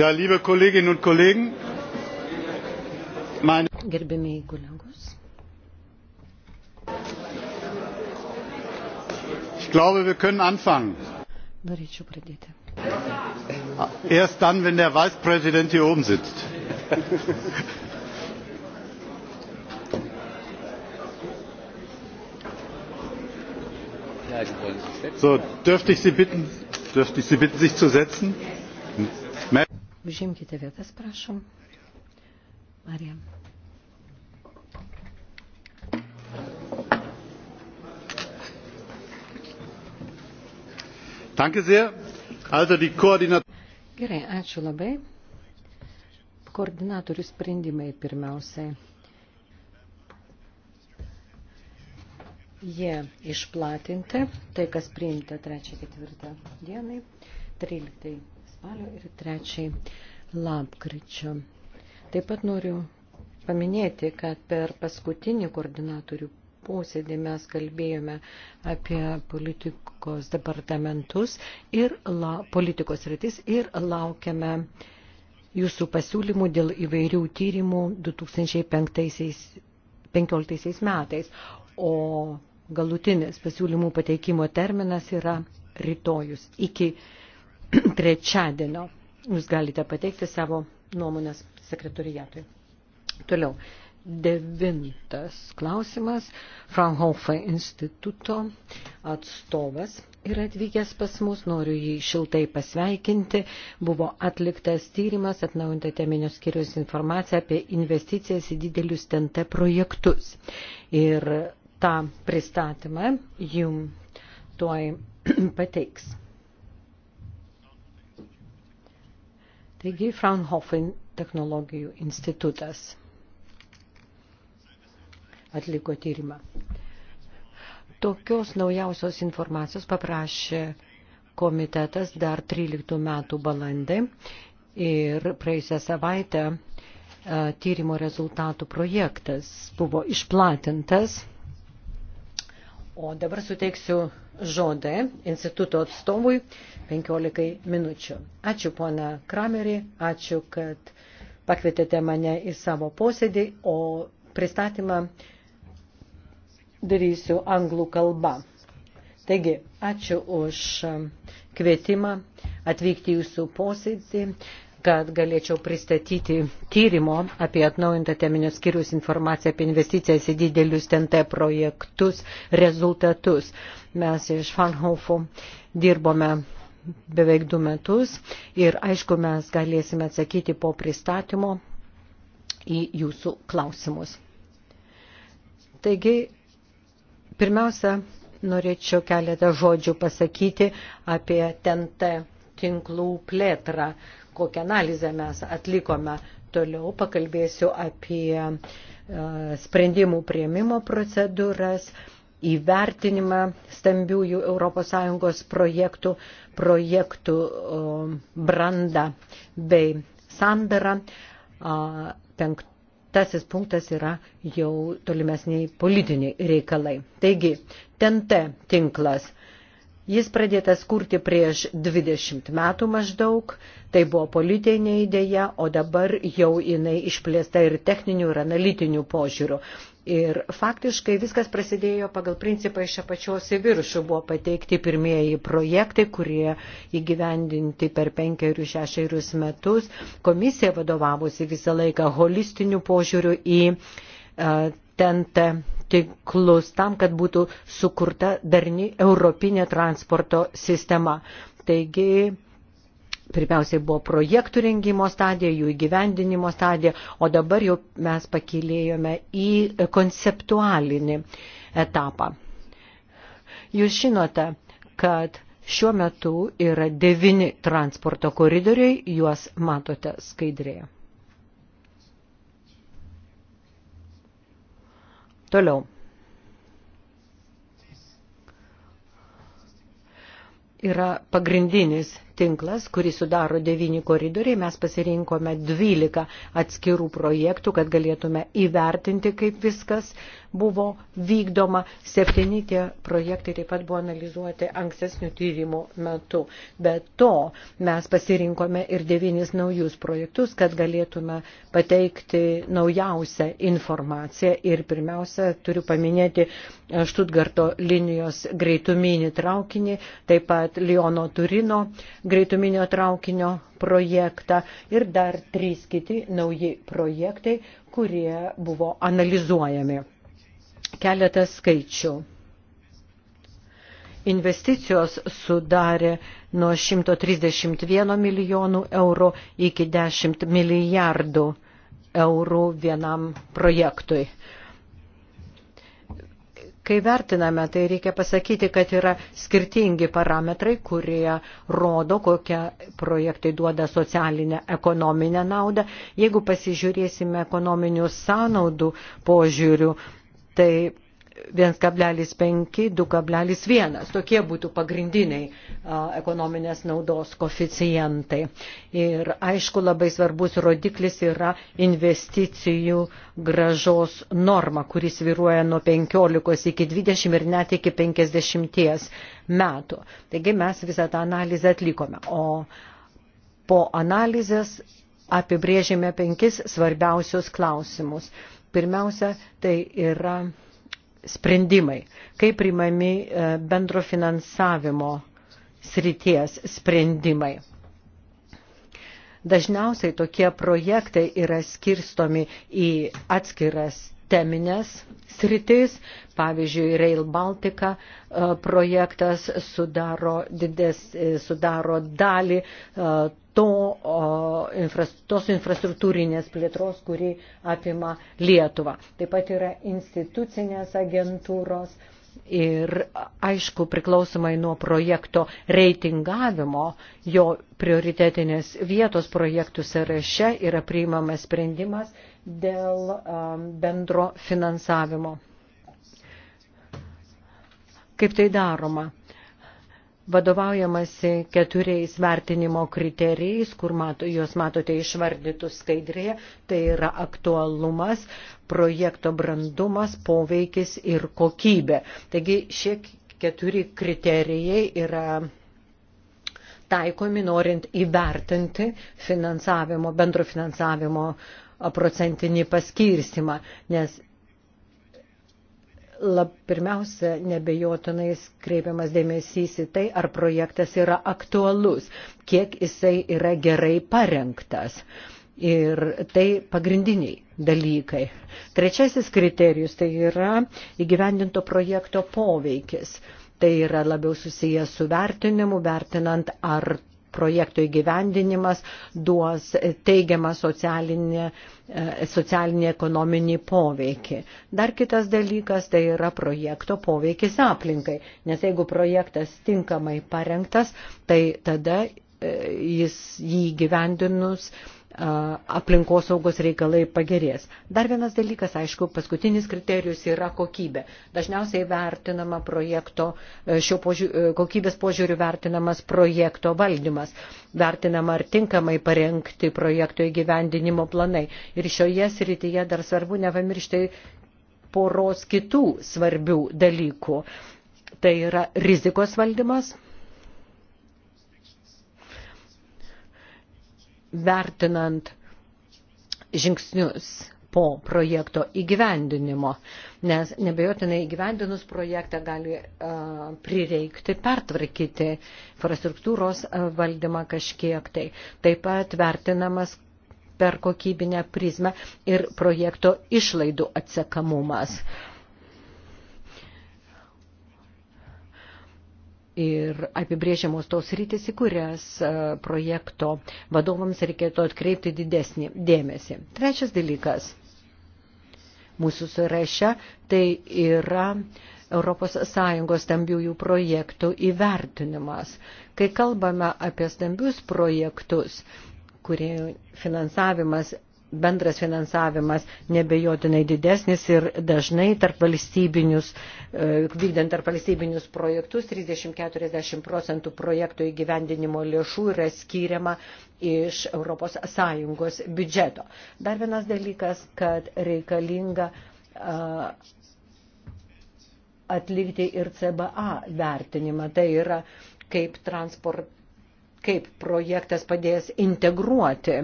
Ja, liebe Kolleginnen und Kollegen, meine Gerbėmiai kolegos. Ich glaube, wir können anfangen. Norėčiau pradėti. Erst dann, wenn der Vizepräsident hier oben sitzt. So, dürfte ich Sie bitten, dürfte ich Sie bitten, sich zu setzen? Hm? Žimkite vietas, prašom. Marija. Danke sehr. Also die Koordinat Gerai, ačiū labai. Koordinatorių sprendimai pirmiausiai. Jie išplatinti, tai kas priimta 3-4 dienai, 13 spalio ir 3 lapkričio. Taip pat noriu paminėti, kad per paskutinį koordinatorių posėdį mes kalbėjome apie politikos departamentus ir la, politikos rytis ir laukiame jūsų pasiūlymų dėl įvairių tyrimų 2015 metais, o galutinis pasiūlymų pateikimo terminas yra rytojus iki trečiadienio. Jūs galite pateikti savo nuomonės sekretoriatui. Toliau. Devintas klausimas. Fraunhofer instituto atstovas yra atvykęs pas mus, noriu jį šiltai pasveikinti. Buvo atliktas tyrimas, atnaujinta teminio skiriaus informacija apie investicijas į didelius TNT projektus. Ir tą pristatymą jum tuoj pateiks Taigi Fraunhofen technologijų institutas atliko tyrimą. Tokios naujausios informacijos paprašė komitetas dar 13 metų balandį ir praėjusią savaitę e, tyrimo rezultatų projektas buvo išplatintas. O dabar suteiksiu žodį instituto atstovui 15 minučių. Ačiū pona Kramerį, ačiū, kad pakvietėte mane į savo posėdį, o pristatymą darysiu anglų kalba. Taigi, ačiū už kvietimą atvykti jūsų posėdį kad galėčiau pristatyti tyrimo apie atnaujintą teminio skiriaus informaciją apie investicijas į didelius TNT projektus rezultatus. Mes iš Fanhofu dirbome beveik du metus ir aišku mes galėsime atsakyti po pristatymo į jūsų klausimus. Taigi, pirmiausia, norėčiau keletą žodžių pasakyti apie TNT tinklų plėtrą, kokią analizę mes atlikome. Toliau pakalbėsiu apie e, sprendimų prieimimo procedūras, įvertinimą stambiųjų ES projektų, projektų brandą bei sandarą. Penktasis punktas yra jau tolimesniai politiniai reikalai. Taigi, TNT tinklas. Jis pradėtas kurti prieš 20 metų maždaug, tai buvo politinė idėja, o dabar jau jinai išplėsta ir techninių, ir analitinių požiūrių. Ir faktiškai viskas prasidėjo pagal principą iš apačios į viršų. Buvo pateikti pirmieji projektai, kurie įgyvendinti per penkerius šešerius metus. Komisija vadovavosi visą laiką holistiniu požiūriu į e, TNT tinklus tam, kad būtų sukurta darni europinė transporto sistema. Taigi, pirmiausiai buvo projektų rengimo stadija, jų įgyvendinimo stadija, o dabar jau mes pakilėjome į konceptualinį etapą. Jūs žinote, kad šiuo metu yra devini transporto koridoriai, juos matote skaidrėje. Toliau. Yra pagrindinis tinklas, kurį sudaro devyni koridoriai. Mes pasirinkome dvylika atskirų projektų, kad galėtume įvertinti, kaip viskas buvo vykdoma, septyni tie projektai taip pat buvo analizuoti ankstesnių tyrimų metu. Be to mes pasirinkome ir devynis naujus projektus, kad galėtume pateikti naujausią informaciją ir pirmiausia turiu paminėti e, Štutgarto linijos greituminį traukinį, taip pat Liono Turino greituminio traukinio projektą ir dar trys kiti nauji projektai, kurie buvo analizuojami keletą skaičių. Investicijos sudarė nuo 131 milijonų eurų iki 10 milijardų eurų vienam projektui. Kai vertiname, tai reikia pasakyti, kad yra skirtingi parametrai, kurie rodo, kokie projektai duoda socialinę, ekonominę naudą. Jeigu pasižiūrėsime ekonominių sąnaudų požiūrių, Tai 1,5-2,1. Tokie būtų pagrindiniai ekonominės naudos koficijantai. Ir aišku, labai svarbus rodiklis yra investicijų gražos norma, kuris viruoja nuo 15 iki 20 ir net iki 50 metų. Taigi mes visą tą analizę atlikome. O po analizės apibrėžėme penkis svarbiausius klausimus. Pirmiausia, tai yra sprendimai, kaip primami e, bendro finansavimo srities sprendimai. Dažniausiai tokie projektai yra skirstomi į atskiras teminės sritis, pavyzdžiui, Rail Baltica e, projektas sudaro, didės, e, sudaro dalį e, to, infras, tos infrastruktūrinės plėtros, kuri apima Lietuvą. Taip pat yra institucinės agentūros. Ir aišku, priklausomai nuo projekto reitingavimo, jo prioritetinės vietos projektų sąraše yra priimamas sprendimas, dėl um, bendro finansavimo. Kaip tai daroma? Vadovaujamasi keturiais vertinimo kriterijais, kur mato, juos matote išvardytų skaidrėje, tai yra aktualumas, projekto brandumas, poveikis ir kokybė. Taigi šie keturi kriterijai yra taikomi norint įvertinti finansavimo, bendro finansavimo uh, procentinį paskirstimą, nes lab, pirmiausia, nebejotinais kreipiamas dėmesys į tai, ar projektas yra aktualus, kiek jisai yra gerai parengtas. Ir tai pagrindiniai dalykai. Trečiasis kriterijus tai yra įgyvendinto projekto poveikis. Tai yra labiau susijęs su vertinimu, vertinant, ar projekto įgyvendinimas duos teigiamą socialinį, e, socialinį ekonominį poveikį. Dar kitas dalykas tai yra projekto poveikis aplinkai, nes jeigu projektas tinkamai parengtas, tai tada e, jis jį gyvendinus aplinkosaugos reikalai pagerės. Dar vienas dalykas, aišku, paskutinis kriterijus yra kokybė. Dažniausiai vertinama projekto, e, šio požiūrį, e, kokybės požiūrių vertinamas projekto valdymas, vertinama ar tinkamai parengti projekto įgyvendinimo planai. Ir šioje srityje dar svarbu nepamiršti poros kitų svarbių dalykų. Tai yra rizikos valdymas vertinant žingsnius po projekto įgyvendinimo, nes nebejotinai įgyvendinus projektą gali uh, prireikti pertvarkyti infrastruktūros valdymą kažkiek tai. Taip pat vertinamas per kokybinę prizmę ir projekto išlaidų atsekamumas. Uh, ir apibrėžiamos tos rytis, į kurias e, projekto vadovams reikėtų atkreipti didesnį dėmesį. Trečias dalykas mūsų sąraše tai yra ES stambiųjų projektų įvertinimas. Kai kalbame apie stambius projektus, kurie finansavimas bendras finansavimas nebejotinai didesnis ir dažnai tarp valstybinius, e, vykdant tarp valstybinius projektus 30-40 procentų projektų įgyvendinimo lėšų yra skiriama iš ES biudžeto. Dar vienas dalykas, kad reikalinga atlikti ir CBA vertinimą, tai yra kaip transport kaip projektas padės integruoti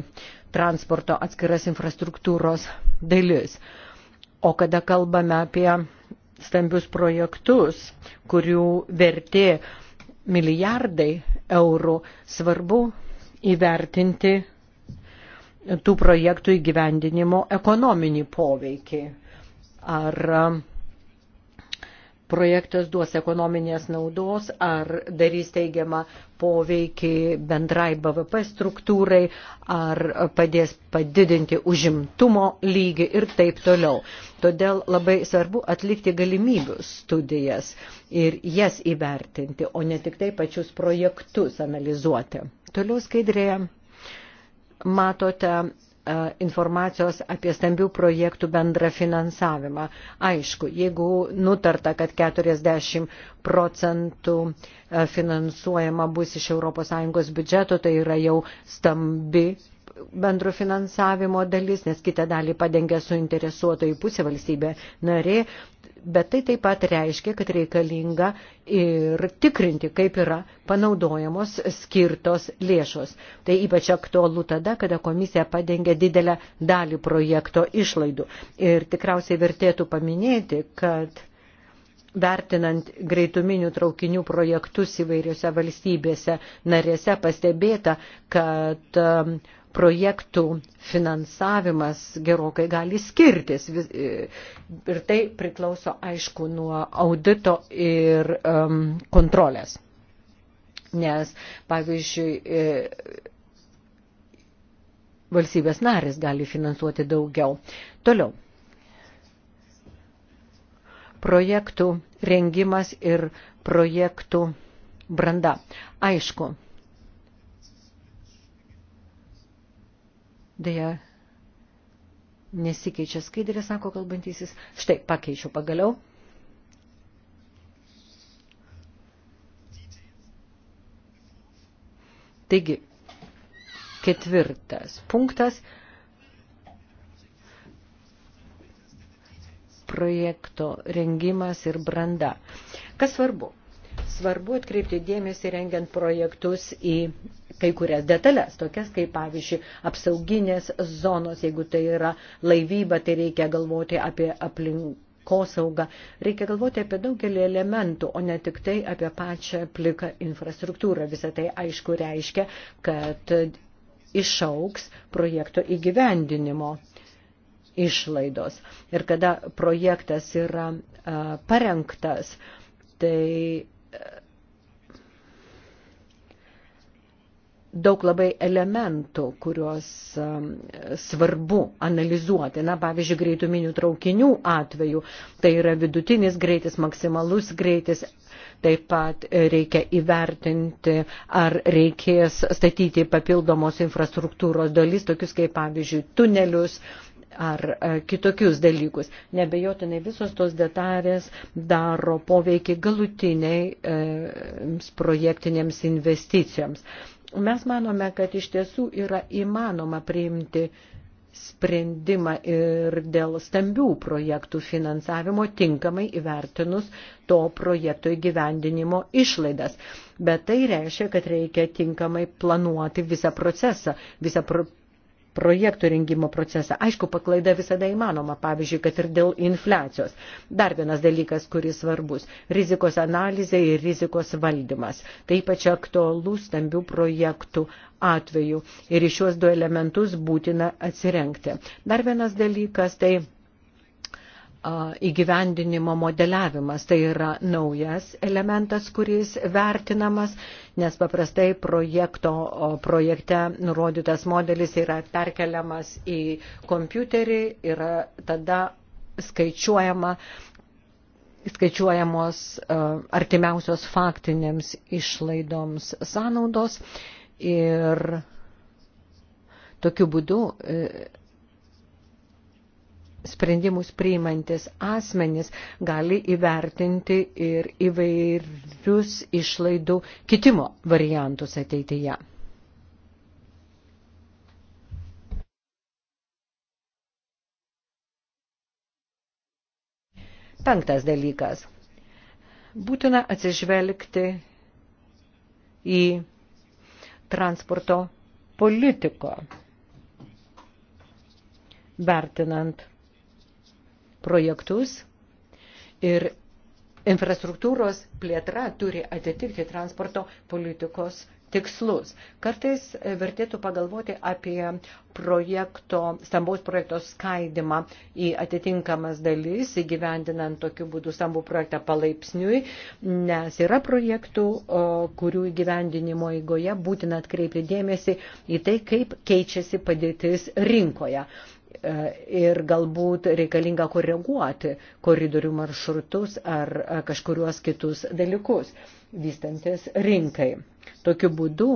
transporto atskiras infrastruktūros dalis. O kada kalbame apie stambius projektus, kurių vertė milijardai eurų, svarbu įvertinti tų projektų įgyvendinimo ekonominį poveikį. Ar projektas duos ekonominės naudos, ar darys teigiamą poveikį bendrai BVP struktūrai, ar padės padidinti užimtumo lygį ir taip toliau. Todėl labai svarbu atlikti galimybių studijas ir jas įvertinti, o ne tik tai pačius projektus analizuoti. Toliau skaidrėje matote informacijos apie stambių projektų bendrą finansavimą. Aišku, jeigu nutarta, kad 40 procentų finansuojama bus iš ES biudžeto, tai yra jau stambi bendro finansavimo dalis, nes kitą dalį padengia suinteresuotojų pusė valstybė narė, bet tai taip pat reiškia, kad reikalinga ir tikrinti, kaip yra panaudojamos skirtos lėšos. Tai ypač aktualu tada, kada komisija padengia didelę dalį projekto išlaidų. Ir tikriausiai vertėtų paminėti, kad vertinant greituminių traukinių projektus įvairiose valstybėse narėse pastebėta, kad projektų finansavimas gerokai gali skirtis e, ir tai priklauso aišku nuo audito ir um, kontrolės. Nes, pavyzdžiui, e, valstybės narės gali finansuoti daugiau. Toliau. Projektų rengimas ir projektų branda. Aišku, Deja, nesikeičia skaidrė, sako kalbantysis. Štai, pakeičiau pagaliau. Taigi, ketvirtas punktas. projekto rengimas ir branda. Kas svarbu? Svarbu atkreipti dėmesį rengiant projektus į kai kurias detalės, tokias kaip pavyzdžiui apsauginės zonos, jeigu tai yra laivyba, tai reikia galvoti apie aplinkosaugą, reikia galvoti apie daugelį elementų, o ne tik tai apie pačią pliką infrastruktūrą. Visą tai aišku reiškia, kad išauks projekto įgyvendinimo išlaidos. Ir kada projektas yra uh, parengtas, tai daug labai elementų, kuriuos um, svarbu analizuoti. Na, pavyzdžiui, greituminių traukinių atveju tai yra vidutinis greitis, maksimalus greitis. Taip pat reikia įvertinti, ar reikės statyti papildomos infrastruktūros dalis, tokius kaip, pavyzdžiui, tunelius, ar e, kitokius dalykus. Nebejotinai visos tos detalės daro poveikį galutiniai e, projektinėms investicijoms. Mes manome, kad iš tiesų yra įmanoma priimti sprendimą ir dėl stambių projektų finansavimo tinkamai įvertinus to projekto įgyvendinimo išlaidas. Bet tai reiškia, kad reikia tinkamai planuoti visą procesą, visą pro projektų rengimo procesą. Aišku, paklaida visada įmanoma, pavyzdžiui, kad ir dėl infliacijos. Dar vienas dalykas, kuris svarbus - rizikos analizė ir rizikos valdymas. Tai ypač aktualu stambių projektų atveju ir iš šios du elementus būtina atsirenkti. Dar vienas dalykas - tai įgyvendinimo modeliavimas. Tai yra naujas elementas, kuris vertinamas, nes paprastai projekto, projekte nurodytas modelis yra perkeliamas į kompiuterį ir tada skaičiuojama skaičiuojamos artimiausios faktinėms išlaidoms sąnaudos ir tokiu būdu e, sprendimus priimantis asmenys gali įvertinti ir įvairius išlaidų kitimo variantus ateityje. Penktas dalykas. Būtina atsižvelgti į transporto politiko, vertinant projektus ir infrastruktūros plėtra turi atitikti transporto politikos tikslus. Kartais e, vertėtų pagalvoti apie projekto, stambaus projekto skaidimą į atitinkamas dalis, įgyvendinant tokiu būdu stambų projektą palaipsniui, nes yra projektų, kurių įgyvendinimo įgoje būtina atkreipti dėmesį į tai, kaip keičiasi padėtis rinkoje. E, ir galbūt reikalinga koreguoti koridorių maršrutus ar e, kažkuriuos kitus dalykus vystantis rinkai. Tokiu būdu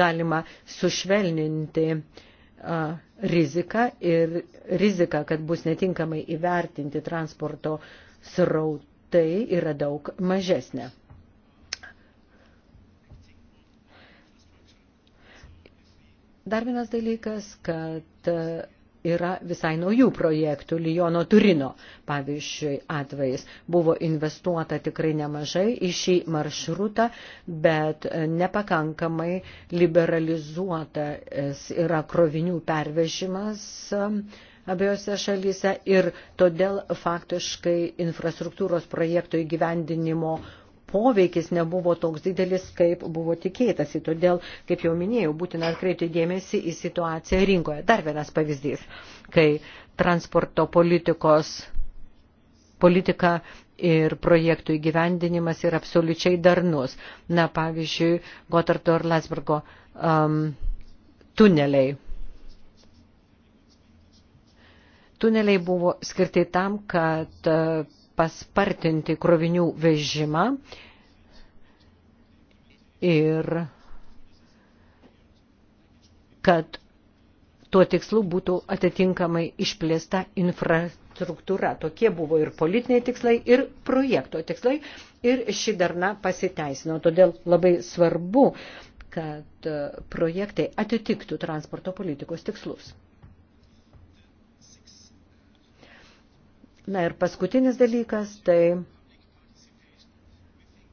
galima sušvelninti e, riziką ir riziką, kad bus netinkamai įvertinti transporto srautai yra daug mažesnė. Dar vienas dalykas, kad yra visai naujų projektų, Lijono Turino, pavyzdžiui, atvejais. Buvo investuota tikrai nemažai į šį maršrutą, bet e, nepakankamai liberalizuotas yra krovinių pervežimas abiejose šalyse ir todėl faktiškai infrastruktūros projektų įgyvendinimo poveikis nebuvo toks didelis, kaip buvo tikėtasi. Todėl, kaip jau minėjau, būtina atkreipti dėmesį į situaciją rinkoje. Dar vienas pavyzdys, kai transporto politikos politika ir projektų įgyvendinimas yra absoliučiai darnus. Na, pavyzdžiui, Gotardo ir Lasbergo um, tuneliai. Tuneliai buvo skirti tam, kad uh, paspartinti krovinių vežimą ir kad tuo tikslu būtų atitinkamai išplėsta infrastruktūra. Tokie buvo ir politiniai tikslai, ir projekto tikslai, ir ši darna pasiteisino. Todėl labai svarbu, kad projektai atitiktų transporto politikos tikslus. Na ir paskutinis dalykas, tai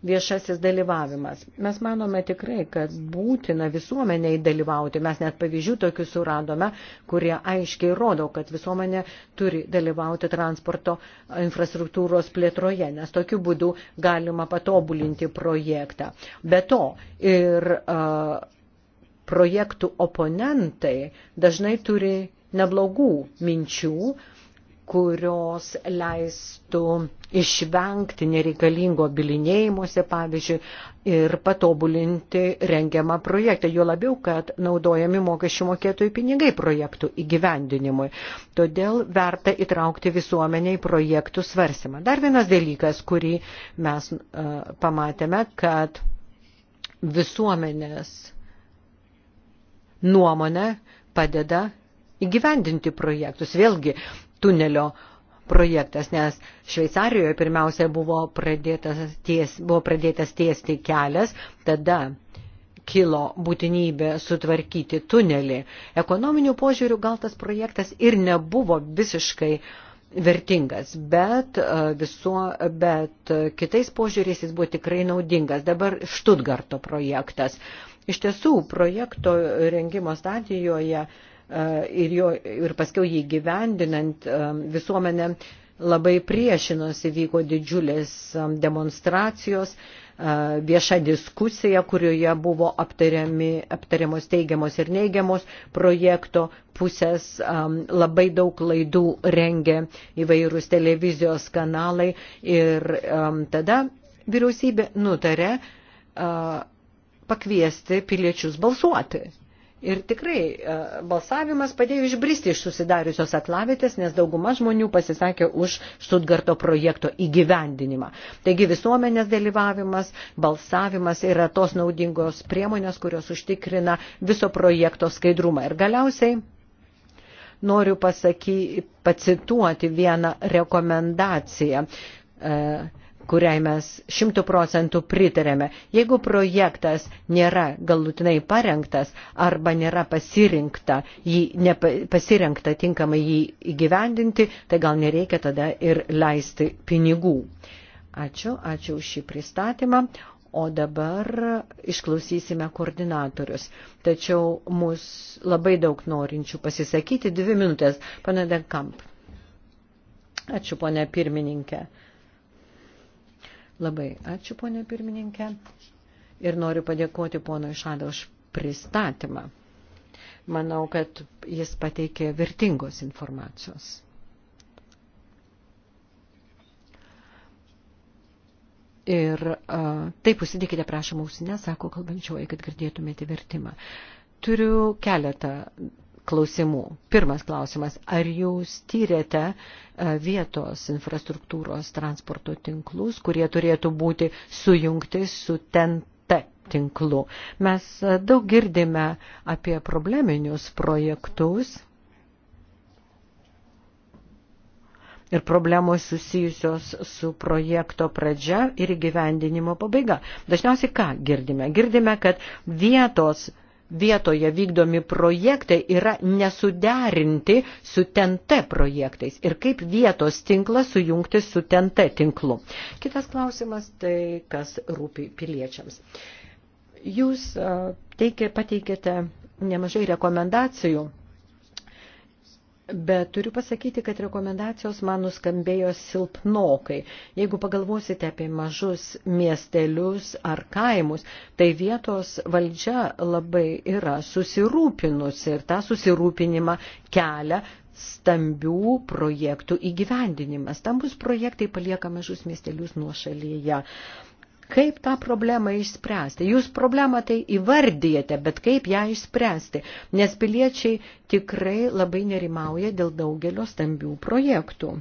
viešasis dalyvavimas. Mes manome tikrai, kad būtina visuomeniai dalyvauti. Mes net pavyzdžių tokių suradome, kurie aiškiai rodo, kad visuomenė turi dalyvauti transporto infrastruktūros plėtroje, nes tokiu būdu galima patobulinti projektą. Be to ir uh, projektų oponentai dažnai turi neblogų minčių, uh, kurios leistų išvengti nereikalingo bilinėjimuose, pavyzdžiui, ir patobulinti rengiamą projektą, jo labiau, kad naudojami mokesčių mokėtojų pinigai projektų įgyvendinimui. Todėl verta įtraukti visuomenę į projektų svarsimą. Dar vienas dalykas, kurį mes uh, pamatėme, kad visuomenės nuomonė padeda įgyvendinti projektus. Vėlgi, tunelio projektas, nes Šveicarijoje pirmiausia buvo pradėtas, ties, buvo pradėtas tiesti kelias, tada kilo būtinybė sutvarkyti tunelį. Ekonominių požiūrių gal tas projektas ir nebuvo visiškai vertingas, bet, e, visuo, bet e, kitais požiūrės jis buvo tikrai naudingas. Dabar Štutgarto projektas. Iš tiesų, projekto rengimo stadijoje uh, E, ir, jo, ir paskiau jį gyvendinant e, visuomenė labai priešinosi, vyko didžiulės e, demonstracijos, vieša diskusija, kurioje buvo aptariami, aptariamos teigiamos ir neigiamos projekto pusės, labai daug klaidų rengė įvairūs televizijos kanalai ir tada vyriausybė nutarė pakviesti piliečius balsuoti Ir tikrai e, balsavimas padėjo išbristi iš susidariusios atlavitės, nes dauguma žmonių pasisakė už Stuttgarto projekto įgyvendinimą. Taigi visuomenės dalyvavimas, balsavimas yra tos naudingos priemonės, kurios užtikrina viso projekto skaidrumą. Ir galiausiai noriu pasaky, pacituoti vieną rekomendaciją e, kuriai mes šimtų procentų pritarėme. Jeigu projektas nėra galutinai parengtas arba nėra pasirinkta, jį, nepa, pasirinkta tinkamai jį įgyvendinti, tai gal nereikia tada ir leisti pinigų. Ačiū, ačiū už šį pristatymą. O dabar išklausysime koordinatorius. Tačiau mus labai daug norinčių pasisakyti. Dvi minutės. Pane Denkamp. Ačiū, ponė pirmininkė. Uh, Labai ačiū, ponė pirmininkė. Ir noriu padėkoti ponui Šadė už pristatymą. Manau, kad jis pateikė vertingos informacijos. Ir a, taip užsidėkite, prašom, ausinę, sako kalbančioji, kad girdėtumėte vertimą. Turiu keletą klausimų. Pirmas klausimas, ar jūs tyrėte e, vietos infrastruktūros transporto tinklus, kurie turėtų būti sujungti su TNT tinklu? Mes e, daug girdime apie probleminius projektus ir problemos susijusios su projekto pradžia ir įgyvendinimo pabaiga. Dažniausiai ką girdime? Girdime, kad vietos vietoje vykdomi projektai yra nesuderinti su TNT projektais ir kaip vietos tinklas sujungti su TNT tinklu. Kitas klausimas tai, kas rūpi piliečiams. Jūs teikė, pateikėte nemažai rekomendacijų Bet turiu pasakyti, kad rekomendacijos man nuskambėjo silpnokai. Jeigu pagalvosite apie mažus miestelius ar kaimus, tai vietos valdžia labai yra susirūpinusi ir tą susirūpinimą kelia stambių projektų įgyvendinimas. Stambus projektai palieka mažus miestelius nuo šalyje. Uh, Kaip tą problemą išspręsti? Jūs problemą tai įvardyjate, bet kaip ją išspręsti? Nes piliečiai tikrai labai nerimauja dėl daugelio stambių projektų.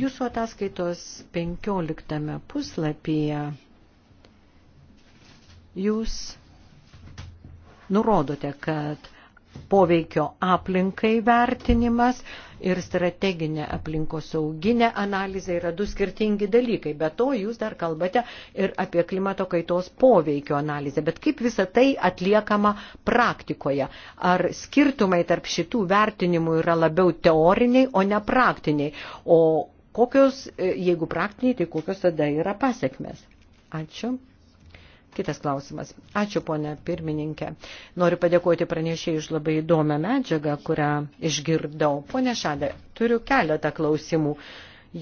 Jūsų ataskaitos 15 puslapyje jūs nurodote, kad poveikio aplinkai vertinimas ir strateginė aplinkos sauginė analizė yra du skirtingi dalykai. Be to, jūs dar kalbate ir apie klimato kaitos poveikio analizę. Bet kaip visa tai atliekama praktikoje? Ar skirtumai tarp šitų vertinimų yra labiau teoriniai, o ne praktiniai? O kokios, e, jeigu praktiniai, tai kokios tada yra pasiekmes? Ačiū. Kitas klausimas. Ačiū, ponė pirmininkė. Noriu padėkoti pranešėjai už labai įdomią medžiagą, kurią išgirdau. Pone Šadė, turiu keletą klausimų.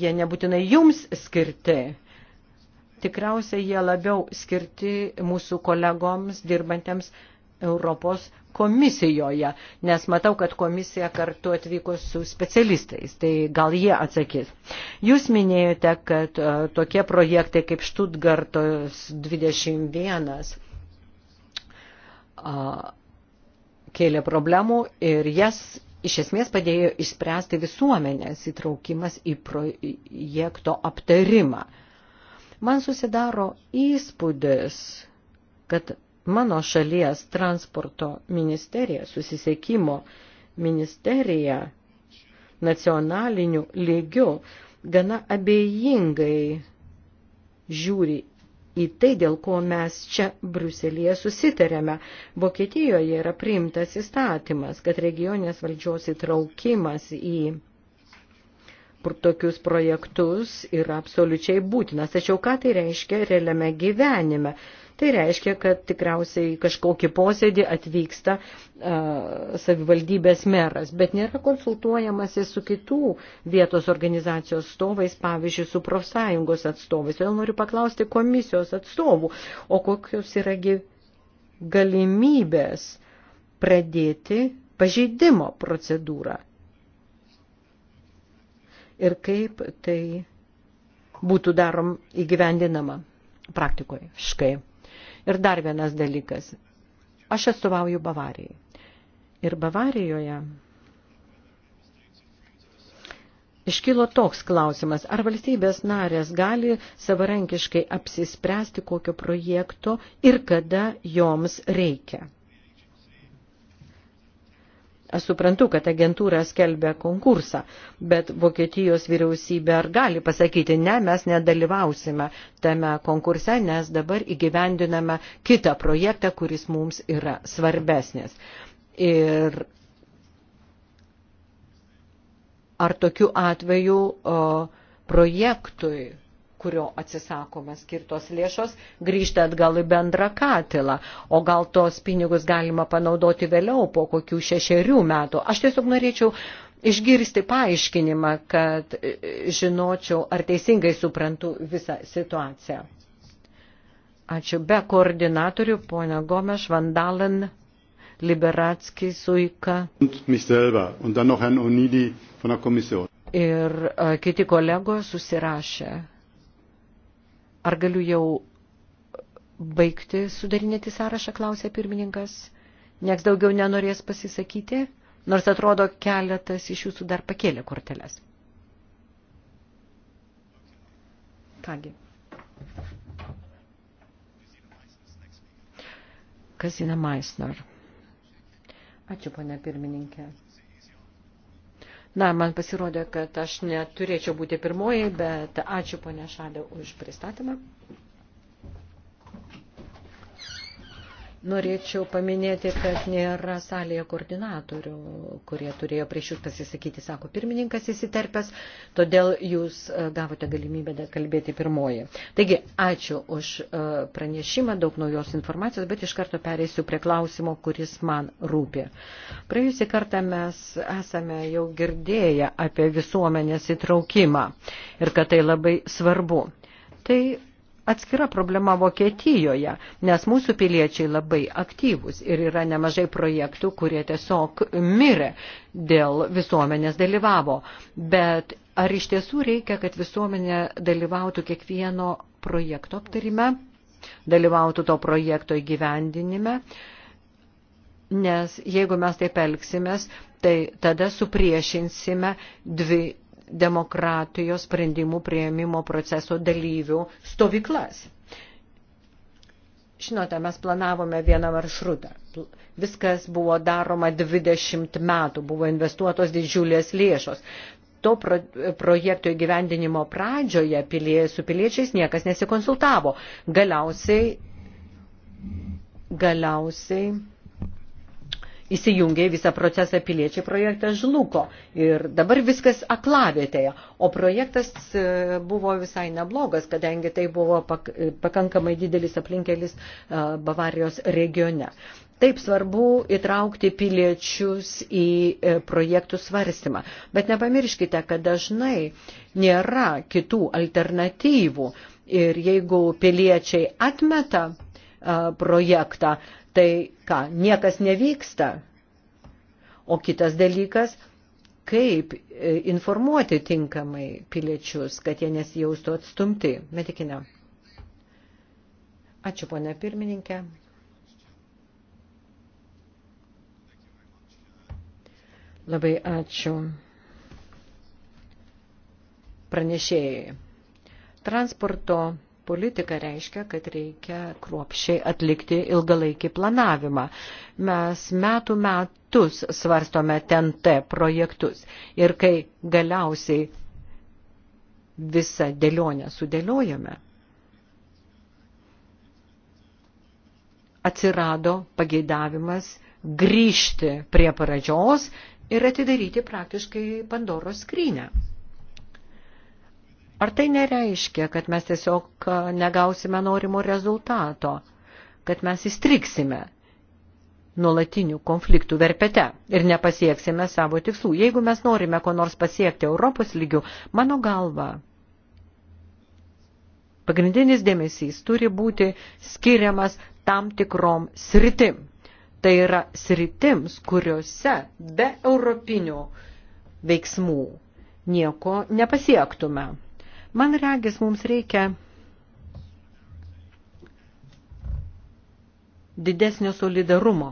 Jie nebūtinai jums skirti. Tikriausiai jie labiau skirti mūsų kolegoms dirbantiems Europos komisijoje, nes matau, kad komisija kartu atvyko su specialistais, tai gal jie atsakys. Jūs minėjote, kad e, tokie projektai kaip Štutgartos 21 kėlė problemų ir jas iš esmės padėjo išspręsti visuomenės įtraukimas į projekto aptarimą. Man susidaro įspūdis, kad mano šalies transporto ministerija, susisiekimo ministerija nacionaliniu lygiu gana abejingai žiūri į tai, dėl ko mes čia Bruselėje susitarėme. Vokietijoje yra priimtas įstatymas, kad regionės valdžios įtraukimas į tokius projektus yra absoliučiai būtinas. Tačiau ką tai reiškia realiame gyvenime? Tai reiškia, kad tikriausiai kažkokį posėdį atvyksta uh, savivaldybės meras, bet nėra konsultuojamasi su kitų vietos organizacijos atstovais, pavyzdžiui, su profsąjungos atstovais. Todėl noriu paklausti komisijos atstovų, o kokios yragi galimybės pradėti pažeidimo procedūrą. Ir kaip tai būtų darom įgyvendinama praktikoje. Škai. Ir dar vienas dalykas. Aš atstovauju Bavarijai. Ir Bavarijoje iškilo toks klausimas, ar valstybės narės gali savarankiškai apsispręsti, kokio projekto ir kada joms reikia. Aš suprantu, kad agentūra skelbia konkursą, bet Vokietijos vyriausybė ar gali pasakyti, ne, mes nedalyvausime tame konkurse, nes dabar įgyvendiname kitą projektą, kuris mums yra svarbesnis. Ir ar tokiu atveju o, projektui kurio atsisakoma skirtos lėšos, grįžta atgal į bendrą katilą, o gal tos pinigus galima panaudoti vėliau po kokių šešerių metų. Aš tiesiog norėčiau išgirsti paaiškinimą, kad e, žinočiau, ar teisingai suprantu visą situaciją. Ačiū. Be koordinatorių, ponia Gomeš, Vandalen, Liberatski, Suika. Ir e, kiti kolegos susirašė Ar galiu jau baigti sudarinėti sąrašą, klausė pirmininkas. Nieks daugiau nenorės pasisakyti, nors atrodo keletas iš jūsų dar pakėlė korteles. Kągi. Kazina Maisner. Ačiū, ponia pirmininkė. Na, man pasirodė, kad aš neturėčiau būti pirmoji, bet ačiū ponia Šalė už pristatymą. Norėčiau paminėti, kad nėra salėje koordinatorių, kurie turėjo prieš jūs pasisakyti, sako pirmininkas įsiterpęs, todėl jūs e, gavote galimybę kalbėti pirmoji. Taigi, ačiū už e, pranešimą, daug naujos informacijos, bet iš karto pereisiu prie klausimo, kuris man rūpi. Praėjusį kartą mes esame jau girdėję apie visuomenės įtraukimą ir kad tai labai svarbu. Tai atskira problema Vokietijoje, nes mūsų piliečiai labai aktyvūs ir yra nemažai projektų, kurie tiesiog mirė dėl visuomenės dalyvavo. Bet ar iš tiesų reikia, kad visuomenė dalyvautų kiekvieno projekto aptarime, dalyvautų to projekto įgyvendinime? Nes jeigu mes taip elgsimės, tai tada supriešinsime dvi demokratijos sprendimų prieimimo proceso dalyvių stovyklas. Žinote, mes planavome vieną maršrutą. Viskas buvo daroma 20 metų, buvo investuotos didžiulės lėšos. To pro, projekto įgyvendinimo pradžioje pilie, su piliečiais niekas nesikonsultavo. Galiausiai, galiausiai įsijungė į visą procesą piliečiai, projektas žlugo ir dabar viskas aklavietėje. O projektas e, buvo visai neblogas, kadangi tai buvo e, pakankamai didelis aplinkelis e, Bavarijos regione. Taip svarbu įtraukti piliečius į projektų svarstymą, bet nepamirškite, kad dažnai nėra kitų alternatyvų ir jeigu piliečiai atmeta projektą, tai ką, niekas nevyksta. O kitas dalykas, kaip e, informuoti tinkamai piliečius, kad jie nesijaustų atstumti. Metikinė. Ačiū, ponia pirmininkė. Labai ačiū pranešėjai. Transporto politika reiškia, kad reikia kruopščiai atlikti ilgalaikį planavimą. Mes metų metus svarstome TNT projektus ir kai galiausiai visą dėlionę sudėliojame, atsirado pageidavimas grįžti prie pradžios ir atidaryti praktiškai Pandoros skrynę. Ar tai nereiškia, kad mes tiesiog negausime norimo rezultato, kad mes įstriksime nuolatinių konfliktų verpete ir nepasieksime savo tikslų? Jeigu mes norime ko nors pasiekti Europos lygių, mano galva, pagrindinis dėmesys turi būti skiriamas tam tikrom sritim. Tai yra sritims, kuriuose be europinių veiksmų nieko nepasiektume. Man regis, mums reikia didesnio solidarumo.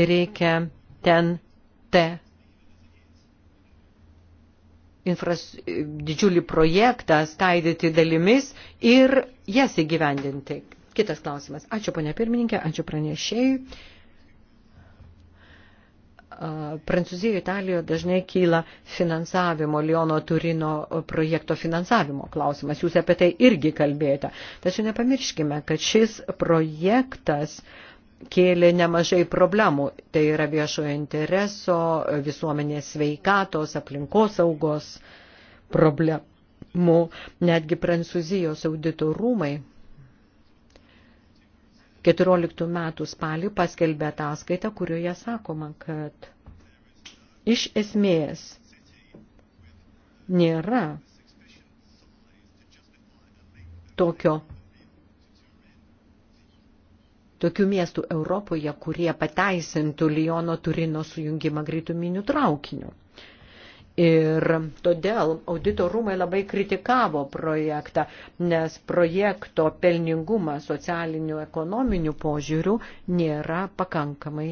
Ir reikia ten te infras, didžiulį projektą skaidyti dalimis ir jas įgyvendinti. Kitas klausimas. Ačiū, ponia pirmininkė, ačiū pranešėjai. Prancūzijoje, Italijoje dažnai kyla finansavimo, Liono Turino projekto finansavimo klausimas. Jūs apie tai irgi kalbėjote. Tačiau nepamirškime, kad šis projektas kėlė nemažai problemų. Tai yra viešojo intereso, visuomenės sveikatos, aplinkosaugos problemų. Netgi Prancūzijos audito rūmai 14 metų spalį paskelbė ataskaitą, kurioje sakoma, kad iš esmės nėra tokio tokių miestų Europoje, kurie pateisintų Liono Turino sujungimą greituminių traukinių. Ir todėl auditorumai labai kritikavo projektą, nes projekto pelningumas socialinių ekonominių požiūrių nėra pakankamai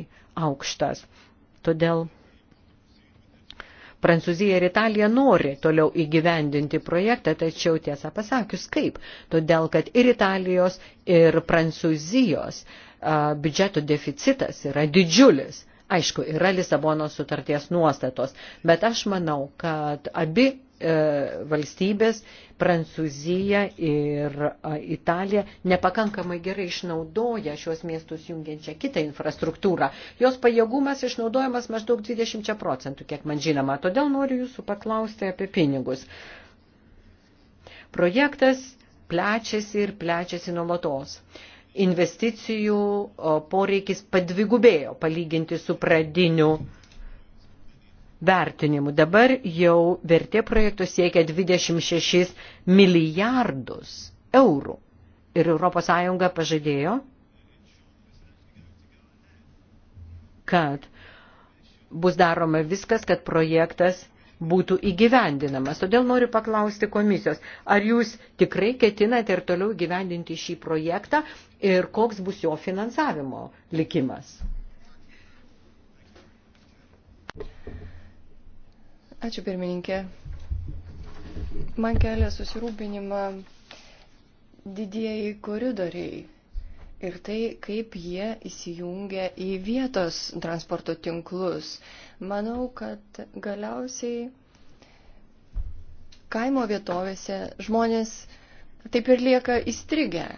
aukštas. Todėl Prancūzija ir Italija nori toliau įgyvendinti projektą, tačiau tiesą pasakius kaip. Todėl, kad ir Italijos, ir Prancūzijos a, biudžeto deficitas yra didžiulis. Aišku, yra Lisabonos sutarties nuostatos, bet aš manau, kad abi e, valstybės, Prancūzija ir e, Italija, nepakankamai gerai išnaudoja šios miestus jungiančią kitą infrastruktūrą. Jos pajėgumas išnaudojamas maždaug 20 procentų, kiek man žinoma. Todėl noriu jūsų paklausti apie pinigus. Projektas plečiasi ir plečiasi nuolatos investicijų poreikis padvigubėjo palyginti su pradiniu vertinimu. Dabar jau vertė projektų siekia 26 milijardus eurų. Ir ES pažadėjo, kad bus daroma viskas, kad projektas būtų įgyvendinamas. Todėl noriu paklausti komisijos, ar jūs tikrai ketinate ir toliau gyvendinti šį projektą ir koks bus jo finansavimo likimas? Ačiū pirmininkė. Man kelia susirūpinimą didieji koridoriai ir tai, kaip jie įsijungia į vietos transporto tinklus. Manau, kad galiausiai kaimo vietovėse žmonės taip ir lieka įstrigę.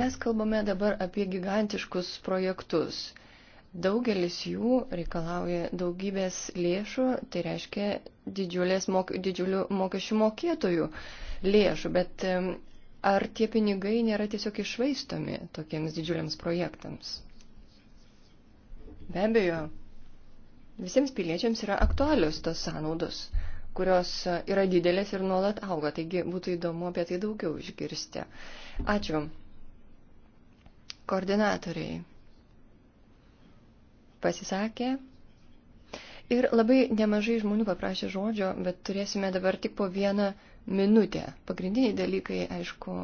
Mes kalbame dabar apie gigantiškus projektus. Daugelis jų reikalauja daugybės lėšų, tai reiškia mok, didžiulių mokesčių mokėtojų lėšų, bet Ar tie pinigai nėra tiesiog išvaistomi tokiems didžiuliams projektams? Be abejo, visiems piliečiams yra aktualios tos sąnaudos, kurios e, yra didelės ir nuolat auga, taigi būtų įdomu apie tai daugiau išgirsti. Ačiū. Koordinatoriai pasisakė. Ir labai nemažai žmonių paprašė žodžio, bet turėsime dabar tik po vieną minutę. Pagrindiniai dalykai, aišku,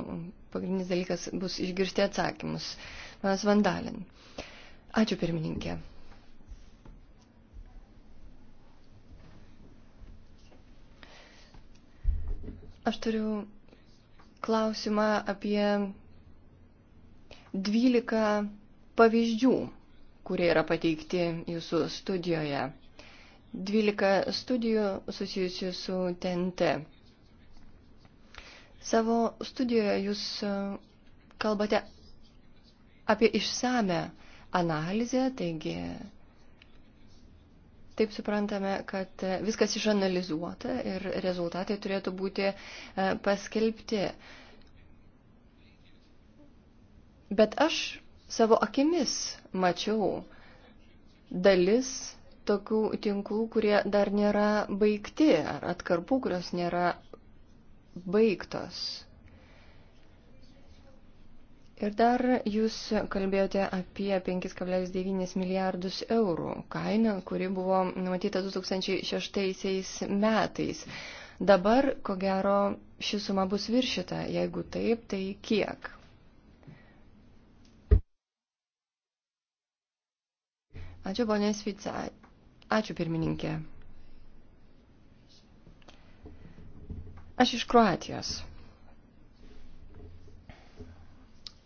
pagrindinis dalykas bus išgirsti atsakymus. Manas Vandalin. Ačiū pirmininkė. Aš turiu klausimą apie 12 pavyzdžių, kurie yra pateikti jūsų studijoje. 12 studijų susijusių su TNT. Savo studijoje jūs e, kalbate apie išsame analizę, taigi taip suprantame, kad viskas išanalizuota ir rezultatai turėtų būti e, paskelbti. Bet aš savo akimis mačiau dalis tokių tinklų, kurie dar nėra baigti, ar atkarpų, kurios nėra baigtos. Ir dar jūs kalbėjote apie 5,9 milijardus eurų kainą, kuri buvo numatyta 2006 metais. Dabar, ko gero, ši suma bus viršita. Jeigu taip, tai kiek? Ačiū, ponė Svica. Ačiū, pirmininkė. Aš iš Kroatijos.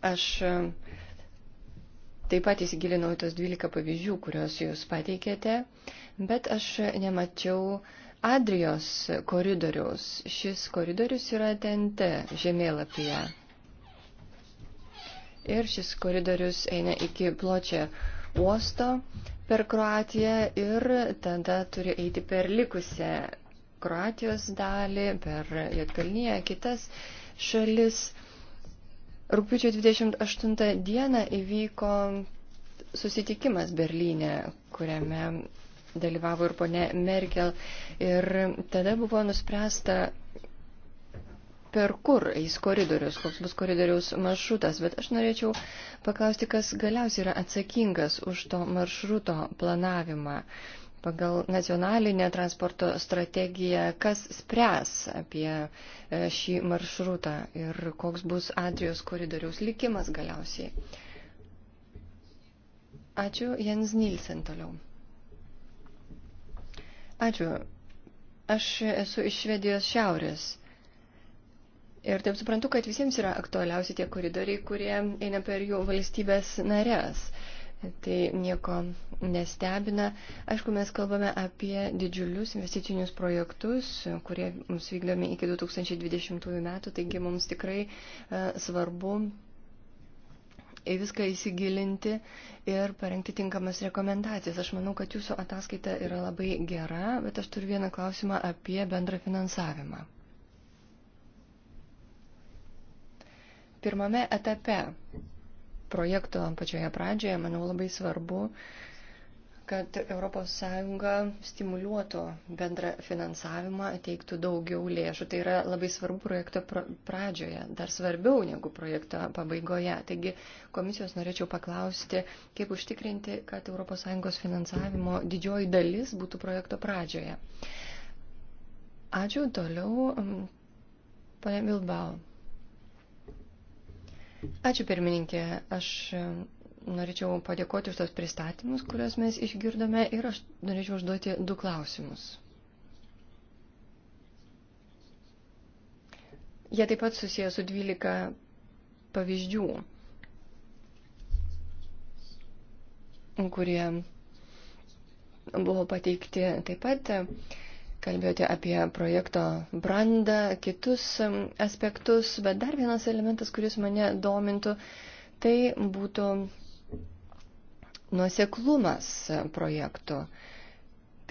Aš e, taip pat įsigilinau į tos 12 pavyzdžių, kuriuos jūs pateikėte, bet aš nemačiau Adrijos koridoriaus. Šis koridorius yra TNT žemėlapyje. Ir šis koridorius eina iki pločia uosto per Kroatiją ir tada turi eiti per likusią Kroatijos dalį, per Jotkalnyje, kitas šalis. Rūpiučio 28 dieną įvyko susitikimas Berlyne, kuriame dalyvavo ir ponė Merkel. Ir tada buvo nuspręsta, per kur eis koridorius, koks bus koridoriaus maršrutas. Bet aš norėčiau paklausti, kas galiausiai yra atsakingas už to maršruto planavimą. Uh, pagal nacionalinę transporto strategiją, kas spręs apie e, šį maršrutą ir koks bus Adrijos koridoriaus likimas galiausiai. Ačiū Jens Nilsen toliau. Ačiū. Aš esu iš Švedijos šiaurės. Ir taip suprantu, kad visiems yra aktualiausi tie koridoriai, kurie eina per jų valstybės narės. Uh, Tai nieko nestebina. Aišku, mes kalbame apie didžiulius investicinius projektus, kurie mums vykdomi iki 2020 metų, taigi mums tikrai e, svarbu į viską įsigilinti ir parengti tinkamas rekomendacijas. Aš manau, kad jūsų ataskaita yra labai gera, bet aš turiu vieną klausimą apie bendrą finansavimą. Pirmame etape projekto pačioje pradžioje, manau, labai svarbu, kad ES stimuliuotų bendrą finansavimą, teiktų daugiau lėšų. Tai yra labai svarbu projekto pradžioje, dar svarbiau negu projekto pabaigoje. Taigi komisijos norėčiau paklausti, kaip užtikrinti, kad ES finansavimo didžioji dalis būtų projekto pradžioje. Ačiū toliau, ponė Bilbao. Ačiū pirmininkė. Aš e, norėčiau padėkoti už tos pristatymus, kuriuos mes išgirdome ir aš norėčiau užduoti du klausimus. Jie taip pat susiję su 12 pavyzdžių, kurie buvo pateikti taip pat e, kalbėjote apie projekto brandą, kitus aspektus, bet dar vienas elementas, kuris mane domintų, tai būtų nuoseklumas projektų.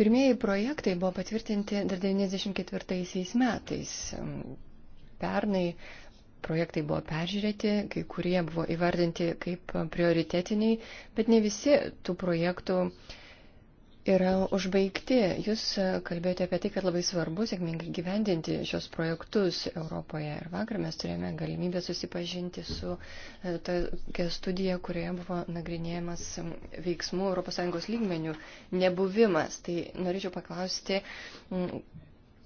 Pirmieji projektai buvo patvirtinti dar 1994 metais. Pernai projektai buvo peržiūrėti, kai kurie buvo įvardinti kaip prioritetiniai, bet ne visi tų projektų uh, yra užbaigti. Jūs e, kalbėjote apie tai, kad labai svarbu sėkmingai gyvendinti šios projektus Europoje. Ir vakar mes turėjome galimybę susipažinti su e, tokia studija, kurioje buvo nagrinėjamas veiksmų ES lygmenių nebuvimas. Tai norėčiau paklausti,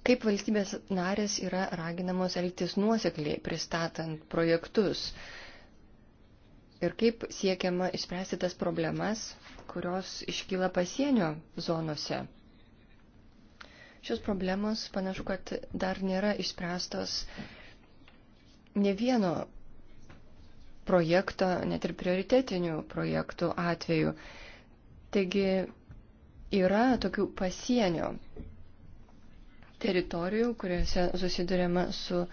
kaip valstybės narės yra raginamos elgtis nuosekliai pristatant projektus. Ir kaip siekiama išspręsti tas problemas, kurios iškyla pasienio zonose. Šios problemos panašu, kad dar nėra išspręstos ne vieno projekto, net ir prioritetinių projektų atveju. Taigi yra tokių pasienio teritorijų, kuriuose susidurėma su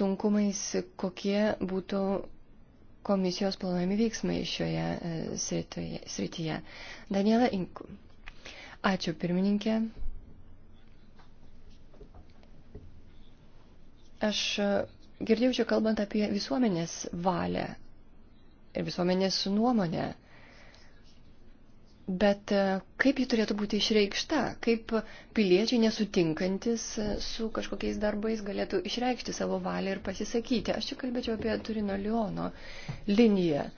sunkumais, kokie būtų komisijos planuojami veiksmai šioje e, srityje. Daniela Inku. Ačiū pirmininkė. Aš e, girdėjau čia kalbant apie visuomenės valią ir visuomenės nuomonę. Bet e, kaip ji turėtų būti išreikšta, kaip piliečiai nesutinkantis e, su kažkokiais darbais galėtų išreikšti savo valią ir pasisakyti. Aš čia kalbėčiau apie Turino Liono liniją.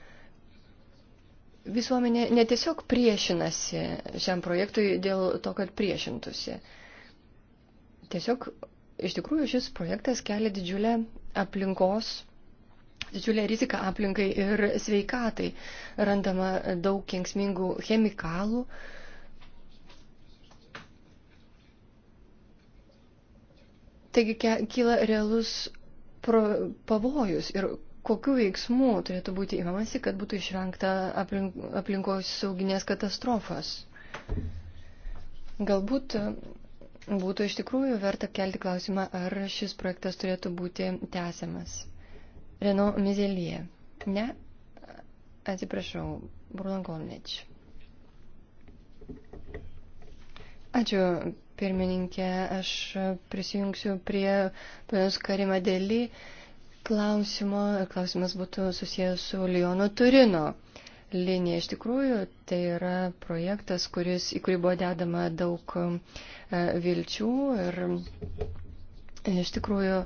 Visuomenė netiesiog priešinasi šiam projektui dėl to, kad priešintusi. Tiesiog iš tikrųjų šis projektas kelia didžiulę aplinkos didžiulė rizika aplinkai ir sveikatai. Randama daug kenksmingų chemikalų. Taigi kyla realus pavojus ir kokiu veiksmu turėtų būti įmamasi, kad būtų išvengta aplink, aplinkos sauginės katastrofos. Galbūt būtų iš tikrųjų verta kelti klausimą, ar šis projektas turėtų būti tęsiamas. Reno Mizelie. Ne? Atsiprašau, Brulan Kolnič. Ačiū, pirmininkė. Aš prisijungsiu prie ponios Karima Dėly klausimo. Klausimas būtų susijęs su Liono Turino linija. Iš tikrųjų, tai yra projektas, kuris, į kurį buvo dedama daug e, vilčių ir e, iš tikrųjų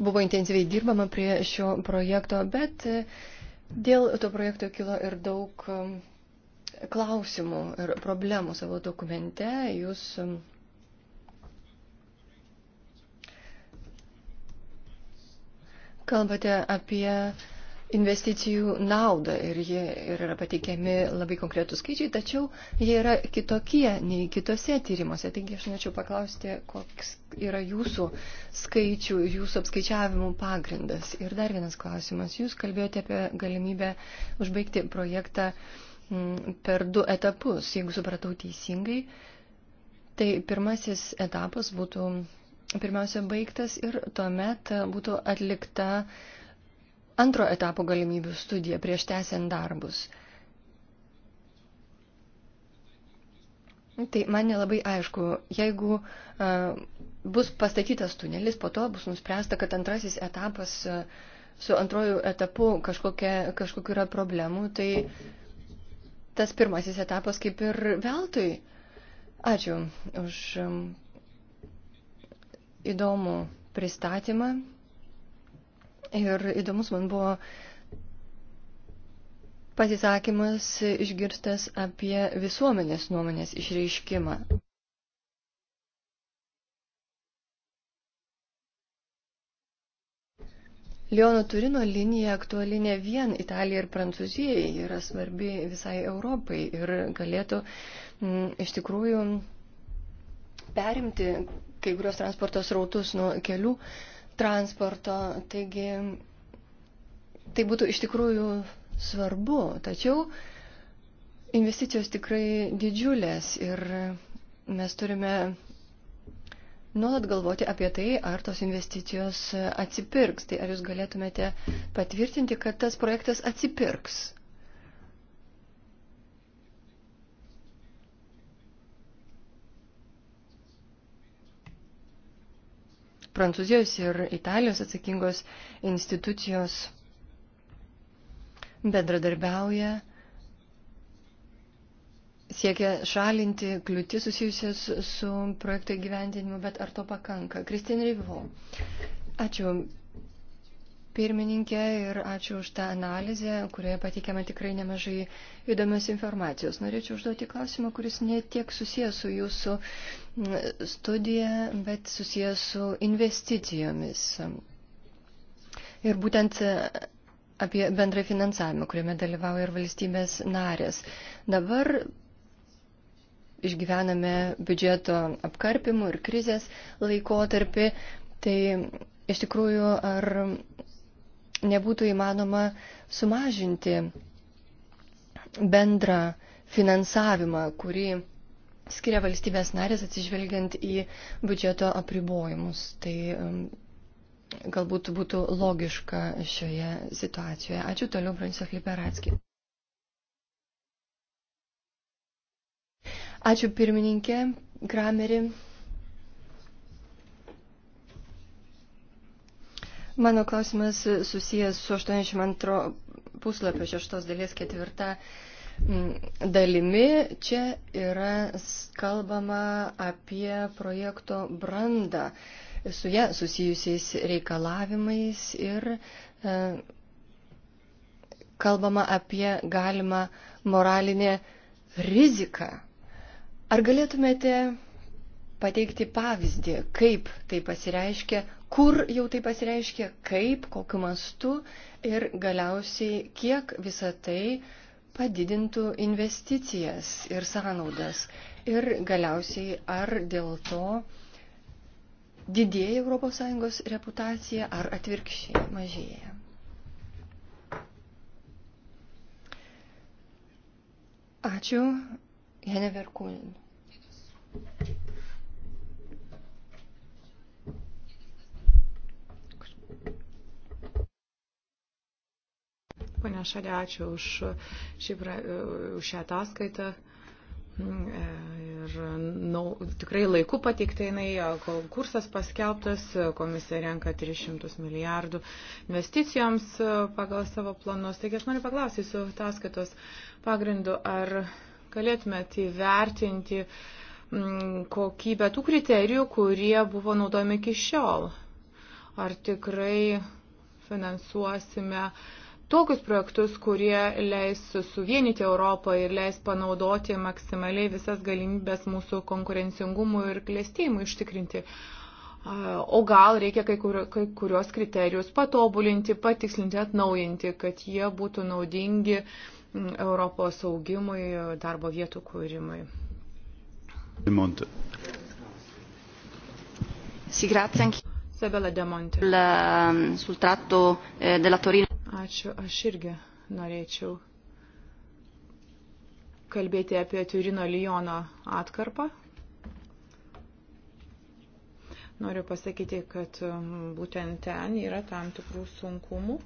buvo intensyviai dirbama prie šio projekto, bet e, dėl to projekto kilo ir daug e, klausimų ir problemų savo dokumente. Jūs e, kalbate apie investicijų naudą ir jie ir yra pateikiami labai konkretus skaičiai, tačiau jie yra kitokie nei kitose tyrimuose. Taigi aš norėčiau paklausti, koks yra jūsų skaičių, jūsų apskaičiavimų pagrindas. Ir dar vienas klausimas. Jūs kalbėjote apie galimybę užbaigti projektą mm, per du etapus, jeigu supratau teisingai. Tai pirmasis etapas būtų pirmiausia baigtas ir tuomet būtų atlikta uh, antro etapo galimybių studiją prieš tęsiant darbus. Tai man nelabai aišku, jeigu uh, bus pastatytas tunelis, po to bus nuspręsta, kad antrasis etapas uh, su antroju etapu kažkokia, kažkokiu yra problemų, tai tas pirmasis etapas kaip ir veltui. Ačiū už um, įdomų pristatymą. Ir įdomus man buvo pasisakymas išgirstas apie visuomenės nuomonės išreiškimą. Leono Turino linija aktuali ne vien Italijai ir Prancūzijai, yra svarbi visai Europai ir galėtų m, mm, iš tikrųjų perimti kai kurios transportos rautus nuo kelių transporto. Taigi tai būtų iš tikrųjų svarbu. Tačiau investicijos tikrai didžiulės ir mes turime nuolat galvoti apie tai, ar tos investicijos atsipirks. Tai ar jūs galėtumėte patvirtinti, kad tas projektas atsipirks? Prancūzijos ir Italijos atsakingos institucijos bendradarbiauja, siekia šalinti kliūtis susijusias su projekto gyvendinimu, bet ar to pakanka? Kristin Rivo. Ačiū, pirmininkė, ir ačiū už tą analizę, kurioje pateikiama tikrai nemažai įdomios informacijos. Norėčiau užduoti klausimą, kuris ne tiek susijęs su jūsų mm, studija, bet susijęs su investicijomis. Ir būtent e, apie bendrą finansavimą, kuriame dalyvauja ir valstybės narės. Dabar išgyvename biudžeto apkarpimų ir krizės laikotarpį. Tai iš tikrųjų, ar nebūtų įmanoma sumažinti bendrą finansavimą, kurį skiria valstybės narės atsižvelgiant į biudžeto apribojimus. Tai um, galbūt būtų logiška šioje situacijoje. Ačiū toliau, Branislav Liberatski. Ačiū pirmininkė Krameri. Mano klausimas susijęs su 82 puslapio šeštos dalies ketvirta mm, dalimi. Čia yra kalbama apie projekto brandą, su ją susijusiais reikalavimais ir e, kalbama apie galimą moralinę riziką. Ar galėtumėte pateikti pavyzdį, kaip tai pasireiškia kur jau tai pasireiškia, kaip, kokiu mastu ir galiausiai kiek visa tai padidintų investicijas ir sąnaudas. Ir galiausiai ar dėl to didėja ES reputacija ar atvirkščiai mažėja. Ačiū, Henever Kulin. Pane Šalė, ačiū už, šį, už šią ataskaitą. Mm, e, ir nau, tikrai laiku pateikta jinai, e, konkursas paskelbtas, e, komisija renka 300 milijardų investicijoms pagal savo planus. Taigi aš noriu paklausyti su ataskaitos pagrindu, ar galėtumėte įvertinti mm, kokybę tų kriterijų, kurie buvo naudojami iki šiol. Ar tikrai finansuosime uh, tokius projektus, kurie leis suvienyti Europą ir leis panaudoti maksimaliai visas galimybės mūsų konkurencingumui ir klėstėjimui ištikrinti. O gal reikia kai, kur, kai kurios kriterijus patobulinti, patikslinti, atnaujinti, kad jie būtų naudingi Europos augimui, darbo vietų kūrimui. Demonte. Sì, grazie anche. Sabella Demonte. La, sul tratto eh, della Torino. Ačiū, aš irgi norėčiau kalbėti apie Turino Lyono atkarpą. Noriu pasakyti, kad mm, būtent ten yra tam tikrų sunkumų.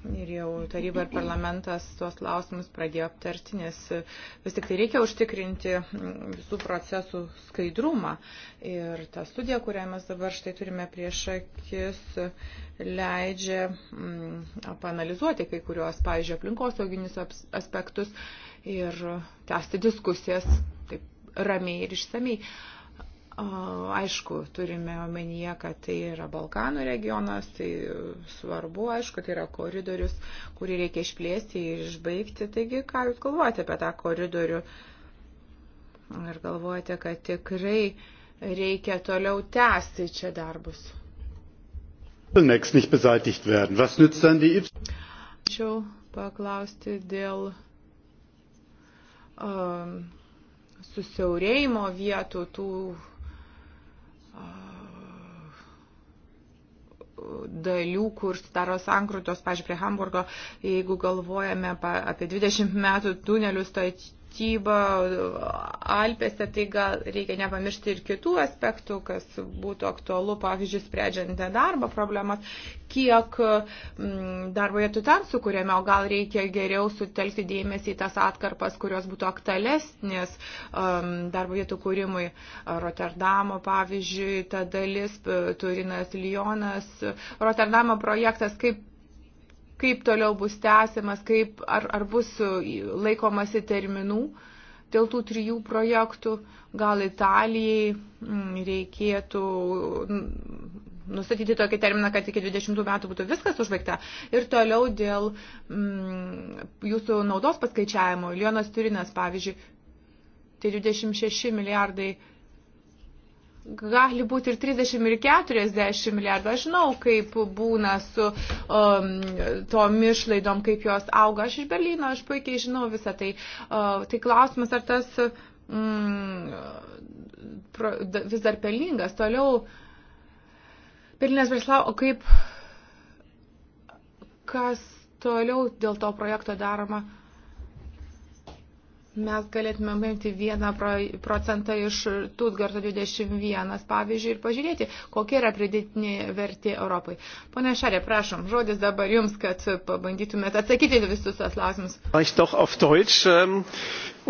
Ir jau taryba ir parlamentas tuos klausimus pradėjo aptarti, nes vis tik tai reikia užtikrinti visų procesų skaidrumą. Ir ta studija, kurią mes dabar štai turime prieš akis, leidžia mm, panalizuoti kai kuriuos, pavyzdžiui, aplinkosauginius aspektus ir tęsti diskusijas taip ramiai ir išsamei. Uh, Aišku, turime omenyje, kad tai yra Balkanų regionas, tai svarbu, aišku, tai yra koridorius, kurį reikia išplėsti ir išbaigti. Taigi, ką Jūs galvojate apie tą koridorių? Ar galvojate, kad tikrai reikia toliau tęsti čia darbus? Ačiū paklausti dėl um, susiaurėjimo vietų tų dalių, kur sudaro sankrutos, pažiūrėjau, prie Hamburgo, jeigu galvojame apie 20 metų tunelių staty statybą Alpėse, tai gal reikia nepamiršti ir kitų aspektų, kas būtų aktualu, pavyzdžiui, sprendžiant nedarbo problemas, kiek mm, darbo vietų ten sukūrėme, o gal reikia geriau sutelkti dėmesį į tas atkarpas, kurios būtų aktualesnės um, darbo vietų kūrimui. Rotterdamo, pavyzdžiui, ta dalis, Turinas, Lyonas, Rotterdamo projektas, kaip kaip toliau bus tęsiamas, kaip, ar, ar bus laikomasi terminų dėl tų trijų projektų. Gal Italijai mm, reikėtų mm, nustatyti tokį terminą, kad iki 20 metų būtų viskas užbaigta. Ir toliau dėl mm, jūsų naudos paskaičiavimo. Lionas Turinas, pavyzdžiui, tai 26 milijardai gali būti ir 30, ir 40 milijardų. Aš žinau, kaip būna su um, tom išlaidom, kaip jos auga. Aš iš Berlyno, aš puikiai žinau visą tai. Uh, tai klausimas, ar tas mm, pro, da, vis dar pelningas. Toliau, Berlynas Breslau, o kaip, kas toliau dėl to projekto daroma? Uh, mes galėtume paimti 1 procentą iš Tutgarto 21, pavyzdžiui, ir pažiūrėti, kokia yra pridėtinė vertė Europai. Pone Šarė, prašom, žodis dabar jums, kad pabandytumėte atsakyti visus tos klausimus.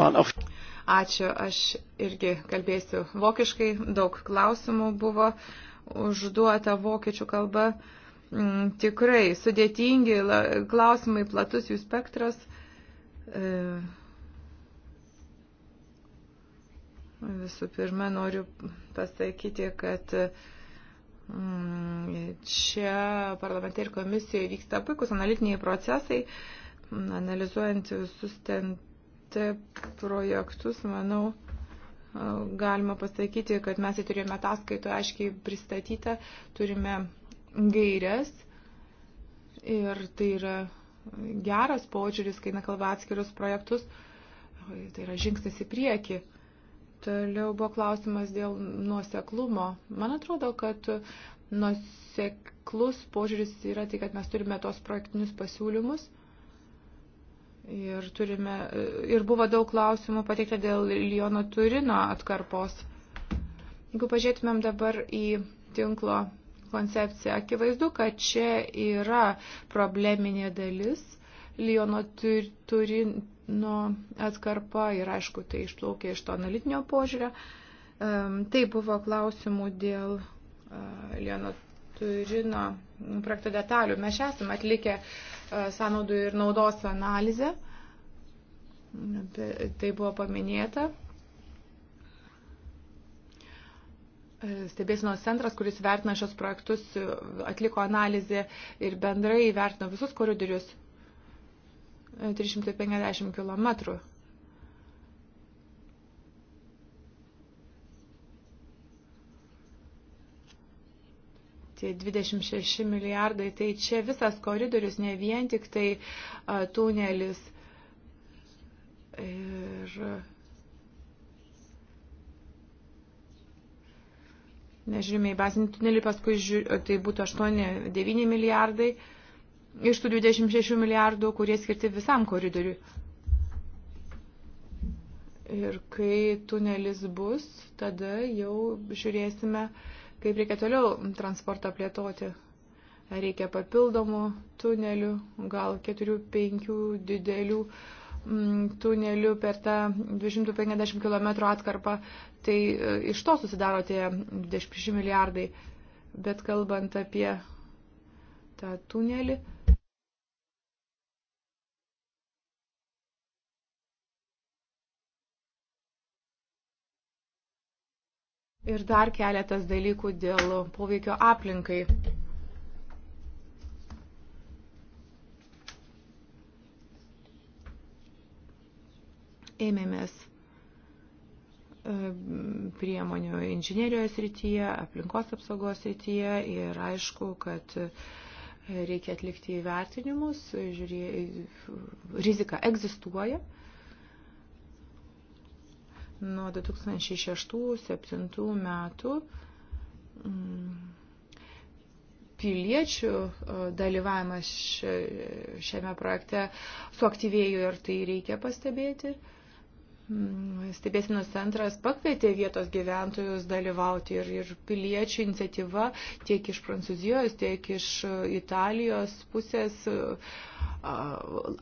Ähm, Ačiū, aš irgi kalbėsiu vokiškai, daug klausimų buvo užduota vokiečių kalba. Mm, tikrai sudėtingi klausimai, platus jų spektras. E Visų pirma, noriu pasakyti, kad mm, čia parlamente ir komisijoje vyksta puikus analitiniai procesai, analizuojant visus ten projektus, manau, galima pasakyti, kad mes jį tai turėjome ataskaitoje aiškiai pristatytą, turime gairias ir tai yra geras požiūris, kai nekalba atskirus projektus, tai yra žingsnis į priekį. Toliau buvo klausimas dėl nuoseklumo. Man atrodo, kad nuoseklus požiūris yra tai, kad mes turime tos projektinius pasiūlymus. Ir, turime, ir buvo daug klausimų pateikta dėl Liono Turino atkarpos. Jeigu pažiūrėtumėm dabar į tinklo koncepciją, akivaizdu, kad čia yra probleminė dalis. Liono Turin, nu, atkarpa ir aišku, tai išplaukė iš to analitinio požiūrio. Tai buvo klausimų dėl Lieno Turino projekto detalių. Mes esame atlikę sąnaudų ir naudos analizę. Tai buvo paminėta. E, Stebėsinos centras, kuris vertina šios projektus, atliko analizę ir bendrai vertino visus koridorius 350 km. Tai 26 milijardai, tai čia visas koridorius, ne vien tik tai a, tunelis. Ir nežiūrime į bazinį tunelį, paskui žiūr, tai būtų 8-9 milijardai. A, iš tų 26 milijardų, kurie skirti visam koridoriui. Ir kai tunelis bus, tada jau žiūrėsime, kaip reikia toliau transportą plėtoti. Reikia papildomų tunelių, gal 4-5 didelių mm, tunelių per tą 250 km atkarpą. Tai e, iš to susidaro tie 26 milijardai. Bet kalbant apie tą tunelį, Ir dar keletas dalykų dėl poveikio aplinkai. Ėmėmės e, priemonių inžinierijos rytyje, aplinkos apsaugos rytyje ir aišku, kad e, reikia atlikti įvertinimus, žiūrė, e, rizika egzistuoja, nuo 2006-2007 metų mm, piliečių e, dalyvavimas šiame projekte suaktyvėjo ir tai reikia pastebėti. Mm, stebėsinos centras pakvietė vietos gyventojus dalyvauti ir, ir piliečių iniciatyva tiek iš Prancūzijos, tiek iš e, Italijos pusės e,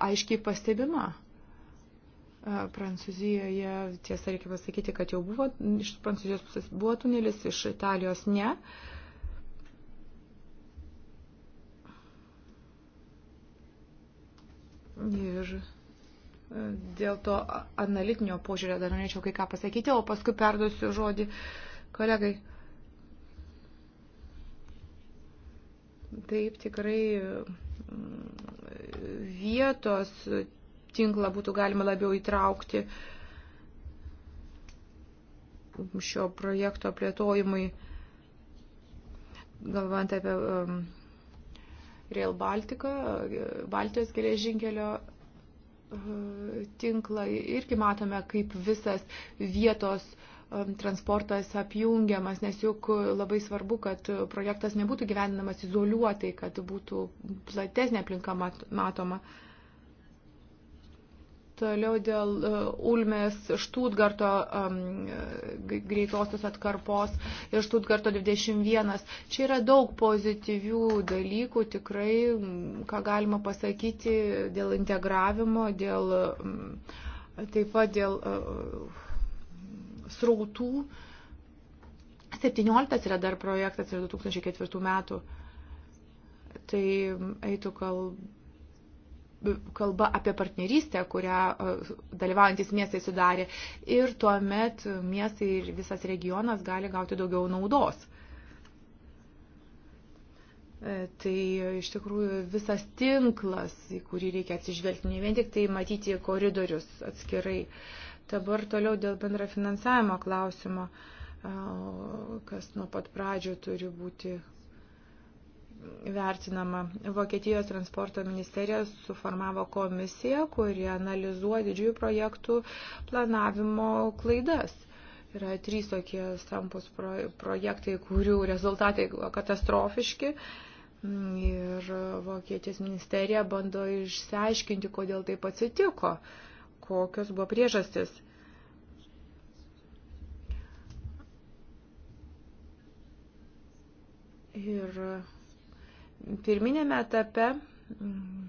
aiškiai pastebima. Prancūzijoje, tiesa, reikia pasakyti, kad jau buvo, iš Prancūzijos pusės buvo tunelis, iš Italijos ne. Ir e, dėl to analitinio požiūrio dar norėčiau kai ką pasakyti, o paskui perduosiu žodį kolegai. Taip, tikrai mm, vietos tinklą būtų galima labiau įtraukti šio projekto plėtojimui, galvant apie um, Rail Baltica, Baltijos geležinkelio uh, tinklą, irgi matome, kaip visas vietos um, transportas apjungiamas, nes juk labai svarbu, kad projektas nebūtų gyveninamas izoliuotai, kad būtų platesnė aplinka matoma. Toliau dėl e, Ulmės Štutgarto um, greitosios atkarpos ir Štutgarto 21. Čia yra daug pozityvių dalykų, tikrai, ką galima pasakyti dėl integravimo, dėl, taip pat dėl uh, srautų. 17 yra dar projektas ir 2004 metų. Tai eitų kalba kalba apie partnerystę, kurią e, dalyvaujantis miestai sudarė. Ir tuomet miestai ir visas regionas gali gauti daugiau naudos. E, tai iš tikrųjų visas tinklas, į kurį reikia atsižvelgti, ne vien tik tai matyti koridorius atskirai. Dabar toliau dėl bendra finansavimo klausimo, e, kas nuo pat pradžio turi būti vertinama. Vokietijos transporto ministerija suformavo komisiją, kuri analizuoja didžiųjų projektų planavimo klaidas. Yra trys tokie stampus pro, projektai, kurių rezultatai katastrofiški. Ir Vokietijos ministerija bando išsiaiškinti, kodėl taip atsitiko, kokios buvo priežastis. Ir pirminėme etape mm,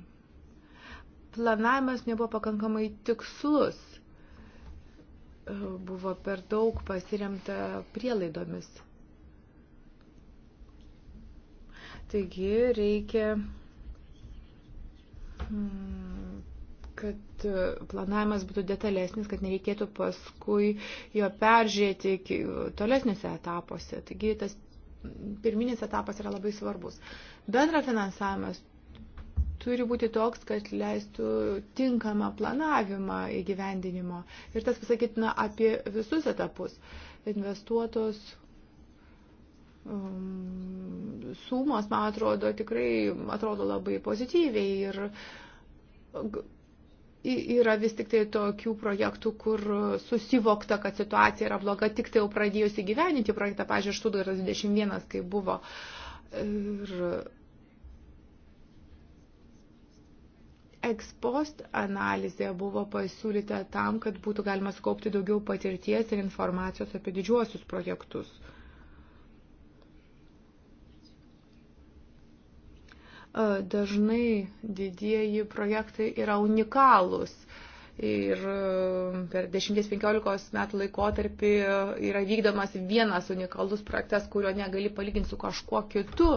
planavimas nebuvo pakankamai tikslus. E, buvo per daug pasiremta prielaidomis. Taigi reikia, mm, kad planavimas būtų detalesnis, kad nereikėtų paskui jo peržiūrėti tolesniuose etapuose. Taigi tas pirminis etapas yra labai svarbus. Bendra finansavimas turi būti toks, kad leistų tinkamą planavimą įgyvendinimo. Ir tas pasakytina apie visus etapus. Investuotos um, sumos, man atrodo, tikrai atrodo labai pozityviai. Ir yra vis tik tai tokių projektų, kur susivokta, kad situacija yra bloga, tik tai jau pradėjus įgyveninti projektą, pažiūrėjau, Študaras 21, kai buvo. Ir ekspost analizė buvo pasiūlyta tam, kad būtų galima skaupti daugiau patirties ir informacijos apie didžiuosius projektus. Dažnai didieji projektai yra unikalūs Ir e, per 10-15 metų laikotarpį yra vykdomas vienas unikalus projektas, kurio negali palyginti su kažkuo kitu.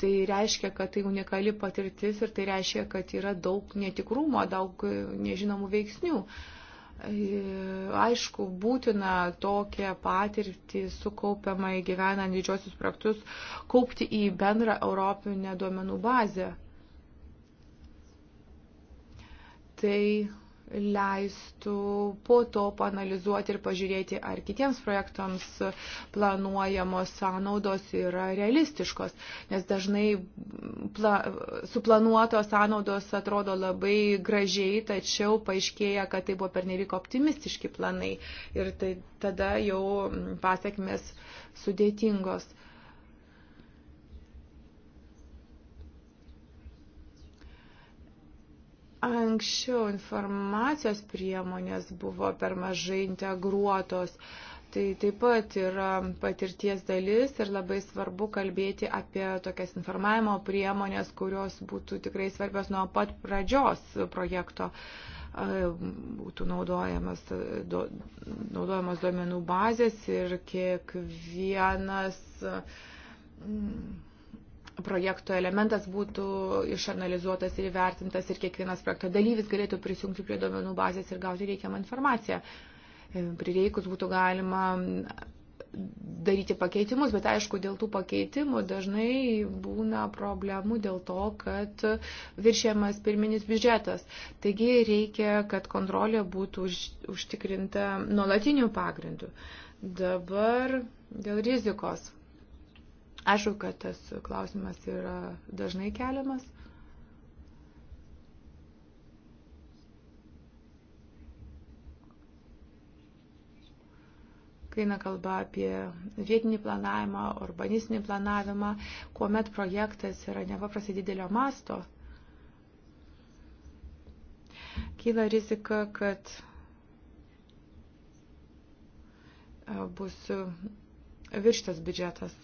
Tai reiškia, kad tai unikali patirtis ir tai reiškia, kad yra daug netikrumo, daug nežinomų veiksnių. E, aišku, būtina tokią patirtį sukaupiamą įgyvenant didžiosius projektus kaupti į bendrą europinę duomenų bazę. Tai leistų po to panalizuoti ir pažiūrėti, ar kitiems projektams planuojamos sąnaudos yra realistiškos, nes dažnai pla, suplanuotos sąnaudos atrodo labai gražiai, tačiau paaiškėja, kad tai buvo pernelyg optimistiški planai ir tai tada jau pasiekmes sudėtingos. Anksčiau informacijos priemonės buvo per mažai integruotos. Tai taip pat yra patirties dalis ir labai svarbu kalbėti apie tokias informavimo priemonės, kurios būtų tikrai svarbios nuo pat pradžios projekto. Būtų naudojamas, do, naudojamas duomenų bazės ir kiekvienas. Mm, projekto elementas būtų išanalizuotas ir įvertintas ir kiekvienas projekto dalyvis galėtų prisijungti prie duomenų bazės ir gauti reikiamą informaciją. E, prireikus būtų galima daryti pakeitimus, bet aišku, dėl tų pakeitimų dažnai būna problemų dėl to, kad viršėjamas pirminis biudžetas. Taigi reikia, kad kontrolė būtų užtikrinta nuolatiniu pagrindu. Dabar dėl rizikos Aišku, kad tas klausimas yra dažnai keliamas. kai eina kalba apie vietinį planavimą, urbanistinį planavimą, kuomet projektas yra nepaprastai didelio masto, kyla rizika, kad e, bus e, virštas biudžetas.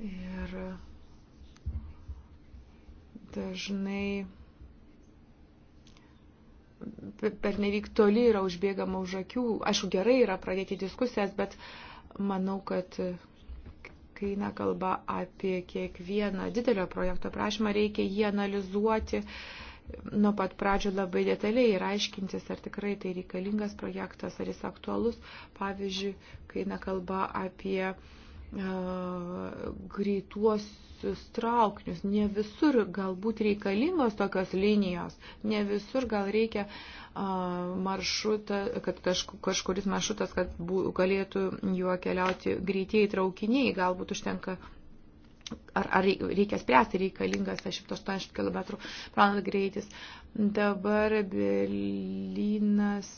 Ir dažnai per nevyk toli yra užbėgama už akių. Aišku, gerai yra pradėti diskusijas, bet manau, kad kai eina kalba apie kiekvieną didelio projekto prašymą, reikia jį analizuoti nuo pat pradžių labai detaliai ir aiškintis, ar tikrai tai reikalingas projektas, ar jis aktualus. Pavyzdžiui, kai eina kalba apie uh, greituosius traukinius. Ne visur galbūt reikalingos tokios linijos, ne visur gal reikia maršrutą, kad kažkuris maršrutas, kad bū, galėtų juo keliauti greitieji traukiniai, galbūt užtenka. Ar, ar reikia spręsti reikalingas 180 km/h greitis. Dabar Berlynas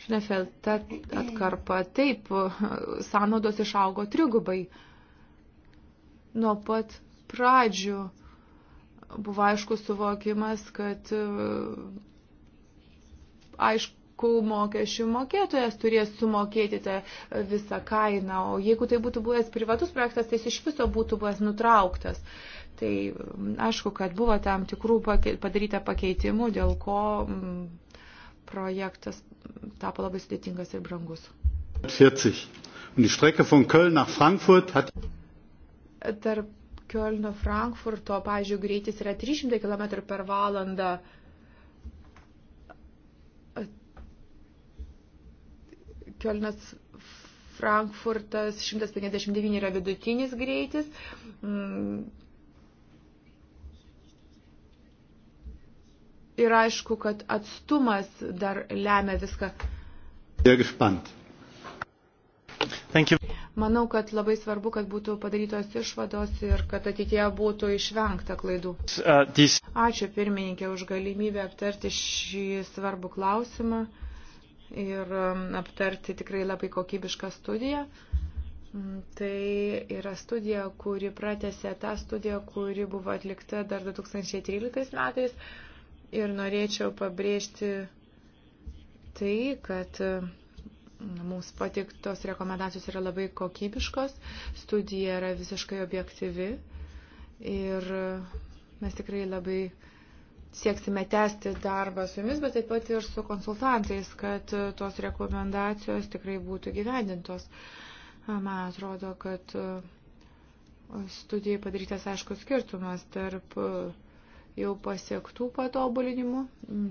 Šnefeld, ta atkarpa taip, sąnaudos išaugo trigubai. Nuo pat pradžių buvo aišku suvokimas, kad e, aišku mokesčių mokėtojas turės sumokėti tą e, visą kainą, o jeigu tai būtų buvęs privatus projektas, tai jis iš viso būtų buvęs nutrauktas. Tai aišku, kad buvo tam tikrų padaryta pakeitimų, dėl ko projektas tapo labai sudėtingas ir brangus. 40. Und die Strecke von Köln nach Frankfurt hat. Tarp Kölno Frankfurto, pažiūrėjau, greitis yra 300 km per valandą. Kölnas Frankfurtas 159 yra vidutinis greitis. Mm, ir aišku, kad atstumas dar lemia viską. Manau, kad labai svarbu, kad būtų padarytos išvados ir kad ateitie būtų išvengta klaidų. Uh, Ačiū pirmininkė už galimybę aptarti šį svarbų klausimą ir um, aptarti tikrai labai kokybišką studiją. Mm, tai yra studija, kuri pratėsi tą studiją, kuri buvo atlikta dar 2013 metais Ir norėčiau pabrėžti tai, kad mums patiktos rekomendacijos yra labai kokybiškos, studija yra visiškai objektyvi ir mes tikrai labai sieksime tęsti darbą su jumis, bet taip pat ir su konsultantais, kad tos rekomendacijos tikrai būtų gyvendintos. Man atrodo, kad studijai padarytas aiškus skirtumas tarp uh, jau pasiektų patobulinimų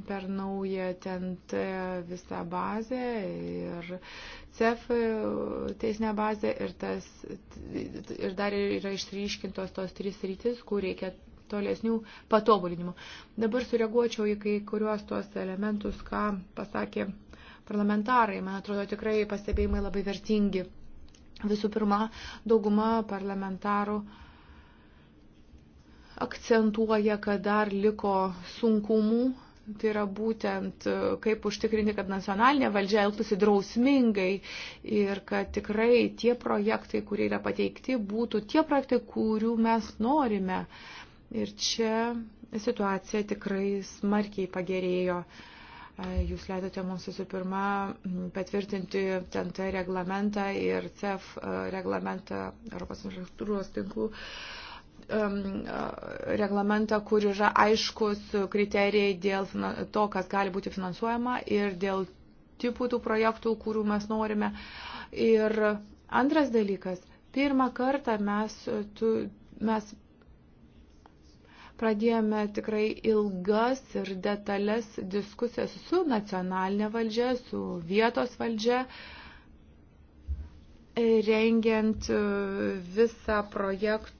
per naują TNT visą bazę ir CEF teisinę bazę ir, tas, ir dar yra išryškintos tos trys rytis, kur reikia tolesnių patobulinimų. Dabar sureaguočiau į kai kuriuos tuos elementus, ką pasakė parlamentarai. Man atrodo, tikrai pastebėjimai labai vertingi. Visų pirma, dauguma parlamentarų uh, akcentuoja, kad dar liko sunkumų. Tai yra būtent e, kaip užtikrinti, kad nacionalinė valdžia elgtųsi drausmingai ir kad tikrai tie projektai, kurie yra pateikti, būtų tie projektai, kurių mes norime. Ir čia situacija tikrai smarkiai pagerėjo. E, Jūs leidote mums visų pirma patvirtinti TNT reglamentą ir CEF e, reglamentą Europos infrastruktūros tinklų um, reglamentą, kur yra aiškus kriterijai dėl to, kas gali būti finansuojama ir dėl tipų tų projektų, kurių mes norime. Ir antras dalykas, pirmą kartą mes, tu, mes pradėjome tikrai ilgas ir detalės diskusijas su nacionalinė valdžia, su vietos valdžia, rengiant uh, visą projektų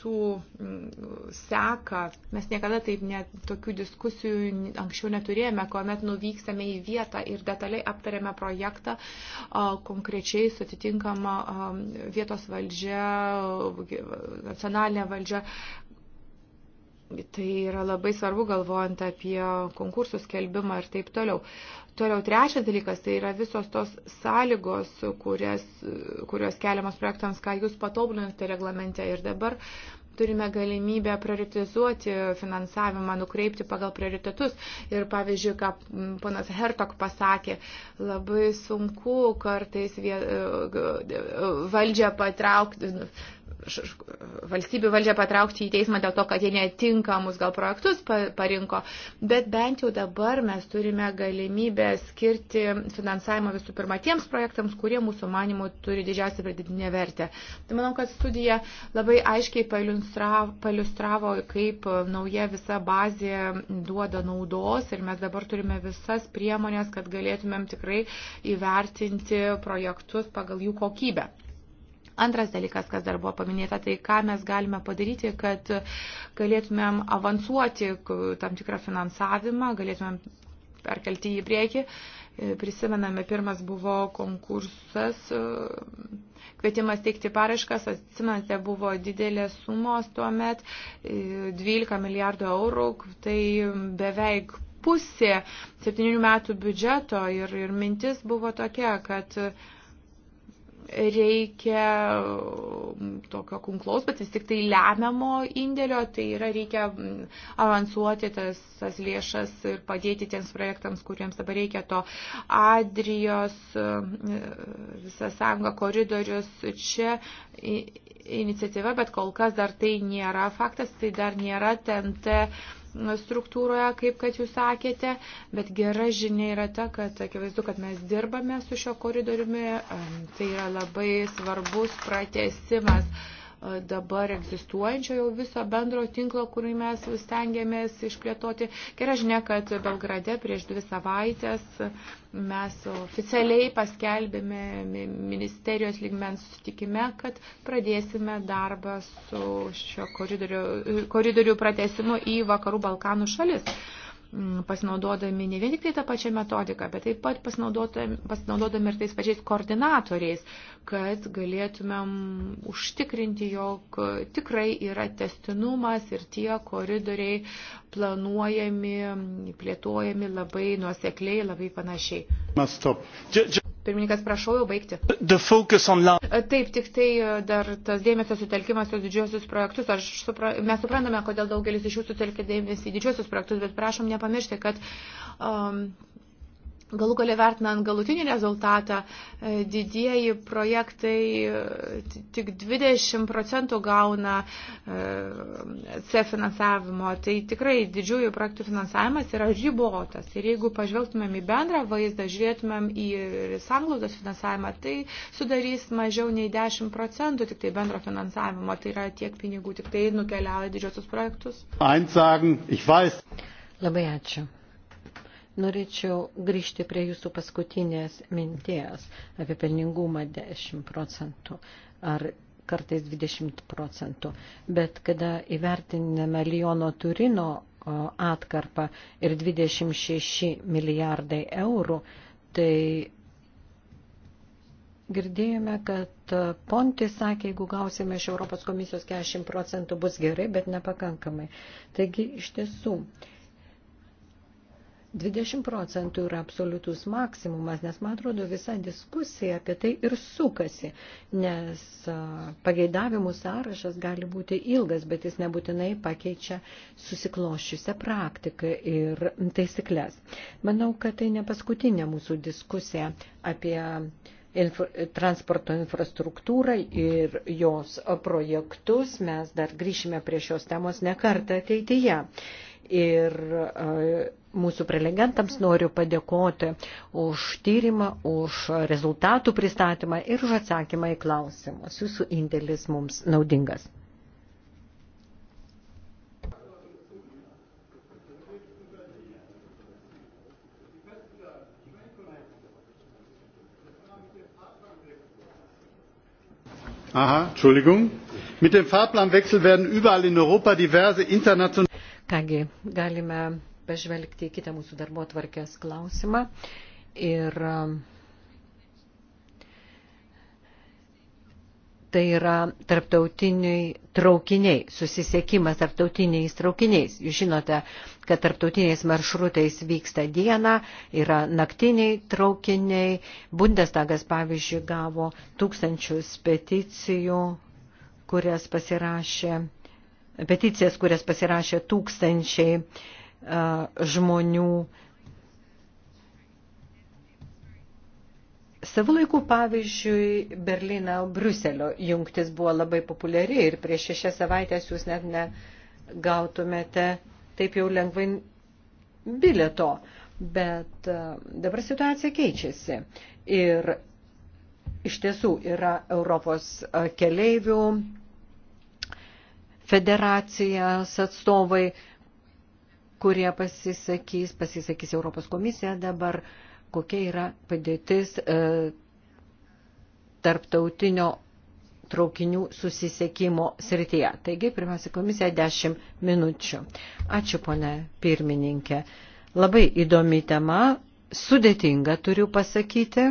projektų mm, seka. Mes niekada taip net tokių diskusijų anksčiau neturėjome, kuomet nuvykstame į vietą ir detaliai aptarėme projektą konkrečiai su atitinkama vietos valdžia, nacionalinė valdžia. Tai yra labai svarbu galvojant apie konkursų skelbimą ir taip toliau. Toliau trečias dalykas tai yra visos tos sąlygos, kurias, kurios keliamos projektams, ką jūs patobulinate reglamente. Ir dabar turime galimybę prioritizuoti finansavimą, nukreipti pagal prioritetus. Ir pavyzdžiui, ką ponas Hertok pasakė, labai sunku kartais valdžią patraukti valstybių valdžią patraukti į teismą dėl to, kad jie netinkamus gal projektus parinko, bet bent jau dabar mes turime galimybę skirti finansavimą visų pirma tiems projektams, kurie mūsų manimų turi didžiausią pridėtinę vertę. Tai manau, kad studija labai aiškiai paliustravo, kaip nauja visa bazė duoda naudos ir mes dabar turime visas priemonės, kad galėtumėm tikrai įvertinti projektus pagal jų kokybę. Antras dalykas, kas dar buvo paminėta, tai ką mes galime padaryti, kad galėtumėm avansuoti tam tikrą finansavimą, galėtumėm perkelti į priekį. E, prisimename, pirmas buvo konkursas, e, kvietimas teikti paraškas, atsimenate, buvo didelės sumos tuo met, 12 e, milijardų eurų, tai beveik pusė septynių metų biudžeto ir, ir mintis buvo tokia, kad uh, reikia tokio kunklaus, bet vis tik tai lemiamo indėlio, tai yra reikia avansuoti tas, tas lėšas ir padėti tiems projektams, kuriems dabar reikia to Adrijos, visa sąjunga koridorius čia iniciatyva, bet kol kas dar tai nėra faktas, tai dar nėra TNT. Tai struktūroje, kaip kad jūs sakėte, bet gera žinia yra ta, kad akivaizdu, kad mes dirbame su šio koridoriumi, tai yra labai svarbus pratesimas dabar egzistuojančio jau viso bendro tinklo, kurį mes stengiamės išplėtoti. Gera žinia, kad Belgrade prieš dvi savaitės mes oficialiai paskelbėme ministerijos lygmens sutikime, kad pradėsime darbą su šio koridorių, koridorių pratesimu į Vakarų Balkanų šalis. Mm, pasinaudodami ne vien tik tai tą pačią metodiką, bet taip pat pasinaudodami ir tais pačiais koordinatoriais, kad galėtumėm užtikrinti, jog tikrai yra testinumas ir tie koridoriai planuojami, plėtojami labai nuosekliai, labai panašiai. Pirmininkas, prašau jau baigti. Taip, tik tai dar tas dėmesio sutelkimas į didžiosius projektus. Aš supra... Mes suprantame, kodėl daugelis iš jūsų telkia dėmesį į didžiosius projektus, bet prašom nepamiršti, kad um, galų galia vertinant galutinį rezultatą, e, didieji projektai e, tik 20 procentų gauna e, C finansavimo. Tai tikrai didžiųjų projektų finansavimas yra ribotas. Ir jeigu pažvelgtumėm į bendrą vaizdą, žiūrėtumėm į sanglaudos finansavimą, tai sudarys mažiau nei 10 procentų tik tai bendro finansavimo. Tai yra tiek pinigų, tik tai nukeliauja didžiosius projektus. Einsagen, ich weiß. Labai ačiū. Norėčiau grįžti prie jūsų paskutinės minties apie pelningumą 10 procentų ar kartais 20 procentų. Bet kada įvertiname Liono Turino atkarpą ir 26 milijardai eurų, tai girdėjome, kad Pontis sakė, jeigu gausime iš Europos komisijos 40 procentų bus gerai, bet nepakankamai. Taigi iš tiesų 20 procentų yra absoliutus maksimumas, nes man atrodo visa diskusija apie tai ir sukasi, nes pageidavimų sąrašas gali būti ilgas, bet jis nebūtinai pakeičia susikloščiusią praktiką ir taisyklės. Manau, kad tai ne paskutinė mūsų diskusija apie infra, transporto infrastruktūrą ir jos projektus. Mes dar grįšime prie šios temos nekartą ateityje. Ir mūsų prelegentams noriu padėkoti už tyrimą, už rezultatų pristatymą ir už atsakymą į klausimus. Jūsų indėlis mums naudingas. Aha, Entschuldigung. Mit dem Fahrplanwechsel werden überall in Europa diverse internationale. Kągi, galime pažvelgti į kitą mūsų darbo tvarkės klausimą. Ir um, tai yra tarptautiniai traukiniai, susisiekimas tarptautiniais traukiniais. Jūs žinote, kad tarptautiniais maršrutais vyksta diena, yra naktiniai traukiniai. Bundestagas, pavyzdžiui, gavo tūkstančius peticijų, kurias pasirašė, peticijas, kurias pasirašė tūkstančiai žmonių. Savo laikų, pavyzdžiui, Berlyno Bruselio jungtis buvo labai populiari ir prieš šešias savaitės jūs net negautumėte taip jau lengvai bilieto. Bet dabar situacija keičiasi. Ir iš tiesų yra Europos keleivių federacijos atstovai, kurie pasisakys, pasisakys Europos komisija dabar, kokia yra padėtis e, tarptautinio traukinių susisiekimo srityje. Taigi, pirmiausia, komisija 10 minučių. Ačiū, ponė pirmininkė. Labai įdomi tema, sudėtinga turiu pasakyti.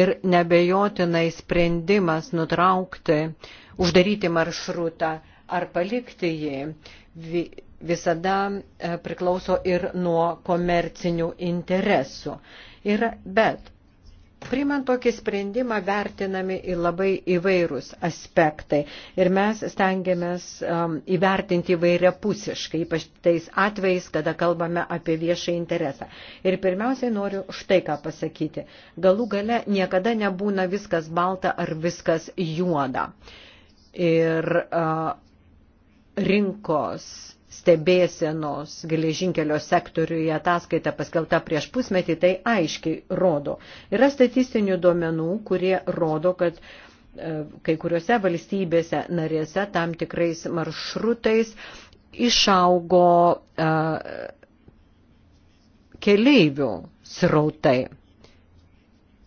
Ir nebejotinai sprendimas nutraukti, uždaryti maršrutą ar palikti jį visada e, priklauso ir nuo komercinių interesų. Ir, bet, primant tokį sprendimą, vertinami ir labai įvairūs aspektai. Ir mes stengiamės um, įvertinti įvairiapusiškai, ypač tais atvejais, kada kalbame apie viešą interesą. Ir pirmiausiai noriu štai ką pasakyti. Galų gale niekada nebūna viskas balta ar viskas juoda. Ir uh, rinkos stebėsenos geležinkelio sektoriuje ataskaita paskelta prieš pusmetį, tai aiškiai rodo. Yra statistinių duomenų, kurie rodo, kad e, kai kuriuose valstybėse narėse tam tikrais maršrutais išaugo e, keleivių srautai.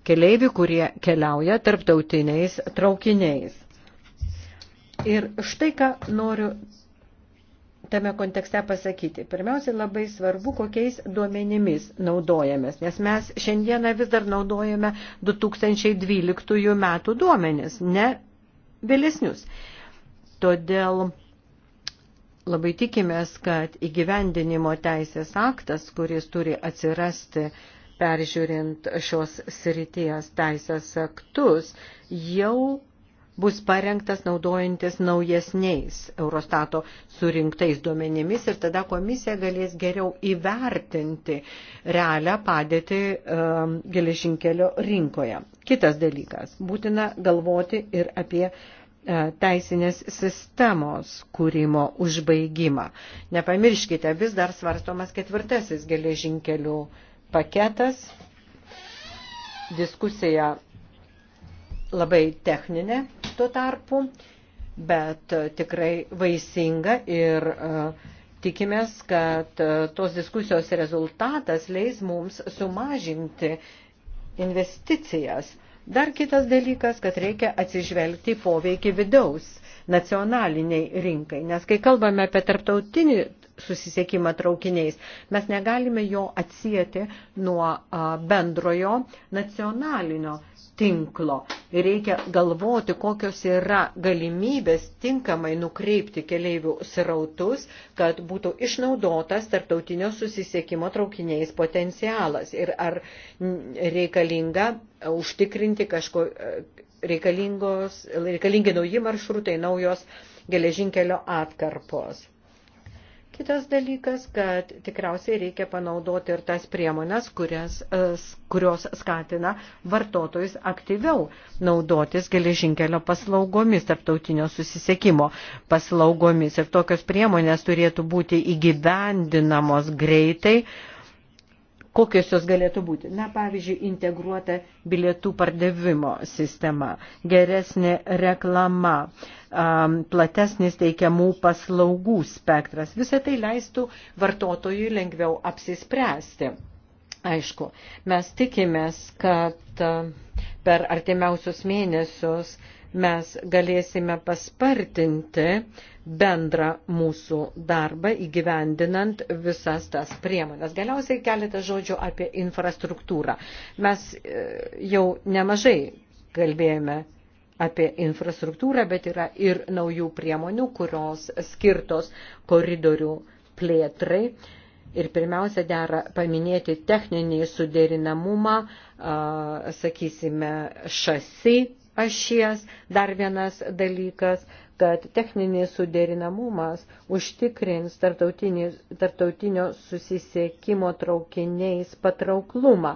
Keleivių, kurie keliauja tarptautiniais traukiniais. Ir štai ką noriu tame kontekste pasakyti? Pirmiausia, labai svarbu, kokiais duomenimis naudojamės, nes mes šiandieną vis dar naudojame 2012 metų duomenis, ne vėlesnius. Todėl labai tikimės, kad įgyvendinimo teisės aktas, kuris turi atsirasti peržiūrint šios srities teisės aktus, jau bus parengtas naudojantis naujesniais Eurostato surinktais duomenimis ir tada komisija galės geriau įvertinti realią padėtį um, geležinkelio rinkoje. Kitas dalykas - būtina galvoti ir apie e, teisinės sistemos kūrimo užbaigimą. Nepamirškite, vis dar svarstomas ketvirtasis geležinkelių paketas. Diskusija labai techninė tuo tarpu, bet e, tikrai vaisinga ir e, tikimės, kad e, tos diskusijos rezultatas leis mums sumažinti investicijas. Dar kitas dalykas, kad reikia atsižvelgti poveikį vidaus nacionaliniai rinkai, nes kai kalbame apie tarptautinį susisiekimą traukiniais. Mes negalime jo atsijėti nuo bendrojo nacionalinio tinklo. Ir reikia galvoti, kokios yra galimybės tinkamai nukreipti keleivių srautus, kad būtų išnaudotas tarptautinio susisiekimo traukiniais potencialas. Ir ar reikalinga užtikrinti kažko e, reikalingos, reikalingi nauji maršrutai, naujos geležinkelio atkarpos. Kitas dalykas, kad tikriausiai reikia panaudoti ir tas priemonės, kurias, e, kurios skatina vartotojus aktyviau naudotis geležinkelio paslaugomis, tarptautinio susisiekimo paslaugomis. Ir tokios priemonės turėtų būti įgyvendinamos greitai, uh, kokios jos galėtų būti. Na, pavyzdžiui, integruota bilietų pardavimo sistema, geresnė reklama, platesnis teikiamų paslaugų spektras. Visą tai leistų vartotojui lengviau apsispręsti. Aišku, mes tikimės, kad per artimiausius mėnesius mes galėsime paspartinti uh, bendrą mūsų darbą įgyvendinant visas tas priemonės. Galiausiai keletą žodžių apie infrastruktūrą. Mes e, jau nemažai kalbėjome apie infrastruktūrą, bet yra ir naujų priemonių, kurios skirtos koridorių plėtrai. Ir pirmiausia, dera paminėti techninį suderinamumą, sakysime, šasi ašies, dar vienas dalykas kad techninis suderinamumas užtikrins tarptautinio susisiekimo traukiniais patrauklumą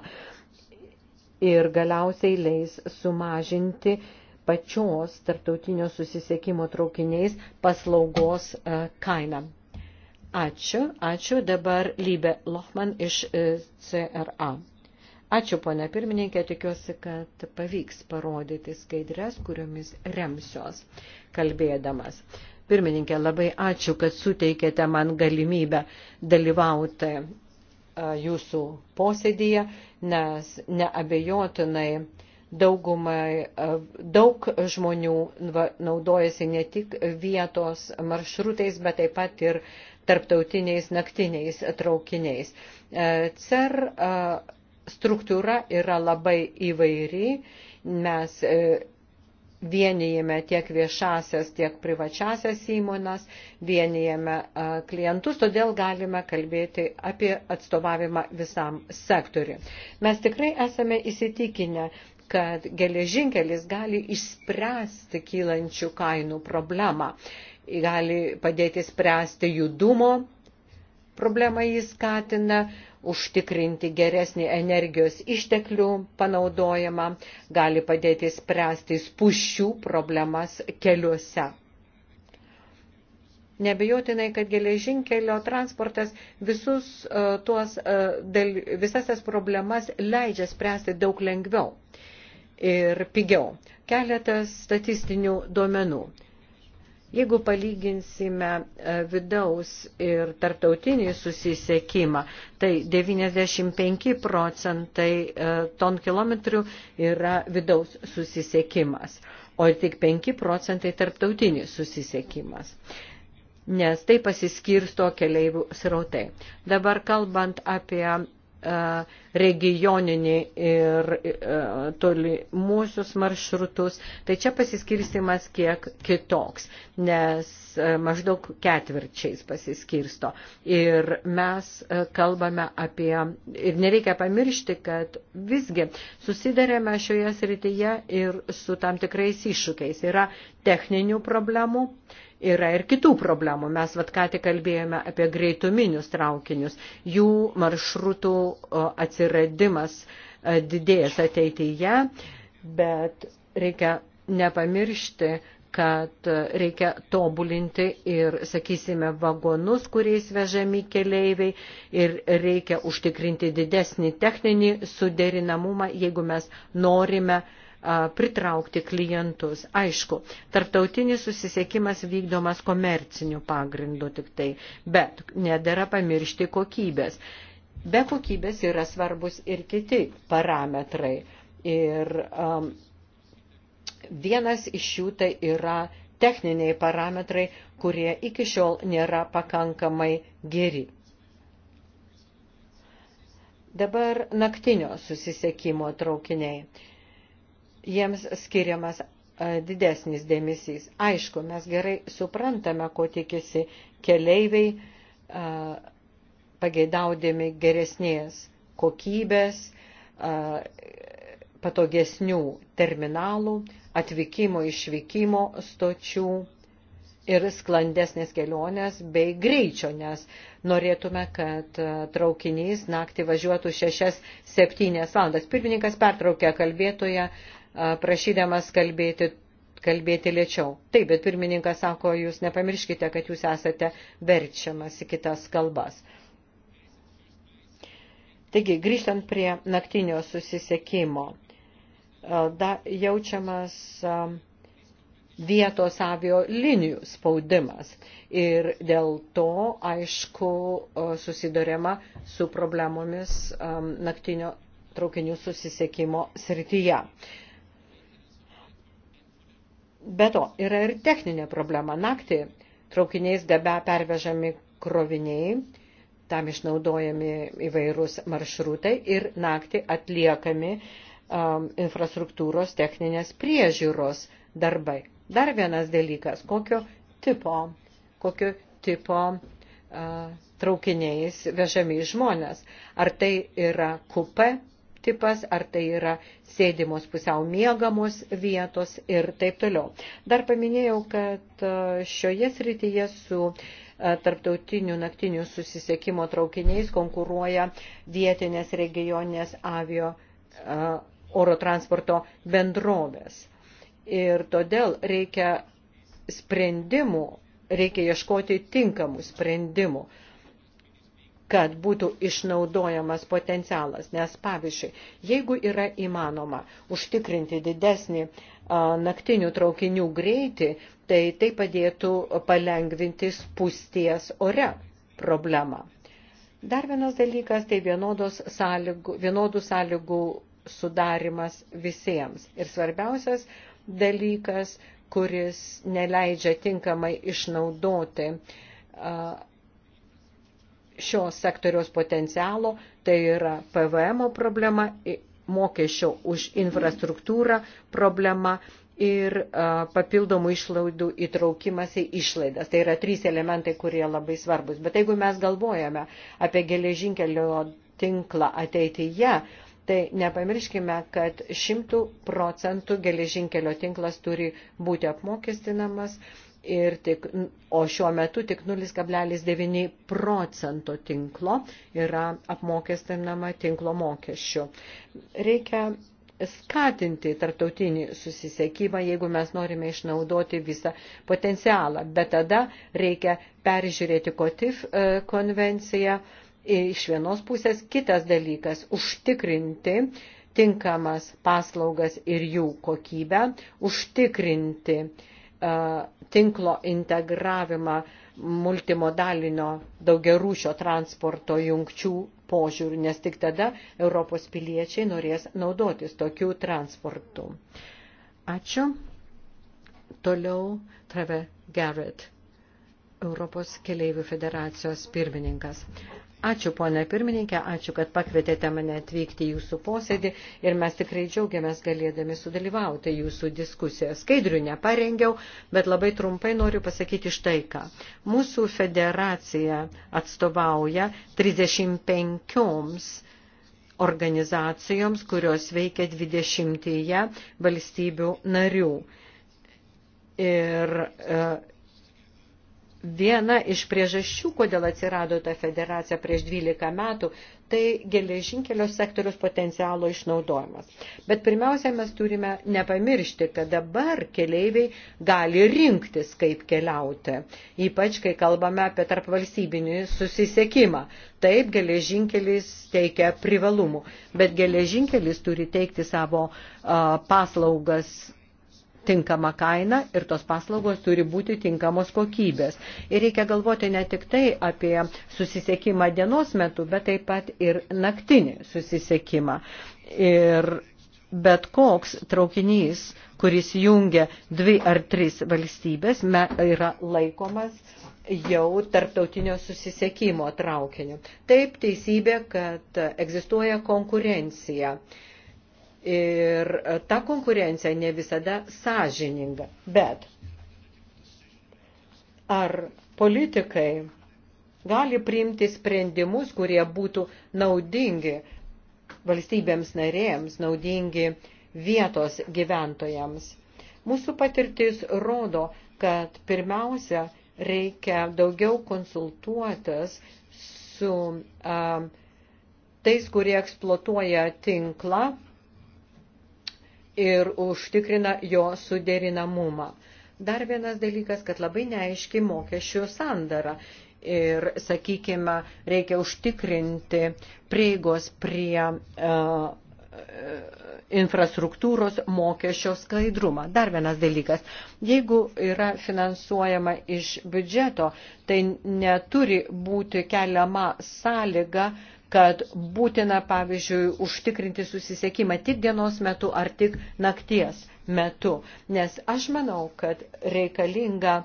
ir galiausiai leis sumažinti pačios tarptautinio susisiekimo traukiniais paslaugos e, kainą. Ačiū, ačiū dabar Lybė Lohman iš e, CRA. Ačiū, ponė pirmininkė, tikiuosi, kad pavyks parodyti skaidrės, kuriomis remsios kalbėdamas. Pirmininkė, labai ačiū, kad suteikėte man galimybę dalyvauti jūsų posėdėje, nes neabejotinai daugumai, daug žmonių naudojasi ne tik vietos maršrutais, bet taip pat ir tarptautiniais naktiniais traukiniais. E, CER struktūra yra labai įvairi. Mes e, vienijame tiek viešasias, tiek privačiasias įmonas, vienijame e, klientus, todėl galime kalbėti apie atstovavimą visam sektoriui. Mes tikrai esame įsitikinę, kad geležinkelis gali išspręsti kylančių kainų problemą, gali padėti spręsti judumo problemą jį skatina, užtikrinti geresnį energijos išteklių panaudojimą, gali padėti spręsti spuščių problemas keliuose. Nebejotinai, kad geležinkelio transportas visus, uh, tuos, uh, dal, visas tas problemas leidžia spręsti daug lengviau ir pigiau. Keletas statistinių duomenų. Jeigu palyginsime e, vidaus ir tarptautinį susisiekimą, tai 95 procentai e, ton kilometrų yra vidaus susisiekimas, o tik 5 procentai tarptautinis susisiekimas nes tai pasiskirsto keleivių srautai. Dabar kalbant apie E, regioninį ir e, tolimuosius maršrutus, tai čia pasiskirstimas kiek kitoks, nes e, maždaug ketvirčiais pasiskirsto. Ir mes kalbame apie, ir nereikia pamiršti, kad visgi susidarėme šioje srityje ir su tam tikrais iššūkiais. Yra techninių problemų, yra ir kitų problemų. Mes vat ką tik kalbėjome apie greituminius traukinius. Jų maršrutų atsiradimas e, didėjęs ateityje, bet reikia nepamiršti, kad e, reikia tobulinti ir, sakysime, vagonus, kuriais vežami keleiviai ir reikia užtikrinti didesnį techninį suderinamumą, jeigu mes norime uh, pritraukti klientus. Aišku, tarptautinis susisiekimas vykdomas komerciniu pagrindu tik tai, bet nedėra pamiršti kokybės. Be kokybės yra svarbus ir kiti parametrai. Ir um, vienas iš jų tai yra techniniai parametrai, kurie iki šiol nėra pakankamai geri. Dabar naktinio susisiekimo traukiniai jiems skiriamas e, didesnis dėmesys. Aišku, mes gerai suprantame, ko tikisi keleiviai, e, pageidaudami geresnės kokybės, e, patogesnių terminalų, atvykimo išvykimo stočių ir sklandesnės kelionės bei greičio, nes norėtume, kad traukinys naktį važiuotų 6-7 valandas. Pirmininkas pertraukė kalbėtoje prašydamas kalbėti, kalbėti lėčiau. Taip, bet pirmininkas sako, jūs nepamirškite, kad jūs esate verčiamas į kitas kalbas. Taigi, grįžtant prie naktinio susisiekimo, da, jaučiamas vietos avio linijų spaudimas ir dėl to, aišku, susidurėma su problemomis naktinio traukinių susisiekimo srityje. Be to, yra ir techninė problema. Naktį traukiniais gabe pervežami kroviniai, tam išnaudojami įvairūs maršrutai ir naktį atliekami um, infrastruktūros techninės priežiūros darbai. Dar vienas dalykas, kokio tipo, kokio tipo uh, traukiniais vežami žmonės. Ar tai yra kupe tipas, ar tai yra sėdimos pusiau mėgamos vietos ir taip toliau. Dar paminėjau, kad e, šioje srityje su e, tarptautinių naktinių susisiekimo traukiniais konkuruoja vietinės regioninės avio e, oro transporto bendrovės. Ir todėl reikia sprendimų, reikia ieškoti tinkamų sprendimų kad būtų išnaudojamas potencialas. Nes, pavyzdžiui, jeigu yra įmanoma užtikrinti didesnį naktinių traukinių greitį, tai tai padėtų palengvinti spūsties ore problemą. Dar vienas dalykas tai sąlygų, vienodų sąlygų sudarimas visiems. Ir svarbiausias dalykas, kuris neleidžia tinkamai išnaudoti uh, šios sektoriaus potencialo, tai yra PVM problema, mokesčio už infrastruktūrą problema ir papildomų išlaidų įtraukimas į išlaidas. Tai yra trys elementai, kurie labai svarbus. Bet jeigu mes galvojame apie geležinkelio tinklą ateityje, tai nepamirškime, kad šimtų procentų geležinkelio tinklas turi būti apmokestinamas ir tik, o šiuo metu tik 0,9 procento tinklo yra apmokestinama tinklo mokesčių. Reikia skatinti tarptautinį susisiekimą, jeigu mes norime išnaudoti visą potencialą. Bet tada reikia peržiūrėti KOTIF e, konvenciją iš vienos pusės. Kitas dalykas - užtikrinti tinkamas paslaugas ir jų kokybę, užtikrinti uh, E, tinklo integravimą multimodalinio daugiarūšio transporto jungčių požiūrių, nes tik tada Europos piliečiai norės naudotis tokių transportų. Ačiū. Toliau Treve Garrett, Europos keleivių federacijos pirmininkas. Ačiū, ponė pirmininkė, ačiū, kad pakvietėte mane atvykti į jūsų posėdį ir mes tikrai džiaugiamės galėdami sudalyvauti jūsų diskusiją. Skaidrių neparengiau, bet labai trumpai noriu pasakyti štai ką. Mūsų federacija atstovauja 35 organizacijoms, kurios veikia 20 valstybių narių. Ir, e, viena iš priežasčių, kodėl atsirado ta federacija prieš 12 metų, tai geležinkelio sektorius potencialo išnaudojimas. Bet pirmiausia, mes turime nepamiršti, kad dabar keleiviai gali rinktis, kaip keliauti, ypač kai kalbame apie tarpvalstybinį susisiekimą. Taip, geležinkelis teikia privalumų, bet geležinkelis turi teikti savo uh, paslaugas tinkamą kainą ir tos paslaugos turi būti tinkamos kokybės. Ir reikia galvoti ne tik tai apie susisiekimą dienos metu, bet taip pat ir naktinį susisiekimą. Ir bet koks traukinys, kuris jungia dvi ar tris valstybės, yra laikomas jau tarptautinio susisiekimo traukiniu. Taip teisybė, kad egzistuoja konkurencija. Uh, Ir ta konkurencija ne visada sąžininga. Bet ar politikai gali priimti sprendimus, kurie būtų naudingi valstybėms narėms, naudingi vietos gyventojams? Mūsų patirtis rodo, kad pirmiausia reikia daugiau konsultuotas su a, tais, kurie eksploatuoja tinklą ir užtikrina jo suderinamumą. Dar vienas dalykas, kad labai neaiški mokesčių sandara ir, sakykime, reikia užtikrinti prieigos prie uh, infrastruktūros mokesčio skaidrumą. Dar vienas dalykas. Jeigu yra finansuojama iš biudžeto, tai neturi būti keliama sąlyga uh, kad būtina, pavyzdžiui, užtikrinti susisiekimą tik dienos metu ar tik nakties metu. Nes aš manau, kad reikalinga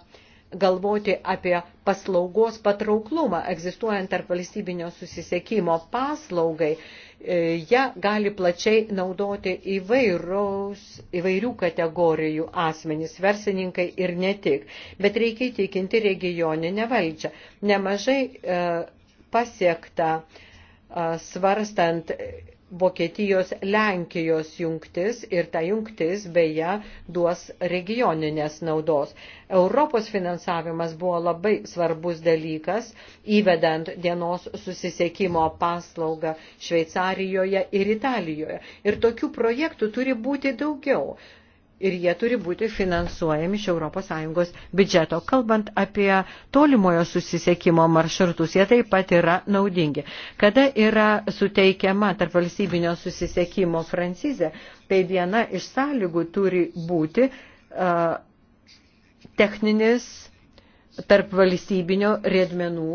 galvoti apie paslaugos patrauklumą, egzistuojant tarp valstybinio susisiekimo paslaugai, e, ją gali plačiai naudoti įvairaus, įvairių kategorijų asmenys, versininkai ir ne tik. Bet reikia įtikinti regioninę valdžią. Nemažai e, pasiekta e, svarstant Vokietijos Lenkijos jungtis ir ta jungtis beje duos regioninės naudos. Europos finansavimas buvo labai svarbus dalykas, įvedant dienos susisiekimo paslaugą Šveicarijoje ir Italijoje. Ir tokių projektų turi būti daugiau ir jie turi būti finansuojami iš ES biudžeto. Kalbant apie tolimojo susisiekimo maršrutus, jie taip pat yra naudingi. Kada yra suteikiama tarp valstybinio susisiekimo francizė, tai viena iš sąlygų turi būti uh, techninis tarp valstybinio riedmenų,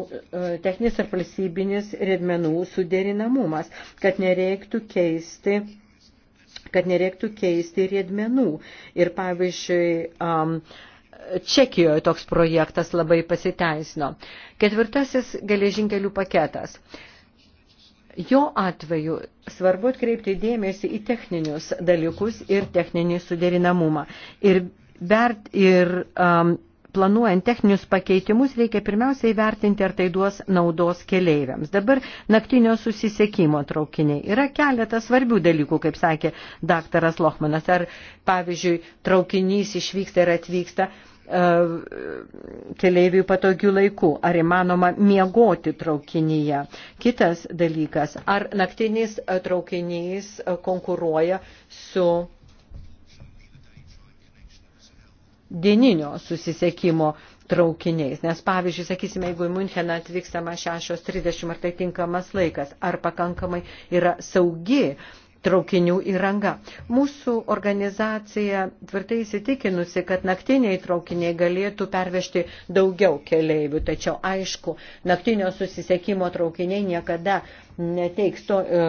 techninis tarp valstybinis riedmenų suderinamumas, kad nereiktų keisti uh, kad nereiktų keisti riedmenų. Ir pavyzdžiui, um, Čekijoje toks projektas labai pasiteisino. Ketvirtasis geležinkelių paketas. Jo atveju svarbu atkreipti dėmesį į techninius dalykus ir techninį suderinamumą. Ir, bert, ir um, planuojant techninius pakeitimus, reikia pirmiausiai vertinti, ar tai duos naudos keleiviams. Dabar naktinio susisiekimo traukiniai. Yra keletas svarbių dalykų, kaip sakė daktaras Lochmanas. Ar, pavyzdžiui, traukinys išvyksta ir atvyksta e, keleivių patogių laikų, ar įmanoma miegoti traukinyje. Kitas dalykas, ar naktinis e, traukinys e, konkuruoja su dieninio susisiekimo traukiniais. Nes pavyzdžiui, sakysime, jeigu į Müncheną atvykstama 6.30, ar tai tinkamas laikas, ar pakankamai yra saugi traukinių įranga. Mūsų organizacija tvirtai įsitikinusi, kad naktiniai traukiniai galėtų pervežti daugiau keleivių, tačiau aišku, naktinio susisiekimo traukiniai niekada neteiks to, e,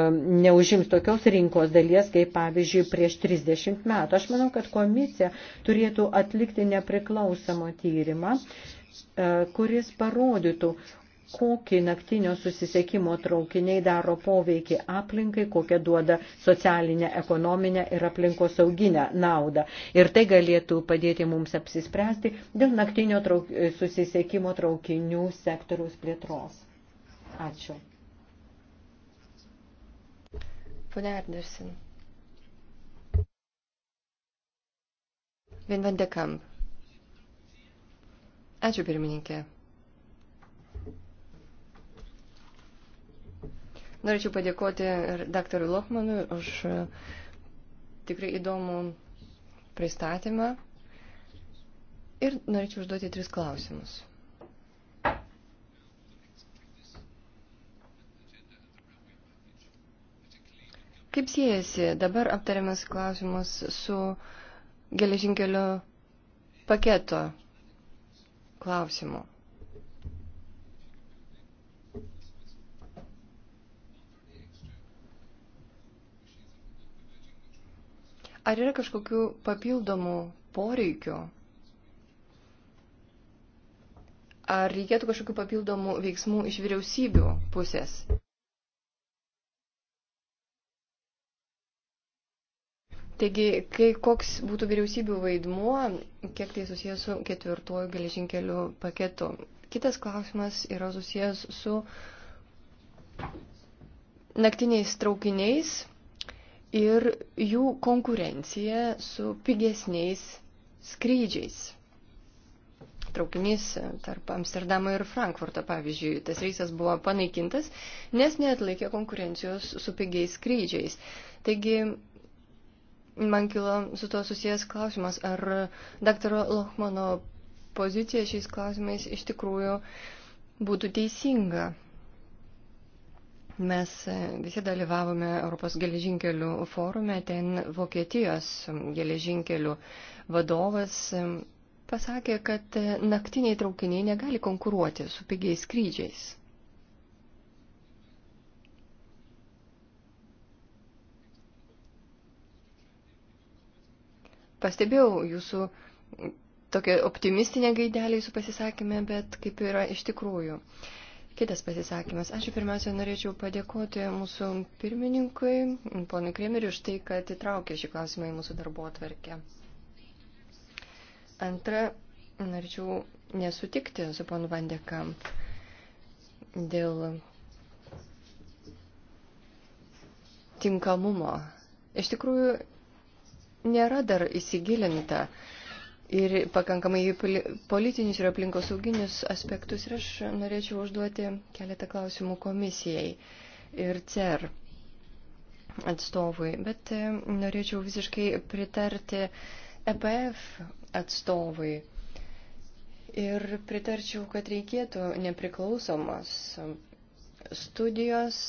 neužims tokios rinkos dalies, kaip pavyzdžiui prieš 30 metų. Aš manau, kad komisija turėtų atlikti nepriklausomą tyrimą e, kuris parodytų, kokį naktinio susisiekimo traukiniai daro poveikį aplinkai, kokią duoda socialinę, ekonominę ir aplinkosauginę naudą. Ir tai galėtų padėti mums apsispręsti dėl naktinio trauk... susisiekimo traukinių sektoriaus plėtros. Ačiū. Pone Ardersin. Vin van de Kamp. Ačiū pirmininkė. Norėčiau padėkoti ir daktarui Lokmanui už e, tikrai įdomų pristatymą. Ir norėčiau užduoti tris klausimus. Kaip siejasi dabar aptariamas klausimas su geležinkelio paketo klausimu? Ar yra kažkokių papildomų poreikių? Ar reikėtų kažkokių papildomų veiksmų iš vyriausybių pusės? Taigi, kai koks būtų vyriausybių vaidmuo, kiek tai susijęs su ketvirtuoju geležinkeliu paketu. Kitas klausimas yra susijęs su naktiniais traukiniais ir jų konkurencija su pigesniais skrydžiais. Traukinys tarp Amsterdamo ir Frankfurto, pavyzdžiui, tas reisas buvo panaikintas, nes neatlaikė konkurencijos su pigiais skrydžiais. Taigi, man kilo su to susijęs klausimas, ar daktaro Lohmano pozicija šiais klausimais iš tikrųjų būtų teisinga. Mes e, visi dalyvavome Europos geležinkelių forume, ten Vokietijos e, geležinkelių vadovas e, pasakė, kad naktiniai traukiniai negali konkuruoti su pigiais skrydžiais. Pastebėjau jūsų tokią optimistinę gaidelį jūsų pasisakymę, bet kaip yra iš tikrųjų. Uh, Kitas pasisakymas. Aš pirmiausia norėčiau padėkoti mūsų pirmininkui, ponui Kremeriu, už tai, kad įtraukė šį klausimą į mūsų darbo atverkę. Antra, norėčiau nesutikti su ponu Vandekamp dėl tinkamumo. Iš tikrųjų, nėra dar įsigilinta ir pakankamai politinius ir aplinkosauginius aspektus. Ir aš norėčiau užduoti keletą klausimų komisijai ir CER atstovui. Bet e, norėčiau visiškai pritarti EPF atstovui. Ir pritarčiau, kad reikėtų nepriklausomos studijos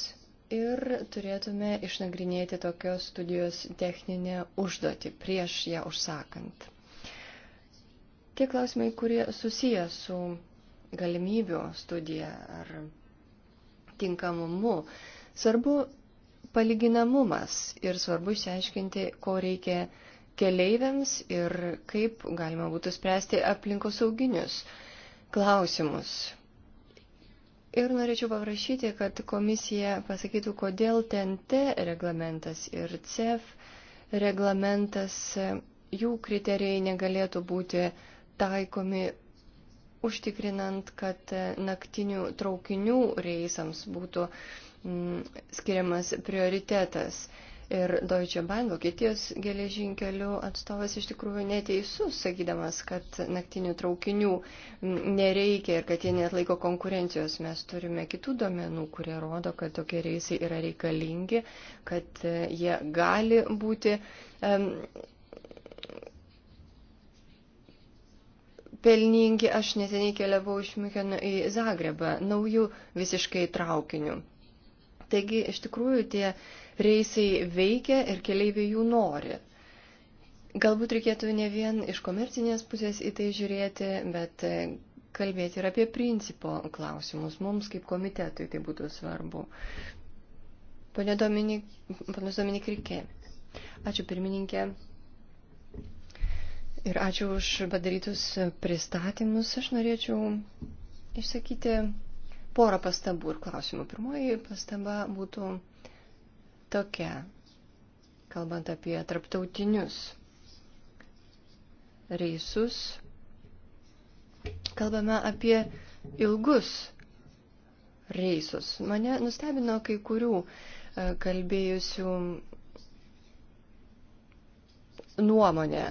ir turėtume išnagrinėti tokios studijos techninę užduotį prieš ją užsakant. Tie klausimai, kurie susiję su galimybių studija ar tinkamumu, svarbu palyginamumas ir svarbu išsiaiškinti, ko reikia keleiviams ir kaip galima būtų spręsti aplinkosauginius klausimus. Ir norėčiau paprašyti, kad komisija pasakytų, kodėl TNT reglamentas ir CEF reglamentas, jų kriterijai negalėtų būti taikomi užtikrinant, kad naktinių traukinių reisams būtų mm, skiriamas prioritetas. Ir Deutsche Bahn, Vokietijos geležinkelių atstovas iš tikrųjų neteisus, sakydamas, kad naktinių traukinių mm, nereikia ir kad jie net laiko konkurencijos. Mes turime kitų duomenų, kurie rodo, kad tokie reisai yra reikalingi, kad e, jie gali būti pelningi. Aš neseniai keliavau iš Micheno į Zagrebą naujų visiškai traukinių. Taigi, iš tikrųjų, tie reisai veikia ir keliaiviai jų nori. Galbūt reikėtų ne vien iš komercinės pusės į tai žiūrėti, bet e, kalbėti ir apie principo klausimus. Mums kaip komitetui tai būtų svarbu. Pane Dominik, panas Dominik Rikė. Ačiū pirmininkė. Ir ačiū už padarytus pristatymus. Aš norėčiau išsakyti porą pastabų ir klausimų. Pirmoji pastaba būtų tokia, kalbant apie tarptautinius reisus. Kalbame apie ilgus reisus. Mane nustebino kai kurių e, kalbėjusių nuomonė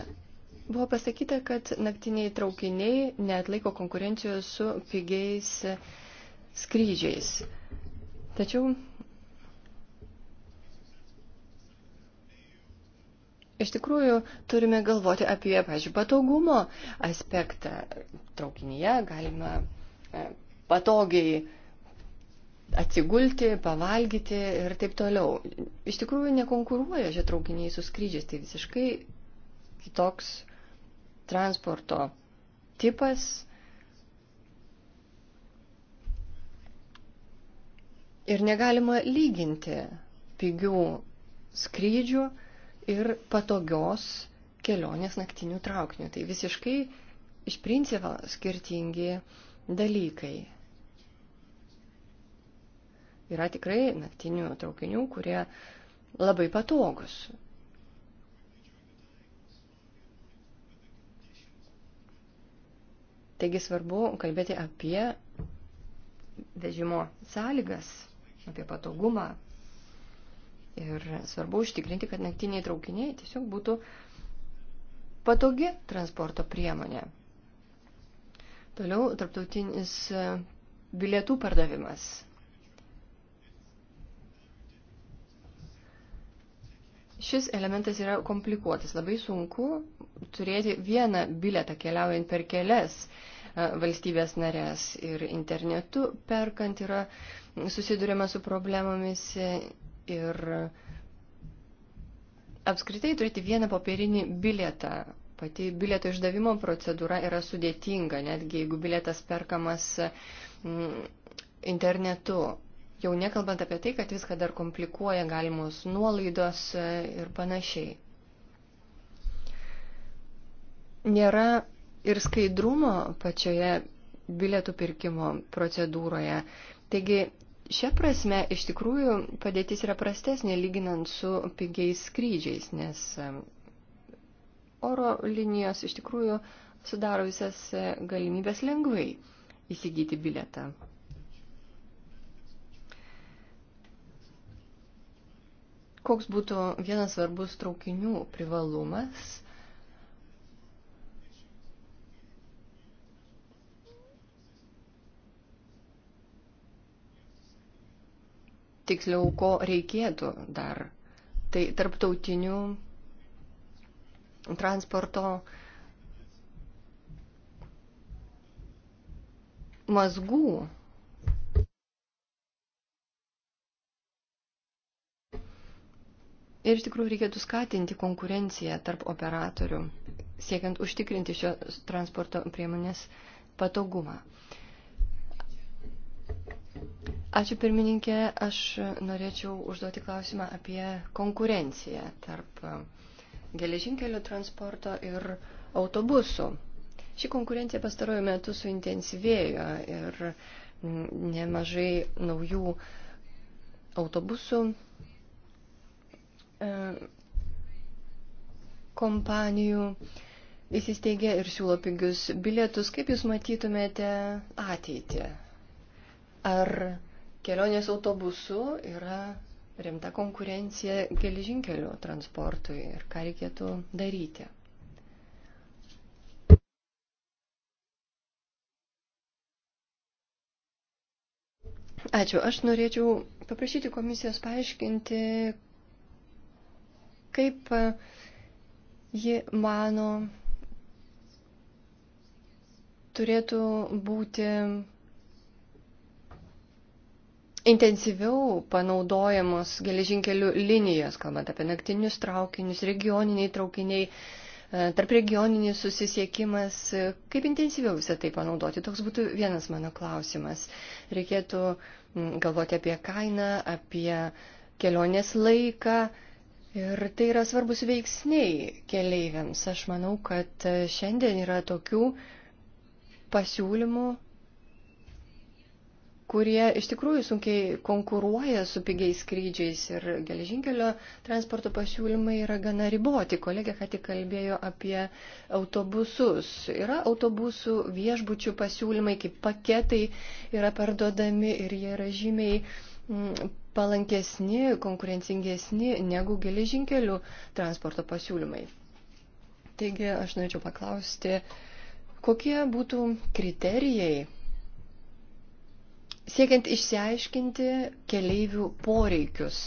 Buvo pasakyta, kad naktiniai traukiniai neatlaiko konkurencijos su pigiais skrydžiais. Tačiau Iš tikrųjų, turime galvoti apie, pažiūrėjau, patogumo aspektą. Traukinyje galima e, patogiai atsigulti, pavalgyti ir taip toliau. Iš tikrųjų, nekonkuruoja šie traukiniai su skrydžiais, tai visiškai kitoks transporto tipas ir negalima lyginti pigių skrydžių ir patogios kelionės naktinių traukinių. Tai visiškai iš principo skirtingi dalykai. Yra tikrai naktinių traukinių, kurie labai patogus. Taigi svarbu kalbėti apie vežimo sąlygas, apie patogumą. Ir svarbu užtikrinti, kad naktiniai traukiniai tiesiog būtų patogi transporto priemonė. Toliau tarptautinis bilietų pardavimas. Šis elementas yra komplikuotas. Labai sunku turėti vieną biletą keliaujant per kelias e, valstybės narės ir internetu perkant yra susidurima su problemomis e, ir apskritai turėti vieną popierinį bilietą. Pati bilieto išdavimo procedūra yra sudėtinga, netgi jeigu bilietas perkamas internetu Jau nekalbant apie tai, kad viską dar komplikuoja galimos nuolaidos e, ir panašiai. Nėra ir skaidrumo pačioje bilietų pirkimo procedūroje. Taigi, šia prasme, iš tikrųjų padėtis yra prastesnė lyginant su pigiais skrydžiais, nes e, oro linijos iš tikrųjų sudaro visas e, galimybės lengvai įsigyti bilietą. Koks būtų vienas svarbus traukinių privalumas? Tiksliau, ko reikėtų dar. Tai tarptautinių transporto mazgų Ir iš tikrųjų reikėtų skatinti konkurenciją tarp operatorių, siekiant užtikrinti šio transporto priemonės patogumą. Ačiū pirmininkė, aš norėčiau užduoti klausimą apie konkurenciją tarp e, geležinkelio transporto ir autobusų. Ši konkurencija pastarojų metų suintensyvėjo ir nemažai naujų autobusų E, kompanijų įsisteigia ir siūlo pigius bilietus. Kaip Jūs matytumėte ateitį? Ar kelionės autobusu yra rimta konkurencija geležinkelių transportui ir ką reikėtų daryti? Ačiū. Aš norėčiau paprašyti komisijos paaiškinti, kaip e, ji mano turėtų būti intensyviau panaudojamos geležinkelių linijos, kalbant apie naktinius traukinius, regioniniai traukiniai, e, tarp regioninis susisiekimas, kaip intensyviau visą tai panaudoti. Toks būtų vienas mano klausimas. Reikėtų galvoti apie kainą, apie kelionės laiką, Ir tai yra svarbus veiksniai keleiviams. Aš manau, kad šiandien yra tokių pasiūlymų, kurie iš tikrųjų sunkiai konkuruoja su pigiais skrydžiais ir geležinkelio transporto pasiūlymai yra gana riboti. Kolegė ką tik kalbėjo apie autobusus. Yra autobusų viešbučių pasiūlymai, kaip paketai yra parduodami ir jie yra žymiai mm, palankesni, konkurencingesni negu geležinkelių transporto pasiūlymai. Taigi aš norėčiau paklausti, kokie būtų kriterijai siekiant išsiaiškinti keleivių poreikius.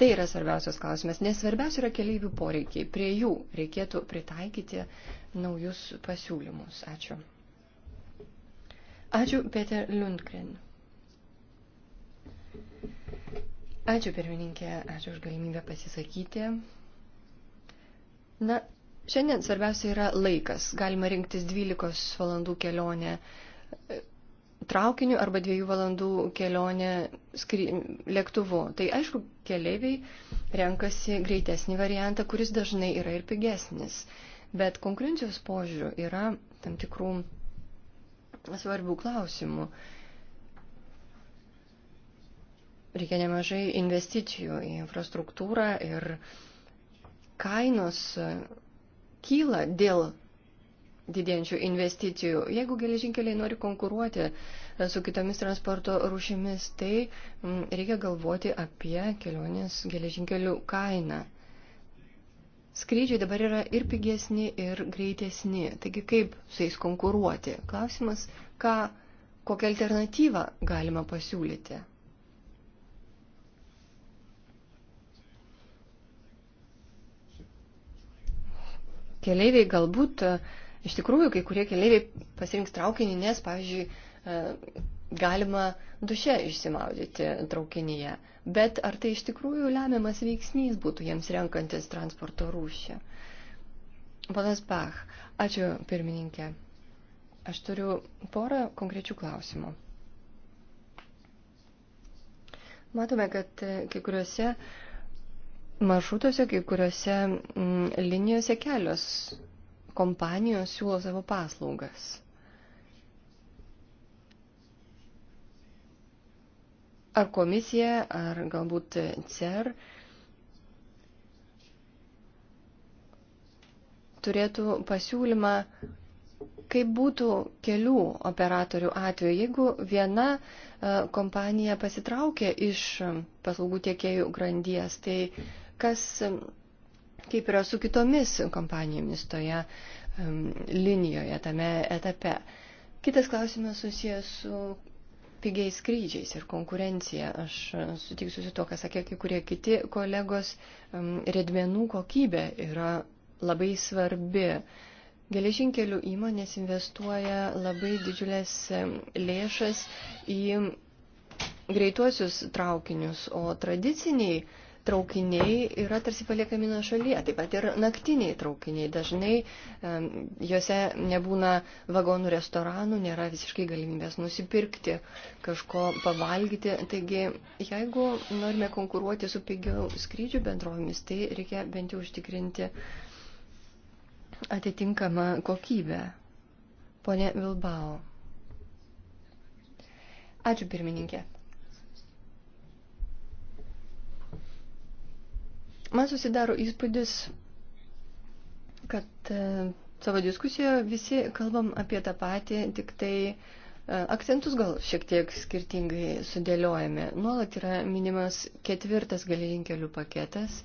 Tai yra svarbiausias klausimas, nes svarbiausia yra keleivių poreikiai. Prie jų reikėtų pritaikyti naujus pasiūlymus. Ačiū. Ačiū, Peter Lundgren. Ačiū pirmininkė, ačiū už galimybę pasisakyti. Na, šiandien svarbiausia yra laikas. Galima rinktis 12 valandų kelionę e, traukiniu arba 2 valandų kelionę skry... lėktuvu. Tai aišku, keleiviai renkasi greitesnį variantą, kuris dažnai yra ir pigesnis. Bet konkurencijos požiūriu yra tam tikrų svarbių klausimų reikia nemažai investicijų į infrastruktūrą ir kainos kyla dėl didėjančių investicijų. Jeigu geležinkeliai nori konkuruoti su kitomis transporto rūšimis, tai mm, reikia galvoti apie kelionės geležinkelių kainą. Skrydžiai dabar yra ir pigesni, ir greitesni. Taigi kaip su jais konkuruoti? Klausimas, ką, kokią alternatyvą galima pasiūlyti? Keleiviai galbūt, e, iš tikrųjų, kai kurie keleiviai pasirinks traukinį, nes, pavyzdžiui, e, galima duše išsimaudyti traukinyje. Bet ar tai iš tikrųjų lemiamas veiksnys būtų jiems renkantis transporto rūšį? Ponas Bach, ačiū pirmininkė. Aš turiu porą konkrečių klausimų. Matome, kad e, kai kuriuose uh, maršrutuose, kai kuriuose mm, linijose kelios kompanijos siūlo savo paslaugas. Ar komisija, ar galbūt CER turėtų pasiūlymą, kaip būtų kelių operatorių atveju, jeigu viena e, kompanija pasitraukia iš paslaugų tiekėjų grandies, tai kas, kaip yra su kitomis kompanijomis toje linijoje, tame etape. Kitas klausimas susijęs su pigiais skrydžiais ir konkurencija. Aš sutiksiu su to, ką sakė kai kurie kiti kolegos, redmenų kokybė yra labai svarbi. Geležinkelių įmonės investuoja labai didžiulės lėšas į greituosius traukinius, o tradiciniai traukiniai yra tarsi paliekami nuo šalyje, taip pat ir naktiniai traukiniai. Dažnai juose nebūna vagonų restoranų, nėra visiškai galimybės nusipirkti kažko pavalgyti. Taigi, jeigu norime konkuruoti su pigiau skrydžių bendrovėmis, tai reikia bent jau užtikrinti atitinkamą kokybę. Pone Vilbao. Ačiū pirmininkė. Man susidaro įspūdis, kad e, savo diskusijoje visi kalbam apie tą patį, tik tai e, akcentus gal šiek tiek skirtingai sudėliojame. Nuolat yra minimas ketvirtas galinkelių paketas.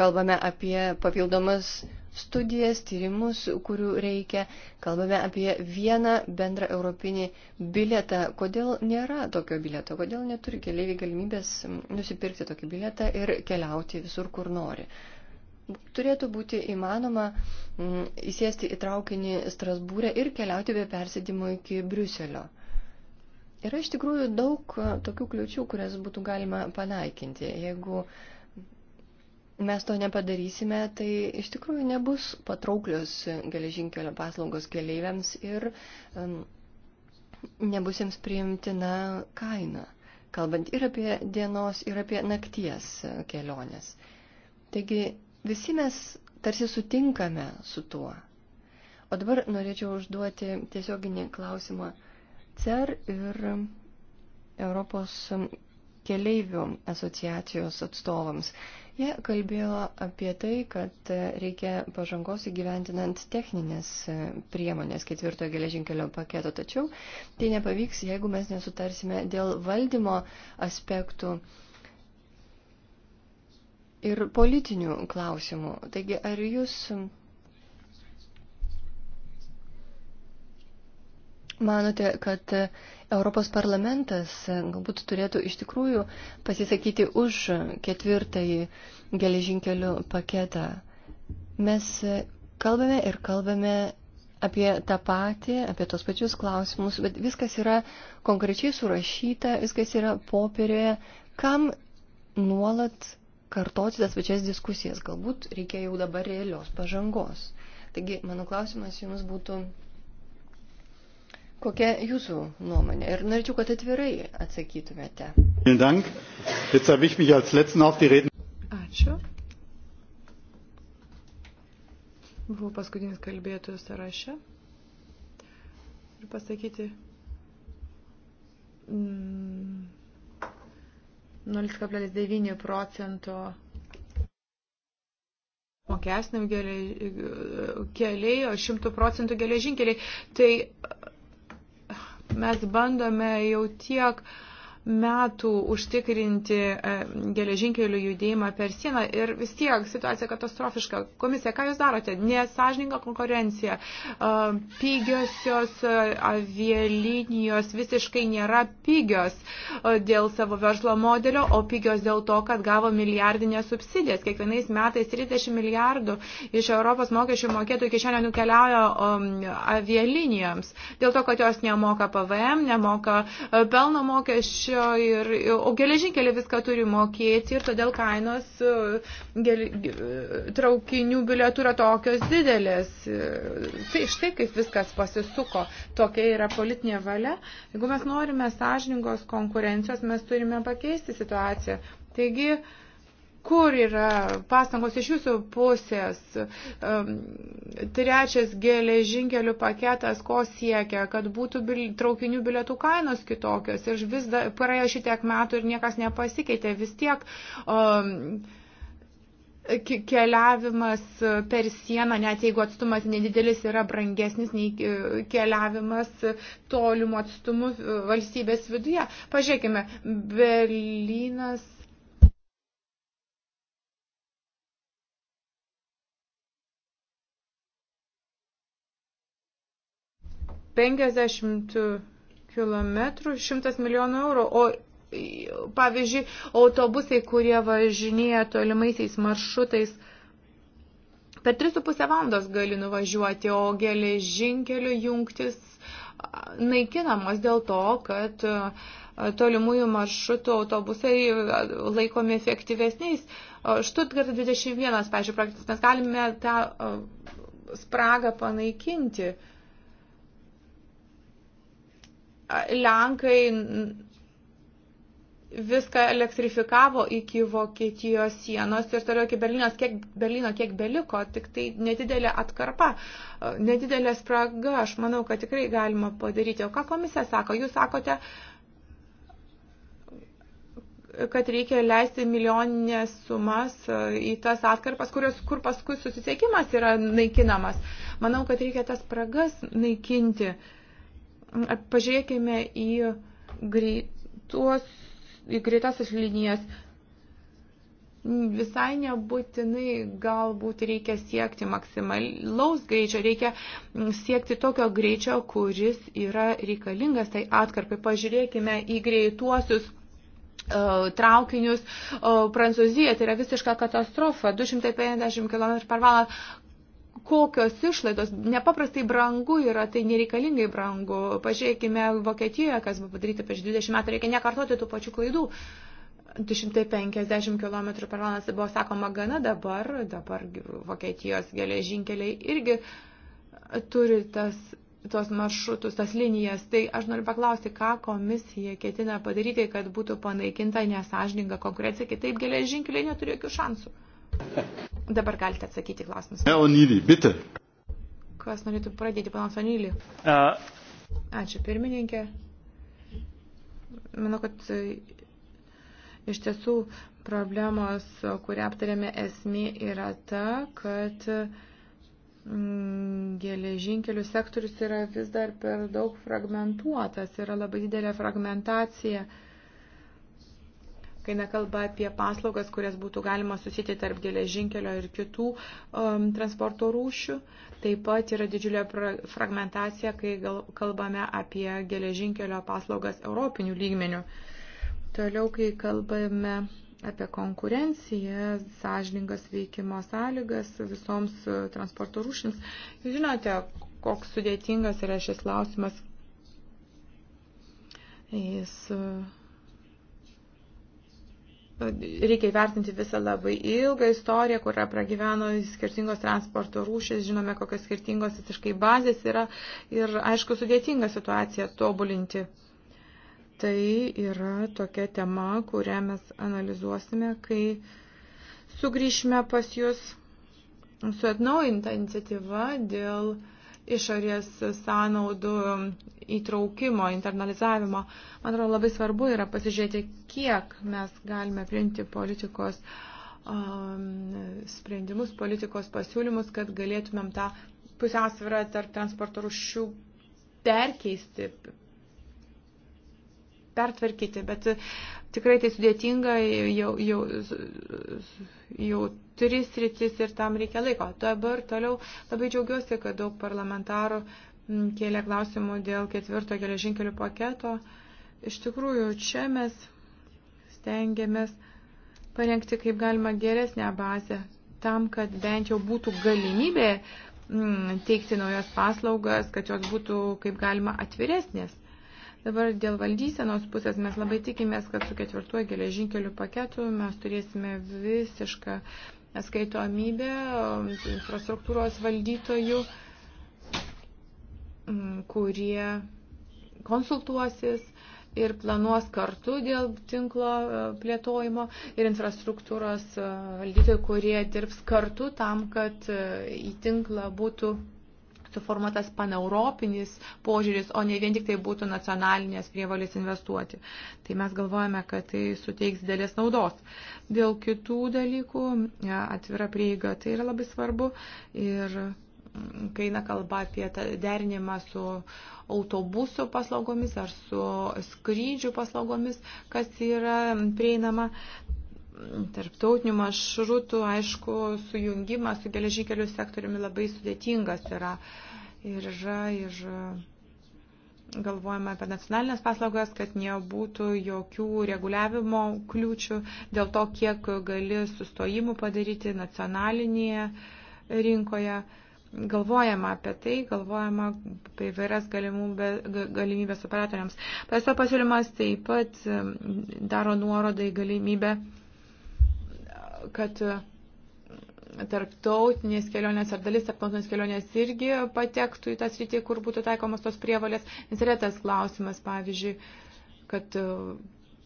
Kalbame apie papildomas studijas, tyrimus, kurių reikia. Kalbame apie vieną bendrą europinį bilietą. Kodėl nėra tokio bilieto? Kodėl neturi keliaiviai galimybės nusipirkti tokį bilietą ir keliauti visur, kur nori? Turėtų būti įmanoma mm, įsėsti į traukinį Strasbūrę ir keliauti be persėdimo iki Briuselio. Yra iš tikrųjų daug tokių kliučių, kurias būtų galima panaikinti, jeigu uh, mes to nepadarysime, tai iš tikrųjų nebus patrauklios geležinkelio paslaugos keleiviams ir um, nebus jiems priimtina kaina, kalbant ir apie dienos, ir apie nakties keliones. Taigi visi mes tarsi sutinkame su tuo. O dabar norėčiau užduoti tiesioginį klausimą CER ir Europos keleivių asociacijos atstovams. Jie kalbėjo apie tai, kad reikia pažangos įgyvendinant techninės priemonės ketvirtojo geležinkelio paketo, tačiau tai nepavyks, jeigu mes nesutarsime dėl valdymo aspektų ir politinių klausimų. Taigi, ar jūs manote, kad Europos parlamentas e, galbūt turėtų iš tikrųjų pasisakyti už ketvirtąjį geležinkelių paketą. Mes e, kalbame ir kalbame apie tą patį, apie tos pačius klausimus, bet viskas yra konkrečiai surašyta, viskas yra popierioje. Kam nuolat kartoti tas pačias diskusijas? Galbūt reikia jau dabar realios pažangos. Taigi, mano klausimas jums būtų Kokia jūsų nuomonė? Ir norėčiau, kad atvirai atsakytumėte. Ačiū. Buvau paskutinis kalbėtojų sąraše. Ir pasakyti. Mm, 0,9 procento mokesniam keliai, o 100 procentų geležinkeliai. Tai mes bandome jau tiek uh, metų užtikrinti e, geležinkelių judėjimą per sieną ir vis tiek situacija katastrofiška. Komisija, ką jūs darote? Nesažininga konkurencija, e, pigiosios e, avialinijos visiškai nėra pigios dėl savo verslo modelio, o pigios dėl to, kad gavo milijardinės subsidijas. Kiekvienais metais 30 milijardų iš Europos mokesčių mokėtų iki šiandien nukeliauja avialinijoms. Dėl to, kad jos nemoka PVM, nemoka pelno mokesčių geležinkelio ir, o geležinkelė viską turi mokėti ir todėl kainos e, gel, traukinių bilietų yra tokios didelės. E, tai štai kaip viskas pasisuko, tokia yra politinė valia. Jeigu mes norime sąžiningos konkurencijos, mes turime pakeisti situaciją. Taigi, uh, kur yra pastangos iš jūsų pusės. Trečias geležinkelių paketas, ko siekia, kad būtų bil, traukinių bilietų kainos kitokios. Ir vis da, praėjo šitiek metų ir niekas nepasikeitė. Vis tiek. Um, keliavimas per sieną, net jeigu atstumas nedidelis, yra brangesnis nei e, keliavimas tolimu atstumu e, valstybės viduje. Pažiūrėkime, Berlynas 50 km 100 milijonų eurų, o pavyzdžiui, autobusai, kurie važinėja tolimaisiais maršrutais, per 3,5 valandos gali nuvažiuoti, o geležinkelių jungtis naikinamos dėl to, kad tolimųjų maršrutų autobusai laikomi efektyvesniais. Štutgart 21, pažiūrėjau, praktis, mes galime tą spragą panaikinti. Lenkai viską elektrifikavo iki Vokietijos sienos ir toliau iki Berlynos, kiek Berlyno, kiek beliko, tik tai nedidelė atkarpa, nedidelė spraga, aš manau, kad tikrai galima padaryti. O ką komisija sako? Jūs sakote, kad reikia leisti milijoninės sumas į tas atkarpas, kurios, kur paskui susisiekimas yra naikinamas. Manau, kad reikia tas spragas naikinti. Uh, Pažiūrėkime į, greitos, į greitasis linijas. Visai nebūtinai galbūt reikia siekti maksimalaus greičio, reikia siekti tokio greičio, kuris yra reikalingas tai atkarpai. Pažiūrėkime į greituosius e, traukinius e, Prancūzija, tai yra visiška katastrofa, 250 km per valandą, kokios išlaidos. Nepaprastai brangu yra, tai nereikalingai brangu. Pažiūrėkime Vokietijoje, kas buvo padaryta prieš 20 metų, reikia nekartoti tų pačių klaidų. 250 km per valandą buvo sakoma gana dabar, dabar Vokietijos geležinkeliai irgi turi tas tuos maršrutus, tas linijas. Tai aš noriu paklausti, ką komisija ketina padaryti, kad būtų panaikinta nesažininga konkurencija, kitaip geležinkeliai neturi jokių šansų. Dabar galite atsakyti klausimus. Neonylį, bitė. Kas norėtų pradėti, panas Onylį? Uh. Ačiū, pirmininkė. Manau, kad e, iš tiesų problemos, kurią aptarėme, esmė yra ta, kad mm, geležinkelių sektorius yra vis dar per daug fragmentuotas, yra labai didelė fragmentacija. Uh, kai nekalba apie paslaugas, kurias būtų galima susiti tarp geležinkelio ir kitų um, transporto rūšių. Taip pat yra didžiulė fragmentacija, kai gal, kalbame apie geležinkelio paslaugas europinių lygmenių. Toliau, kai kalbame apie konkurenciją, sąžiningas veikimo sąlygas visoms uh, transporto rūšims. Jūs žinote, koks sudėtingas yra šis klausimas. Jis uh, reikia įvertinti visą labai ilgą istoriją, kurią pragyveno skirtingos transporto rūšės, žinome, kokios skirtingos visiškai bazės yra ir, aišku, sudėtinga situacija tobulinti. Tai yra tokia tema, kurią mes analizuosime, kai sugrįšime pas jūs su atnaujinta iniciatyva dėl uh, išorės sąnaudų įtraukimo, internalizavimo. Man atrodo, labai svarbu yra pasižiūrėti, kiek mes galime priimti politikos um, sprendimus, politikos pasiūlymus, kad galėtumėm tą pusiausvyrą tarp transporto rušių perkeisti, pertvarkyti, bet Tikrai tai sudėtinga, jau, jau, jau tris rytis ir tam reikia laiko. Dabar toliau labai džiaugiuosi, kad daug parlamentarų mm, kėlė klausimų dėl ketvirto geležinkelių paketo. Iš tikrųjų, čia mes stengiamės parengti kaip galima geresnę bazę tam, kad bent jau būtų galimybė mm, teikti naujas paslaugas, kad jos būtų kaip galima atviresnės. Dabar dėl valdysenos pusės mes labai tikimės, kad su ketvirtuoju geležinkeliu paketu mes turėsime visišką skaitomybę um, infrastruktūros valdytojų, um, kurie konsultuosis ir planuos kartu dėl tinklo uh, plėtojimo ir infrastruktūros uh, valdytojų, kurie dirbs kartu tam, kad uh, į tinklą būtų suformuotas paneuropinis požiūris, o ne vien tik tai būtų nacionalinės prievalės investuoti. Tai mes galvojame, kad tai suteiks dėlės naudos. Dėl kitų dalykų atvira prieiga tai yra labai svarbu ir mm, kai eina kalba apie derinimą su autobusų paslaugomis ar su skrydžių paslaugomis, kas yra prieinama, tarptautinių maršrutų, aišku, sujungimas su geležinkelių sektoriumi labai sudėtingas yra. Ir yra, ir e, galvojame apie nacionalinės paslaugas, kad nebūtų jokių reguliavimo kliūčių dėl to, kiek gali sustojimų padaryti nacionalinėje rinkoje. Galvojama apie tai, galvojama apie vairias galimybės operatoriams. Paso pasiūlymas taip pat e, daro nuorodą į galimybę kad e, tarptautinės kelionės ar dalis tarptautinės kelionės irgi patektų į tą sritį, kur būtų taikomas tos prievalės. Nes yra tas klausimas, pavyzdžiui, kad e,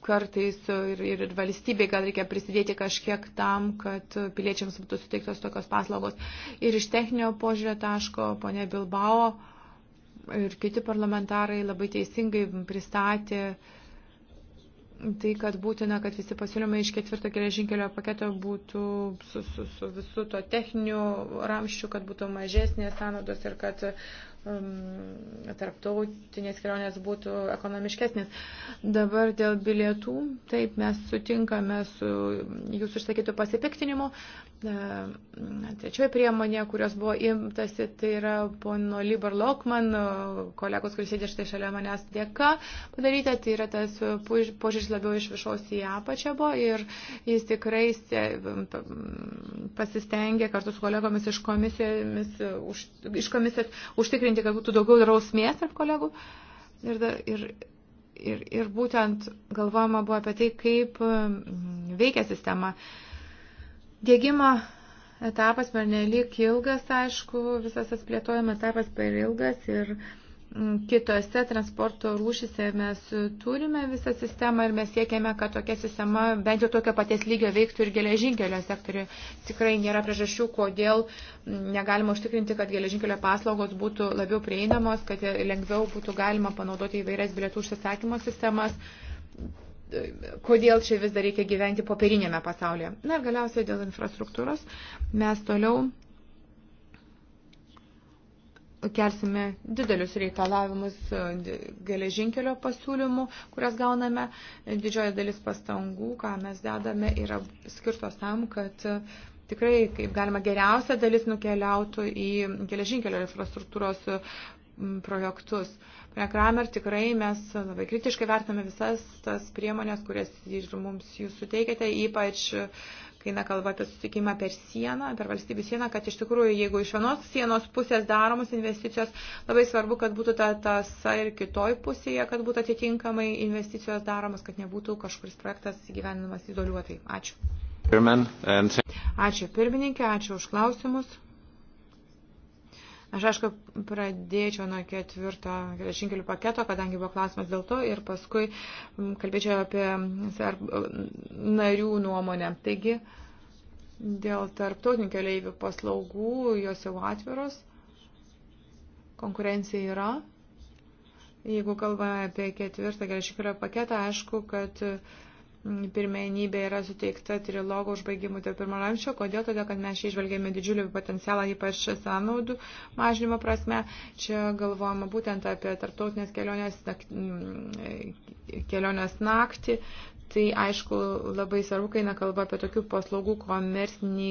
kartais ir, ir valstybei gal reikia prisidėti kažkiek tam, kad piliečiams būtų suteiktos tokios paslaugos. Ir iš techninio požiūrio taško ponė Bilbao ir kiti parlamentarai labai teisingai pristatė uh, tai, kad būtina, kad visi pasiūlymai iš ketvirto geležinkelio paketo būtų su, su, su visu to techniniu ramščiu, kad būtų mažesnės sąnaudos ir kad um, tarptautinės kelionės būtų ekonomiškesnės. Dabar dėl bilietų, taip mes sutinkame su jūsų išsakytų pasipiktinimu, trečioji priemonė, kurios buvo imtasi, tai yra pono Libor Lokman, kolegos, kuris sėdė štai šalia manęs dėka padaryta, tai yra tas požiūris labiau iš viršaus į apačią buvo ir jis tikrai pasistengė kartu su kolegomis iš, komisijomis, už, iš komisijos užtikrinti, kad būtų daugiau drausmės tarp kolegų. Ir, ir, ir, ir būtent galvojama buvo apie tai, kaip veikia sistema. Uh, Dėgymo etapas per nelik ilgas, aišku, visas tas plėtojimo etapas per ilgas ir mm, kitose transporto rūšise mes turime visą sistemą ir mes siekiame, kad tokia sistema bent jau tokio paties lygio veiktų ir geležinkelio sektoriuje. Tikrai nėra priežasčių, kodėl mm, negalima užtikrinti, kad geležinkelio paslaugos būtų labiau prieinamos, kad lengviau būtų galima panaudoti įvairias bilietų užsisakymo sistemas kodėl čia vis dar reikia gyventi popierinėme pasaulyje. Na ir galiausiai dėl infrastruktūros mes toliau kelsime didelius reikalavimus geležinkelio pasiūlymų, kurias gauname. Didžioji dalis pastangų, ką mes dedame, yra skirtos tam, kad tikrai, kaip galima, geriausia dalis nukeliautų į geležinkelio infrastruktūros projektus. Pane Kramer, tikrai mes labai kritiškai vertiname visas tas priemonės, kurias ir mums jūs suteikėte, ypač kai na kalba apie susitikimą per sieną, per valstybių sieną, kad iš tikrųjų, jeigu iš vienos sienos pusės daromos investicijos, labai svarbu, kad būtų ta tasa ir kitoj pusėje, kad būtų atitinkamai investicijos daromos, kad nebūtų kažkuris projektas gyvenamas izoliuotai. Ačiū. Ačiū pirmininkė, ačiū už klausimus. Aš aišku, pradėčiau nuo ketvirto geležinkelių paketo, kadangi buvo klausimas dėl to ir paskui kalbėčiau apie narių nuomonę. Taigi, dėl tarptautinių keleivių paslaugų jos jau atviros, konkurencija yra. Jeigu kalbame apie ketvirtą geležinkelio paketą, aišku, kad uh, pirmenybė yra suteikta trilogo užbaigimui tarp pirmo ramščio. Kodėl? Todėl, kad mes čia išvelgėme didžiulį potencialą, ypač sąnaudų mažinimo prasme. Čia galvojama būtent apie tarptautinės kelionės, kelionės naktį, Tai aišku labai svarbu, kai eina kalba apie tokių paslaugų komersinį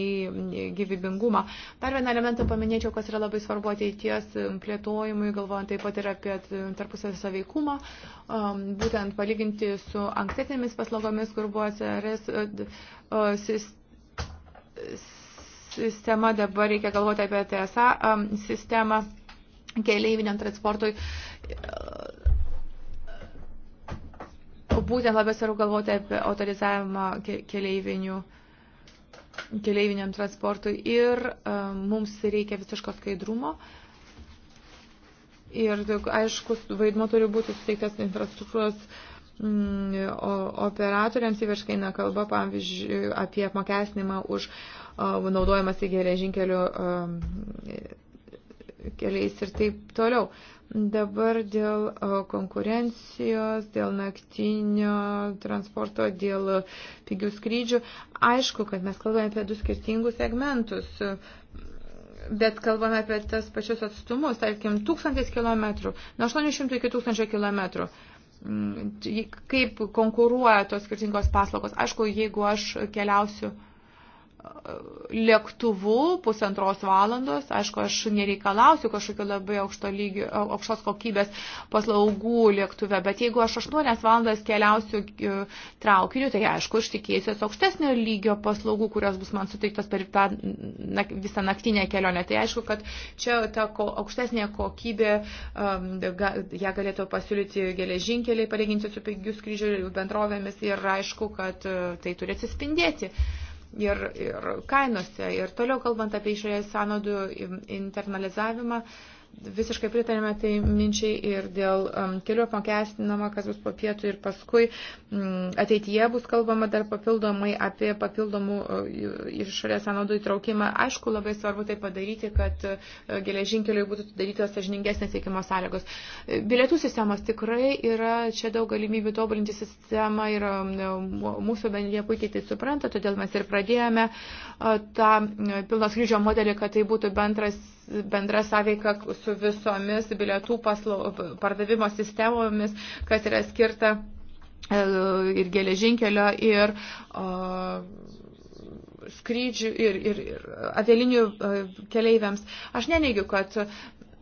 gyvybingumą. Dar vieną elementą paminėčiau, kas yra labai svarbu ateities plėtojimui, galvojant taip pat ir apie tarpusavį saveikumą, um, būtent palyginti su ankstesnėmis paslaugomis, kur buvo CRS uh, uh, sistema, dabar reikia galvoti apie TSA um, sistemą keleiviniam transportui būtent labai svarbu galvoti apie autorizavimą keleivinių keleiviniam transportui ir um, mums reikia visiško skaidrumo. Ir aiškus vaidmo turi būti suteiktas infrastruktūros mm, operatoriams, ypač kai eina kalba, pavyzdžiui, apie apmokestinimą už uh, e, naudojimąsi geležinkeliu. Uh, e, keliais ir taip toliau. Dabar dėl e, konkurencijos, dėl naktinio transporto, dėl pigių skrydžių. Aišku, kad mes kalbame apie du skirtingus segmentus, bet kalbame apie tas pačius atstumus, tarkim, tūkstantis kilometrų, nuo 800 iki 1000 kilometrų mm, kaip konkuruoja tos skirtingos paslaugos. Aišku, jeigu aš keliausiu lėktuvu pusantros valandos. Aišku, aš nereikalausiu kažkokio labai aukšto lygio, aukštos kokybės paslaugų lėktuve, bet jeigu aš 8 valandas keliausiu e, traukiniu, tai aišku, aš tikėsiu aukštesnio lygio paslaugų, kurios bus man suteiktos per tą visą naktinę kelionę. Tai aišku, kad čia ta aukštesnė kokybė, ją galėtų pasiūlyti geležinkeliai, palyginti su pigių skrydžių bendrovėmis ir aišku, kad e, tai turi atsispindėti ir, ir kainose. Ir toliau kalbant apie išorės sąnaudų internalizavimą, uh, visiškai pritarėme tai minčiai ir dėl um, kelių apmokestinama, kas bus po pietų ir paskui um, ateityje bus kalbama dar papildomai apie papildomų uh, išorės sąnaudų įtraukimą. Aišku, labai svarbu tai padaryti, kad uh, geležinkeliui būtų sudarytos sažiningesnės veikimo sąlygos. Uh, bilietų sistemos tikrai yra čia daug galimybių tobulinti sistemą ir um, mūsų bendrė puikiai tai supranta, todėl mes ir pradėjome uh, tą uh, pilno skrydžio modelį, kad tai būtų bendras bendra sąveika su visomis bilietų paslau, pardavimo sistemomis, kas yra skirta e, ir geležinkelio, ir o, skrydžių, ir, ir, ir avialinių e, keleiviams. Aš neneigiu, kad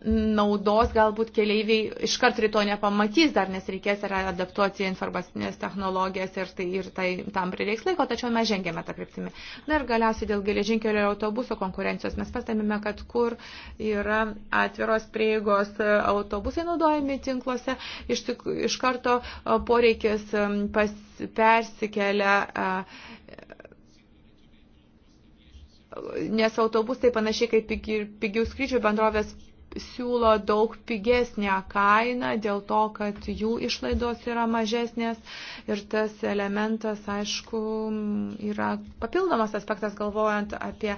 naudos galbūt keleiviai iškart rytoj nepamatys, dar nes reikės ir adaptuoti informacinės technologijas ir, tai, ir tai, tam prireiks laiko, tačiau mes žengėme tą kryptimį. Na ir galiausiai dėl geležinkelio ir autobuso konkurencijos mes pastebime, kad kur yra atviros prieigos e, autobusai naudojami tinkluose, iš, tik, iš karto e, poreikis pas, persikelia. A, e, nes autobusai panašiai kaip pigių skrydžių bendrovės siūlo daug pigesnę kainą dėl to, kad jų išlaidos yra mažesnės ir tas elementas, aišku, yra papildomas aspektas galvojant apie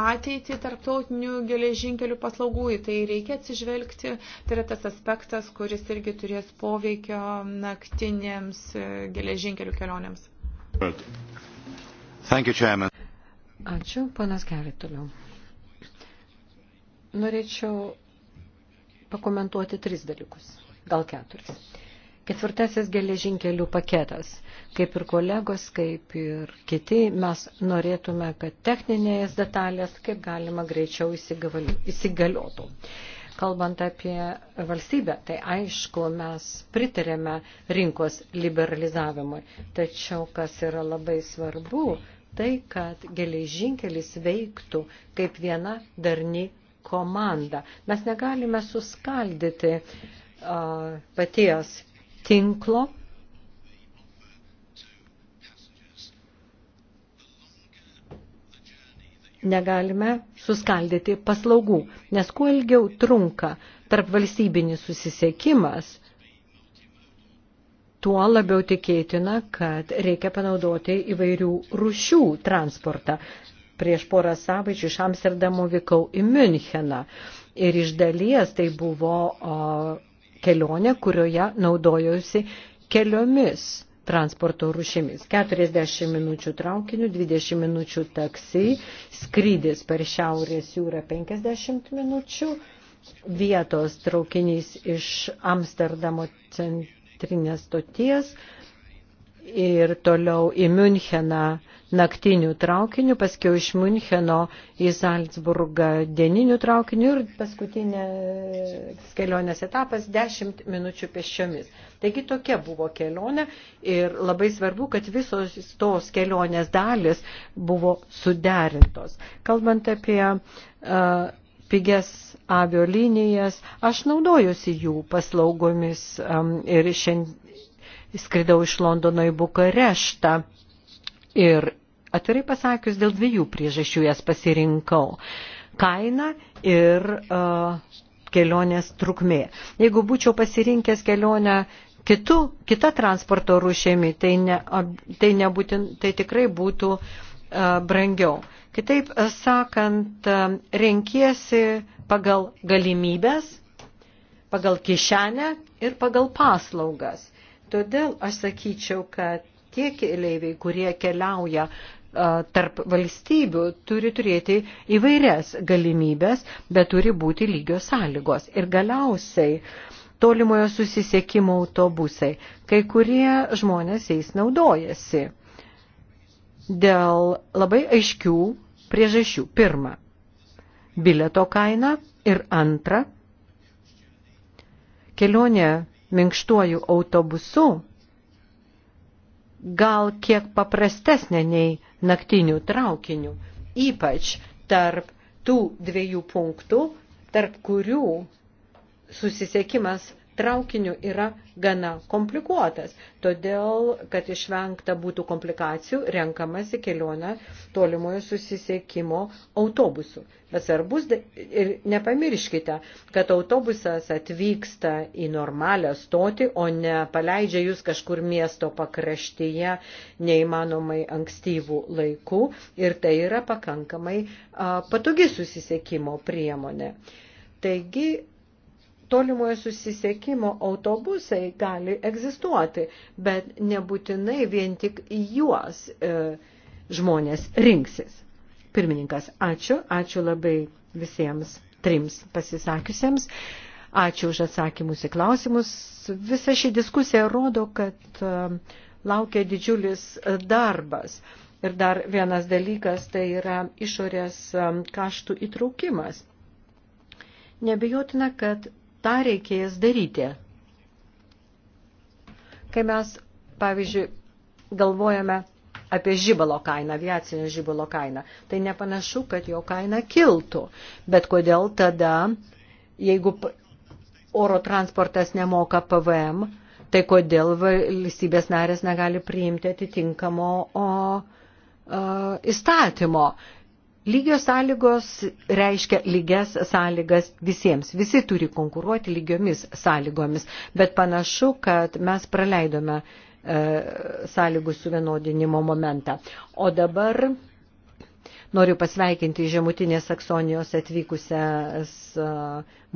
ateitį tarptautinių geležinkelių paslaugų, į tai reikia atsižvelgti. Tai yra tas aspektas, kuris irgi turės poveikio naktinėms geležinkelių kelionėms. Ačiū, panas Kerit, toliau. Norėčiau pakomentuoti tris dalykus, gal keturis. Ketvirtasis geležinkelių paketas. Kaip ir kolegos, kaip ir kiti, mes norėtume, kad techninės detalės kaip galima greičiau įsigaliotų. Kalbant apie valstybę, tai aišku, mes pritarėme rinkos liberalizavimui. Tačiau, kas yra labai svarbu, tai, kad geležinkelis veiktų kaip viena darni komandą. Mes negalime suskaldyti a, paties tinklo. Negalime suskaldyti paslaugų, nes kuo ilgiau trunka tarp valstybinis susisiekimas, tuo labiau tikėtina, kad reikia panaudoti įvairių rušių transportą. Prieš porą savaičių iš Amsterdamo vykau į Müncheną ir iš dalies tai buvo o, kelionė, kurioje naudojosi keliomis transporto rušimis. 40 minučių traukinių, 20 minučių taksi, skrydis per Šiaurės jūrą 50 minučių, vietos traukinys iš Amsterdamo centrinės stoties ir toliau į Müncheną naktiniu traukiniu, paskiau iš Müncheno į Salzburgą dieniniu traukiniu ir paskutinės kelionės etapas 10 minučių pešiomis. Taigi tokia buvo kelionė ir labai svarbu, kad visos tos kelionės dalis buvo suderintos. Kalbant apie uh, pigias aviolinijas, aš naudojusi jų paslaugomis um, ir šiandien skridau iš Londono į Bukareštą. Ir atvirai pasakius, dėl dviejų priežasčių jas pasirinkau. Kaina ir uh, kelionės trukmė. Jeigu būčiau pasirinkęs kelionę kitų, kita transporto rūšėmi, tai, ne, tai, nebūtin, tai tikrai būtų uh, brangiau. Kitaip uh, sakant, uh, renkiesi pagal galimybės, pagal kišenę ir pagal paslaugas. Todėl aš sakyčiau, kad tie keleiviai, kurie keliauja tarp valstybių turi turėti įvairias galimybės, bet turi būti lygios sąlygos. Ir galiausiai tolimojo susisiekimo autobusai. Kai kurie žmonės jais naudojasi dėl labai aiškių priežasčių. Pirma, bileto kaina ir antra, kelionė minkštuoju autobusu gal kiek paprastesnė nei naktinių traukinių, ypač tarp tų dviejų punktų, tarp kurių susisiekimas traukiniu yra gana komplikuotas, todėl, kad išvengta būtų komplikacijų, renkamasi kelionę tolimojo susisiekimo autobusu. Bet svarbus, ir nepamirškite, kad autobusas atvyksta į normalią stotį, o ne paleidžia jūs kažkur miesto pakraštyje neįmanomai ankstyvų laikų ir tai yra pakankamai a, patogi susisiekimo priemonė. Taigi tolimojo susisiekimo autobusai gali egzistuoti, bet nebūtinai vien tik juos e, žmonės rinksis. Pirmininkas, ačiū, ačiū labai visiems trims pasisakiusiems. Ačiū už atsakymus į klausimus. Visa ši diskusija rodo, kad e, laukia didžiulis darbas. Ir dar vienas dalykas tai yra išorės e, kaštų įtraukimas. Nebejotina, kad tą reikės daryti. Kai mes, pavyzdžiui, galvojame apie žibalo kainą, aviacinio žibalo kainą, tai nepanašu, kad jo kaina kiltų. Bet kodėl tada, jeigu oro transportas nemoka PVM, tai kodėl valstybės narės negali priimti atitinkamo o, o, įstatymo. Lygios sąlygos reiškia lygias sąlygas visiems. Visi turi konkuruoti lygiomis sąlygomis, bet panašu, kad mes praleidome e, sąlygų suvienodinimo momentą. O dabar noriu pasveikinti žemutinės Saksonijos atvykusias e,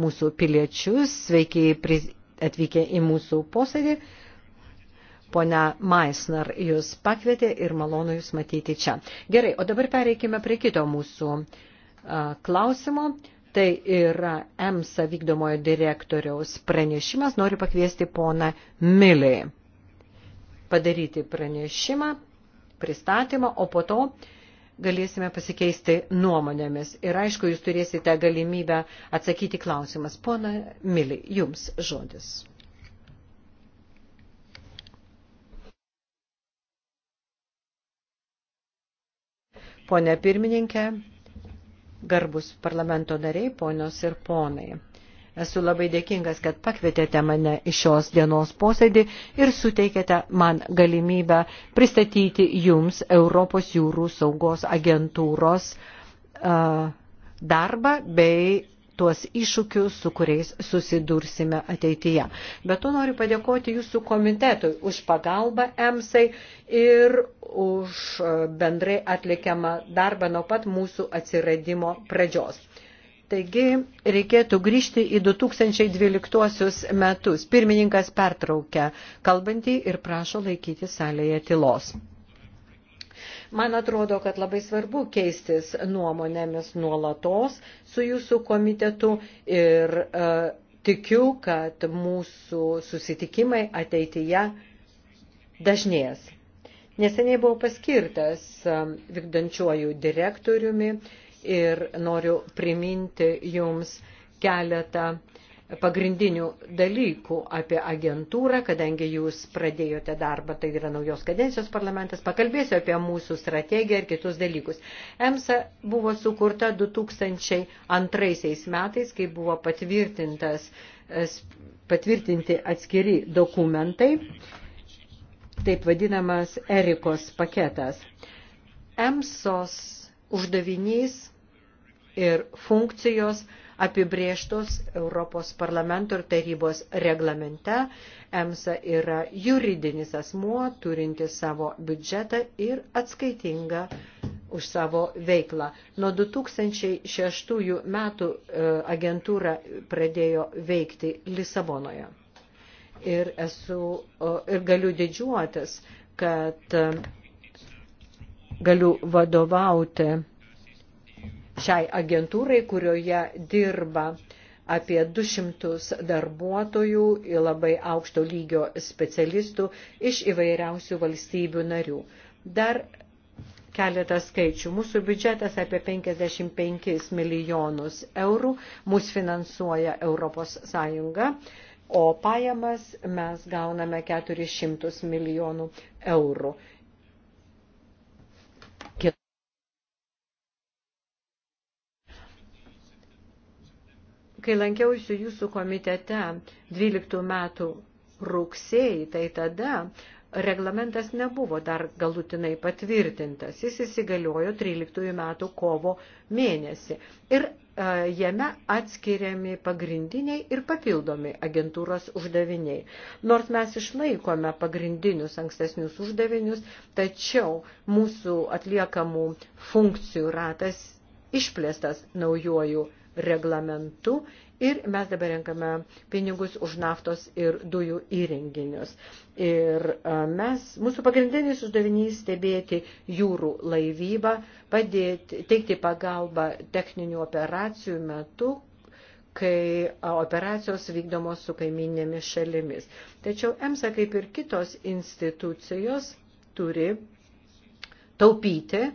mūsų piliečius. Sveiki atvykę į mūsų posėdį. E, ponia Maisner jūs pakvietė ir malonu jūs matyti čia. Gerai, o dabar pereikime prie kito mūsų klausimo. Tai yra EMSA vykdomojo direktoriaus pranešimas. Noriu pakviesti poną Milį padaryti pranešimą, pristatymą, o po to galėsime pasikeisti nuomonėmis. Ir aišku, jūs turėsite galimybę atsakyti klausimas. Pona Mili, jums žodis. Pone pirmininkė, garbus parlamento nariai, ponios ir ponai. Esu labai dėkingas, kad pakvietėte mane iš šios dienos posėdį ir suteikėte man galimybę pristatyti jums Europos jūrų saugos agentūros uh, darbą bei tuos iššūkius, su kuriais susidursime ateityje. Bet to noriu padėkoti jūsų komitetui už pagalbą EMSAI ir už e, bendrai atlikiamą darbą nuo pat mūsų atsiradimo pradžios. Taigi reikėtų grįžti į 2012 metus. Pirmininkas pertraukia kalbantį ir prašo laikyti salėje tylos. Man atrodo, kad labai svarbu keistis nuomonėmis nuolatos su jūsų komitetu ir e, tikiu, kad mūsų susitikimai ateityje dažnės. Neseniai buvau paskirtas e, vykdančiuoju direktoriumi ir noriu priminti jums keletą uh, pagrindinių dalykų apie agentūrą, kadangi jūs pradėjote darbą, tai yra naujos kadencijos parlamentas, pakalbėsiu apie mūsų strategiją ir kitus dalykus. EMSA buvo sukurta 2002 metais, kai buvo patvirtintas, patvirtinti atskiri dokumentai, taip vadinamas Erikos paketas. EMSOS uždavinys ir funkcijos apibrieštos Europos parlamento ir tarybos reglamente. EMSA yra juridinis asmuo, turintis savo biudžetą ir atskaitinga už savo veiklą. Nuo 2006 metų e, agentūra pradėjo veikti Lisabonoje. Ir, esu, ir galiu didžiuotis, kad e, galiu vadovauti šiai agentūrai, kurioje dirba apie 200 darbuotojų ir labai aukšto lygio specialistų iš įvairiausių valstybių narių. Dar keletą skaičių. Mūsų biudžetas apie 55 milijonus eurų, mūsų finansuoja Europos Sąjunga, o pajamas mes gauname 400 milijonų eurų. Kai lankiausi jūsų komitete 12 metų rugsėjai, tai tada reglamentas nebuvo dar galutinai patvirtintas. Jis įsigaliojo 13 metų kovo mėnesį. Ir e, jame atskiriami pagrindiniai ir papildomi agentūros uždaviniai. Nors mes išlaikome pagrindinius ankstesnius uždavinius, tačiau mūsų atliekamų funkcijų ratas išplėstas naujojų reglamentu ir mes dabar renkame pinigus už naftos ir dujų įrenginius. Ir mes, mūsų pagrindinis uždavinys stebėti jūrų laivybą, padėti, teikti pagalbą techninių operacijų metu, kai operacijos vykdomos su kaiminėmis šalimis. Tačiau EMSA, kaip ir kitos institucijos, turi taupyti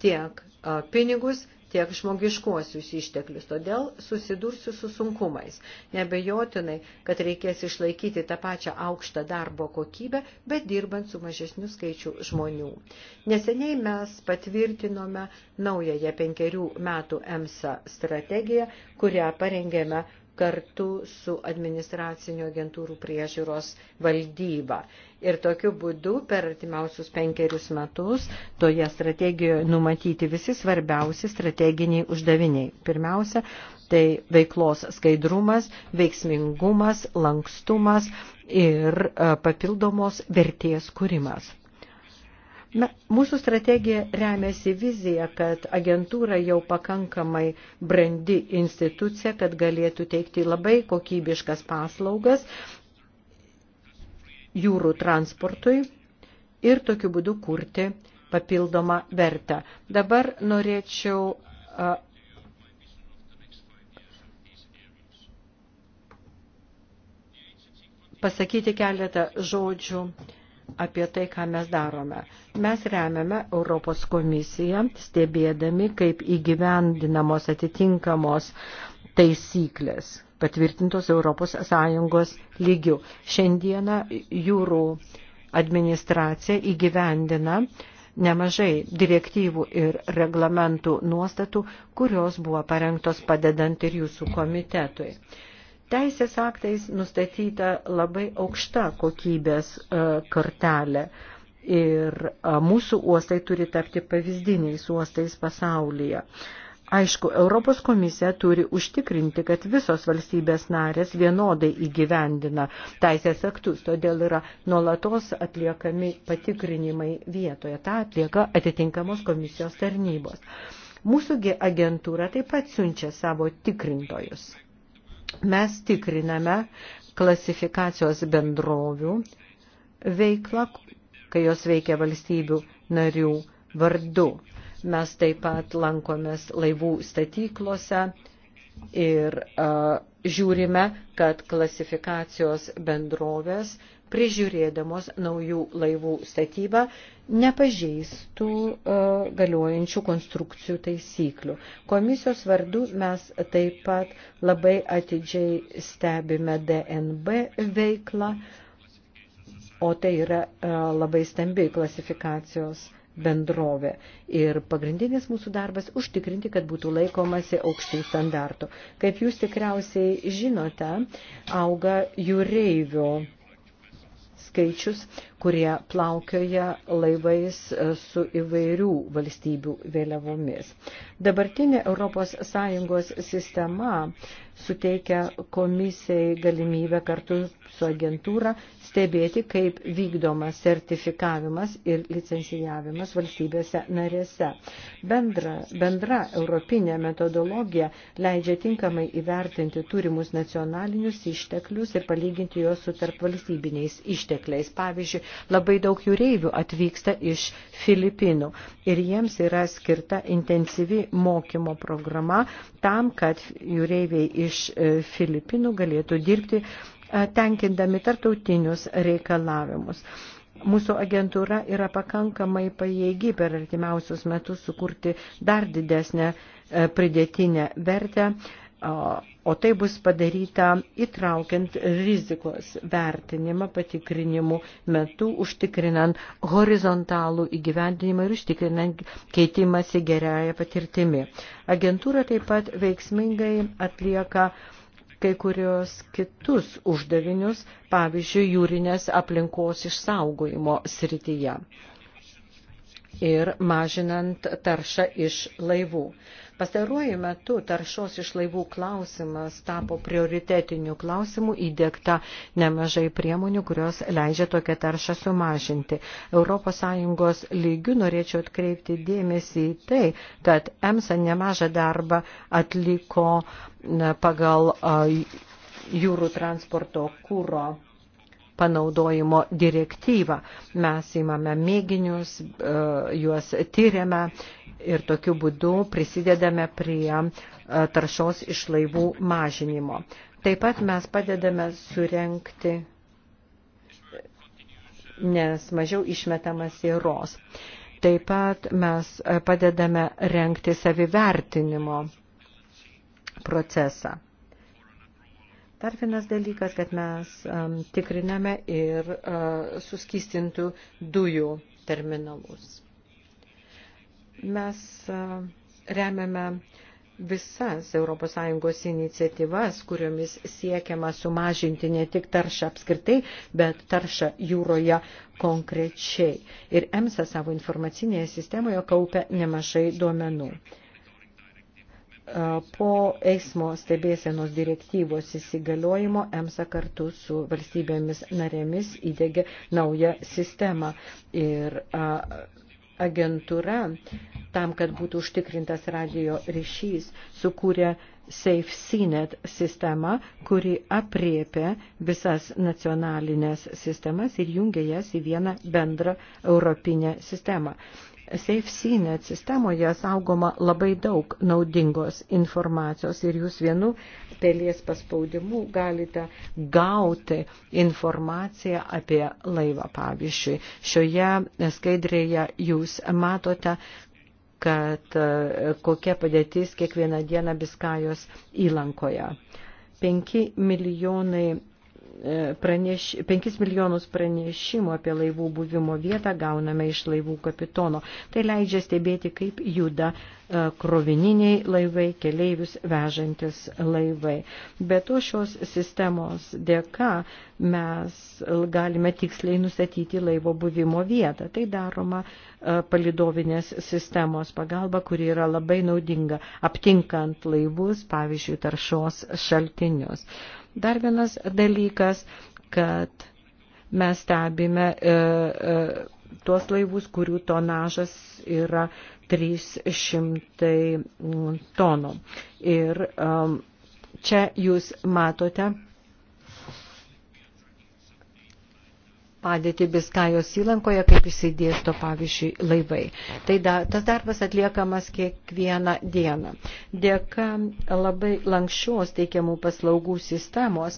tiek pinigus, tiek žmogiškuosius išteklius. Todėl susidursiu su sunkumais. Nebejotinai, kad reikės išlaikyti tą pačią aukštą darbo kokybę, bet dirbant su mažesniu skaičiu žmonių. Neseniai mes patvirtinome naująją penkerių metų EMSA strategiją, kurią parengėme kartu su administracinių agentūrų priežiūros valdyba. Ir tokiu būdu per artimiausius penkerius metus toje strategijoje numatyti visi svarbiausi strateginiai uždaviniai. Pirmiausia, tai veiklos skaidrumas, veiksmingumas, lankstumas ir e, papildomos vertės kūrimas. Na, mūsų strategija remiasi vizija, kad agentūra jau pakankamai brandi institucija, kad galėtų teikti labai kokybiškas paslaugas jūrų transportui ir tokiu būdu kurti papildomą vertę. Dabar norėčiau uh, pasakyti keletą žodžių uh, apie tai, ką mes darome. Mes remiame Europos komisiją, stebėdami, kaip įgyvendinamos atitinkamos taisyklės patvirtintos Europos Sąjungos lygių. Šiandieną jūrų administracija įgyvendina nemažai direktyvų ir reglamentų nuostatų, kurios buvo parengtos padedant ir jūsų komitetui. Teisės aktais nustatyta labai aukšta kokybės e, kartelė. Ir e, mūsų uostai turi tapti pavyzdiniais uostais pasaulyje. Aišku, Europos komisija turi užtikrinti, kad visos valstybės narės vienodai įgyvendina teisės aktus, todėl yra nuolatos atliekami patikrinimai vietoje. Ta atlieka atitinkamos komisijos tarnybos. Mūsųgi agentūra taip pat siunčia savo tikrintojus Mes tikriname klasifikacijos bendrovių veiklą, kai jos veikia valstybių narių vardu. Mes taip pat lankomės laivų statyklose ir uh, žiūrime, kad klasifikacijos bendrovės uh, prižiūrėdamos naujų laivų statybą, nepažeistų uh, galiojančių konstrukcijų taisyklių. Komisijos vardu mes taip pat labai atidžiai stebime DNB veiklą, o tai yra uh, labai stambi klasifikacijos bendrovė. Ir pagrindinis mūsų darbas – užtikrinti, kad būtų laikomasi aukštų standartų. Kaip jūs tikriausiai žinote, auga jūreivių skaičius, kurie plaukioja laivais e, su įvairių valstybių vėliavomis. Dabartinė ES sistema suteikia komisijai galimybę kartu su agentūra stebėti, kaip vykdomas sertifikavimas ir licencijavimas valstybėse narėse. Bendra, bendra europinė metodologija leidžia tinkamai įvertinti turimus nacionalinius išteklius ir palyginti juos su tarp valstybiniais ištekliais. Pavyzdžiui, labai daug jūreivių atvyksta iš Filipinų ir jiems yra skirta intensyvi mokymo programa tam, kad jūreiviai iš e, Filipinų galėtų dirbti E, tenkindami tartautinius reikalavimus. Mūsų agentūra yra pakankamai pajėgi per artimiausius metus sukurti dar didesnę e, pridėtinę vertę, o tai bus padaryta įtraukiant rizikos vertinimą patikrinimų metu, užtikrinant horizontalų įgyvendinimą ir užtikrinant keitimąsi gerąją patirtimi. Agentūra taip pat veiksmingai atlieka uh, kai kurios kitus uždavinius, pavyzdžiui, jūrinės aplinkos išsaugojimo srityje ir mažinant taršą iš laivų. Pastaruoju metu taršos iš laivų klausimas tapo prioritetiniu klausimu, įdėkta nemažai priemonių, kurios leidžia tokią taršą sumažinti. ES lygių norėčiau atkreipti dėmesį į tai, kad EMSA nemažą darbą atliko pagal jūrų transporto kūro panaudojimo direktyvą. Mes įmame mėginius, e, juos tyriame ir tokiu būdu prisidedame prie e, taršos iš laivų mažinimo. Taip pat mes padedame surenkti, nes mažiau išmetamas įros. Taip pat mes e, padedame renkti savivertinimo procesą. Dar vienas dalykas, kad mes um, tikriname ir uh, suskystintų dujų terminalus. Mes uh, remiame visas ES iniciatyvas, kuriomis siekiama sumažinti ne tik taršą apskritai, bet taršą jūroje konkrečiai. Ir EMSA savo informacinėje sistemoje kaupia nemažai duomenų. Uh, Po eismo stebėsenos direktyvos įsigaliojimo EMSA kartu su valstybėmis narėmis įdėgė naują sistemą. Ir agentūra tam, kad būtų užtikrintas radio ryšys, sukūrė SafeCNet sistemą, kuri apriepia visas nacionalinės sistemas ir jungia jas į vieną bendrą europinę sistemą. SafeCNet sistemoje saugoma labai daug naudingos informacijos ir jūs vienu pelies paspaudimu galite gauti informaciją apie laivą, pavyzdžiui. Šioje skaidrėje jūs matote, kad e, kokia padėtis kiekvieną dieną Biskajos įlankoje. 5 milijonai E, praneš, 5 milijonus pranešimų apie laivų buvimo vietą gauname iš laivų kapitono. Tai leidžia stebėti, kaip juda e, krovininiai laivai, keleivius vežantis laivai. Be to šios sistemos dėka mes galime tiksliai nustatyti laivo buvimo vietą. Tai daroma e, palidovinės sistemos pagalba, kuri yra labai naudinga aptinkant laivus, pavyzdžiui, taršos šaltinius. Dar vienas dalykas, kad mes stebime e, e, tuos laivus, kurių tonažas yra 300 mm, tonų. Ir e, čia jūs matote padėtį Biskajos įlankoje, kaip įsidėsto, pavyzdžiui, laivai. Tai da, tas darbas atliekamas kiekvieną dieną. Dėka labai lankščios teikiamų paslaugų sistemos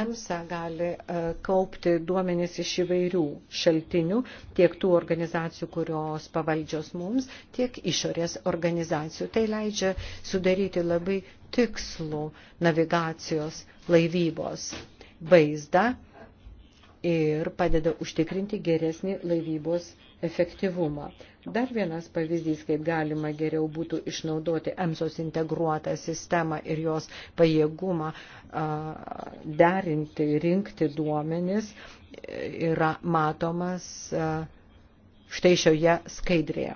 EMSA gali e, kaupti duomenis iš įvairių šaltinių, tiek tų organizacijų, kurios pavaldžios mums, tiek išorės organizacijų. Tai leidžia sudaryti labai tikslų navigacijos laivybos vaizdą ir padeda užtikrinti geresnį laivybos efektyvumą. Dar vienas pavyzdys, kaip galima geriau būtų išnaudoti EMSOS integruotą sistemą ir jos pajėgumą derinti, rinkti duomenis, e, yra matomas štai šioje skaidrėje.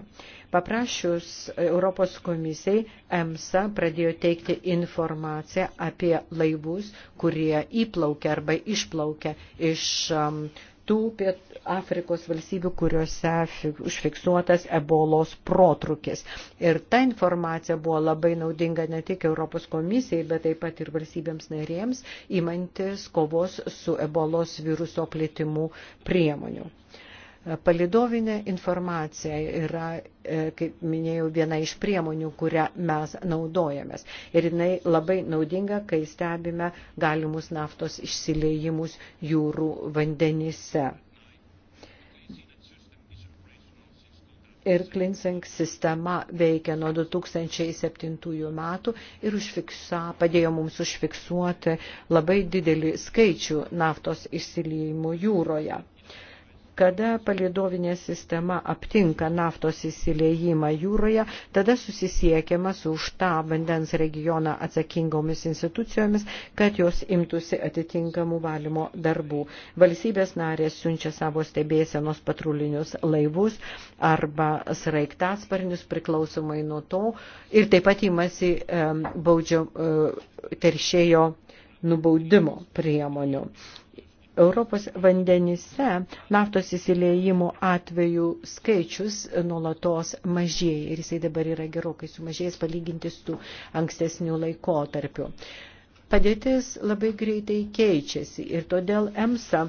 Paprašius Europos komisijai, EMSA pradėjo teikti informaciją apie laivus, kurie įplaukia arba išplaukia iš um, tų piet Afrikos valstybių, kuriuose užfiksuotas ebolos protrukis. Ir ta informacija buvo labai naudinga ne tik Europos komisijai, bet taip pat ir valstybėms narėms, imantis kovos su ebolos viruso plėtimu priemonių. Palidovinė informacija yra, e, kaip minėjau, viena iš priemonių, kurią mes naudojamės. Ir jinai labai naudinga, kai stebime galimus naftos išsileijimus jūrų vandenyse. Ir Klinsink sistema veikia nuo 2007 metų ir užfiksa, padėjo mums užfiksuoti labai didelį skaičių naftos išsiliejimų jūroje. Kada palidovinė sistema aptinka naftos įsileimą jūroje, tada susisiekiama su už tą vandens regioną atsakingomis institucijomis, kad jos imtųsi atitinkamų valymo darbų. Valstybės narės siunčia savo stebėsenos patrulinius laivus arba sraigtasparnius priklausomai nuo to ir taip pat imasi baudžio e, teršėjo nubaudimo priemonių. Europos vandenyse naftos įsileijimo atvejų skaičius nuolatos mažėja ir jisai dabar yra gerokai sumažėjęs palyginti su ankstesniu laikotarpiu. Padėtis labai greitai keičiasi ir todėl EMSA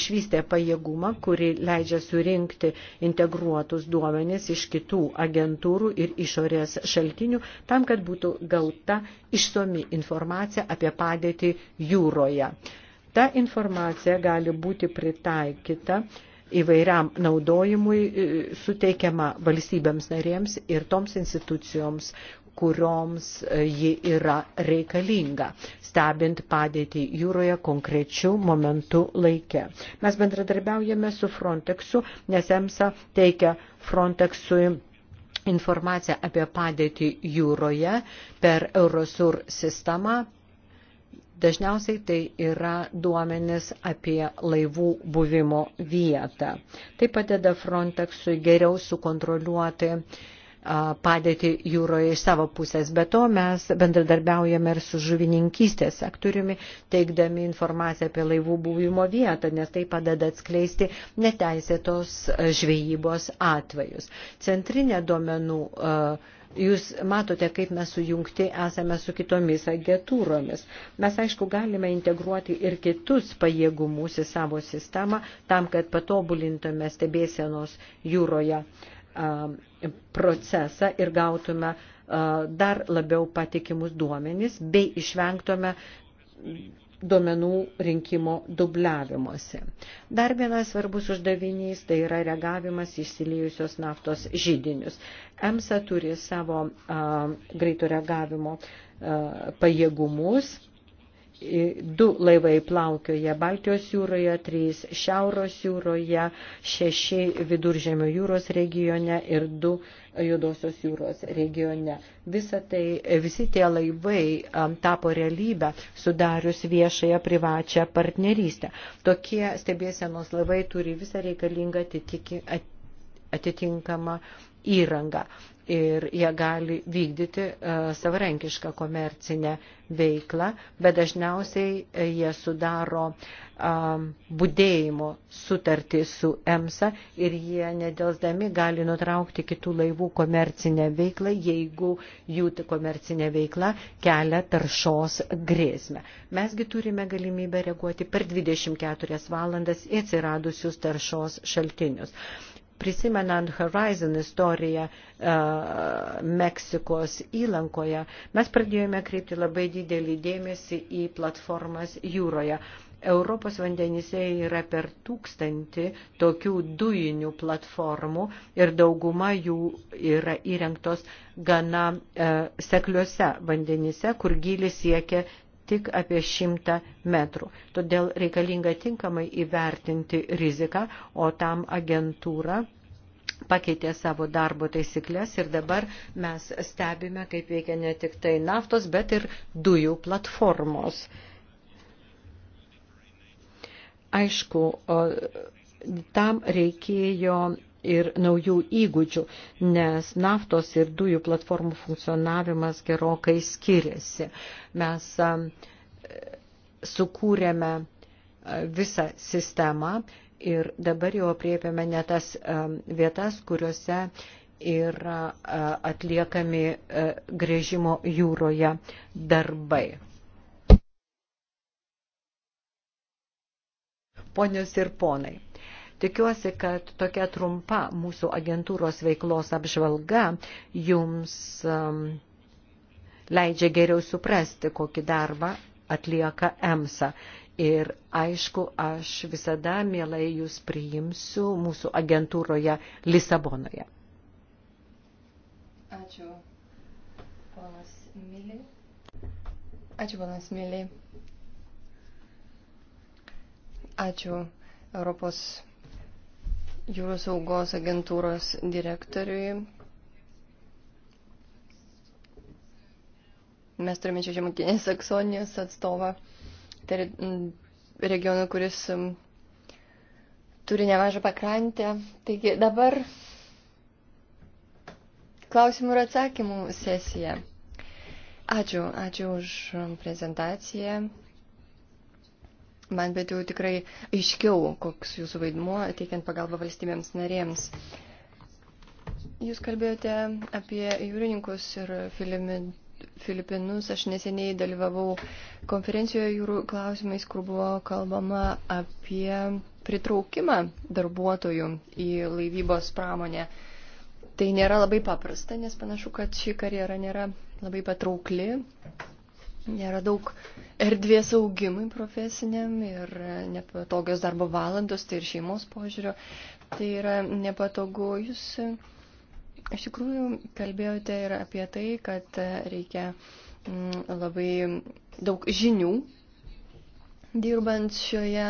išvystė pajėgumą, kuri leidžia surinkti integruotus duomenis iš kitų agentūrų ir išorės šaltinių, tam, kad būtų gauta išsomi informacija apie padėtį jūroje ta informacija gali būti pritaikyta įvairiam naudojimui e, suteikiama valstybėms narėms ir toms institucijoms, kurioms e, ji yra reikalinga, stebint padėtį jūroje konkrečių momentų laike. Mes bendradarbiaujame su Frontexu, nes EMSA teikia Frontexui informaciją apie padėtį jūroje per Eurosur sistemą, Dažniausiai tai yra duomenis apie laivų buvimo vietą. Tai padeda Frontexui geriau sukontroliuoti padėti jūroje iš savo pusės. Be to mes bendradarbiaujame ir su žuvininkystės sektoriumi, teikdami informaciją apie laivų buvimo vietą, nes tai padeda atskleisti neteisėtos žvejybos atvejus. Centrinė duomenų uh, Jūs matote, kaip mes sujungti esame su kitomis agentūromis. Mes, aišku, galime integruoti ir kitus pajėgumus į savo sistemą, tam, kad patobulintume stebėsenos jūroje procesą ir gautume dar labiau patikimus duomenis, bei išvengtume duomenų rinkimo dubliavimuose. Dar vienas svarbus uždavinys tai yra reagavimas išsiliejusios naftos žydinius. EMSA turi savo a, greito reagavimo a, pajėgumus du laivai plaukioja Baltijos jūroje, trys Šiauros jūroje, šeši Viduržėmio jūros regione ir du Judosios jūros regione. Visa tai, visi tie laivai um, tapo realybę, sudarius viešąją privačią partnerystę. Tokie stebėsenos laivai turi visą reikalingą atitikį, atitinkamą įrangą ir jie gali vykdyti e, savarankišką komercinę veiklą, bet dažniausiai e, jie sudaro būdėjimo sutartį su EMSA ir jie nedelsdami gali nutraukti kitų laivų komercinę veiklą, jeigu jų komercinė veikla kelia taršos grėsmę. Mesgi turime galimybę reaguoti per 24 valandas į atsiradusius taršos šaltinius prisimenant Horizon istoriją uh, Meksikos įlankoje, mes pradėjome kreipti labai didelį dėmesį į platformas jūroje. Europos vandenyse yra per tūkstantį tokių dujinių platformų ir dauguma jų yra įrengtos gana e, sekliuose vandenyse, kur gilis siekia tik apie 100 metrų. Todėl reikalinga tinkamai įvertinti riziką, o tam agentūra pakeitė savo darbo taisyklės ir dabar mes stebime, kaip veikia ne tik tai naftos, bet ir dujų platformos. Aišku, tam reikėjo ir naujų įgūdžių, nes naftos ir dujų platformų funkcionavimas gerokai skiriasi. Mes sukūrėme visą sistemą ir dabar jau apriepiame ne tas vietas, kuriuose yra atliekami grėžimo jūroje darbai. Ponios ir ponai, Tikiuosi, kad tokia trumpa mūsų agentūros veiklos apžvalga jums um, leidžia geriau suprasti, kokį darbą atlieka EMSA. Ir aišku, aš visada mielai jūs priimsiu mūsų agentūroje Lisabonoje. Ačiū, ponas Miliai. Ačiū, ponas Miliai. Ačiū, Europos jūros saugos agentūros direktoriui. Mes turime čia žemutinės Saksonijos atstovą, tai regioną, kuris turi nemažą pakrantę. Taigi dabar klausimų ir atsakymų sesija. Ačiū, ačiū už prezentaciją man bet jau tikrai aiškiau, koks jūsų vaidmuo teikiant pagalbą valstybėms narėms. Jūs kalbėjote apie jūrininkus ir Filipinus. Aš neseniai dalyvavau konferencijoje jūrų klausimais, kur buvo kalbama apie pritraukimą darbuotojų į laivybos pramonę. Tai nėra labai paprasta, nes panašu, kad ši karjera nėra labai patraukli nėra daug erdvės augimui profesiniam ir nepatogios darbo valandos, tai ir šeimos požiūrio. Tai yra nepatogu. Jūs iš tikrųjų kalbėjote ir apie tai, kad reikia mm, labai daug žinių dirbant šioje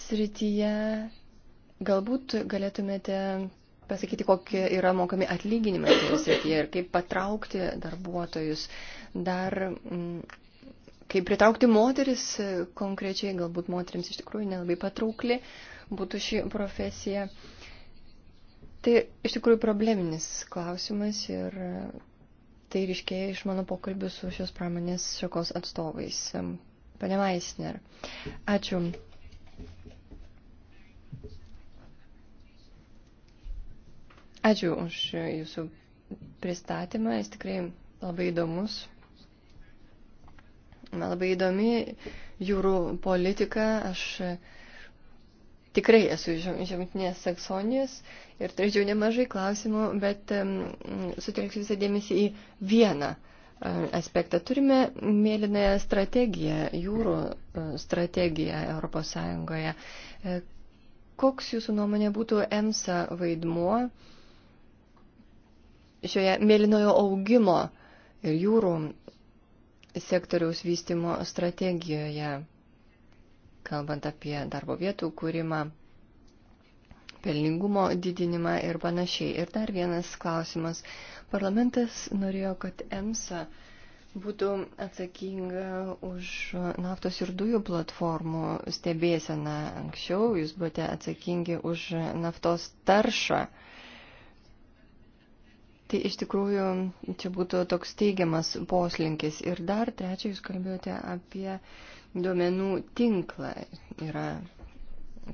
srityje. Galbūt galėtumėte pasakyti, kokie yra mokami atlyginimai šioje srityje ir kaip patraukti darbuotojus uh, dar mm, kaip pritraukti moteris e, konkrečiai, galbūt moteriams iš tikrųjų nelabai patraukli būtų ši profesija. Tai iš tikrųjų probleminis klausimas ir e, tai ryškėja iš mano pokalbių su šios pramonės šakos atstovais. Pane Maisner, ačiū. Ačiū už jūsų pristatymą, jis tikrai labai įdomus. Man labai įdomi jūrų politika. Aš e, tikrai esu iš žemutinės Saksonijos ir turėčiau nemažai klausimų, bet um, sutelksiu visą dėmesį į vieną um, aspektą. Turime mėlynąją strategiją, jūrų e, strategiją Europos Sąjungoje. Koks jūsų nuomonė būtų EMSA vaidmuo šioje mėlynojo augimo ir jūrų sektoriaus vystimo strategijoje, kalbant apie darbo vietų kūrimą, pelningumo didinimą ir panašiai. Ir dar vienas klausimas. Parlamentas norėjo, kad EMSA būtų atsakinga už naftos ir dujų platformų stebėseną. Anksčiau jūs buvote atsakingi už naftos taršą. Tai iš tikrųjų čia būtų toks teigiamas poslinkis. Ir dar trečia, jūs kalbėjote apie duomenų tinklą. Yra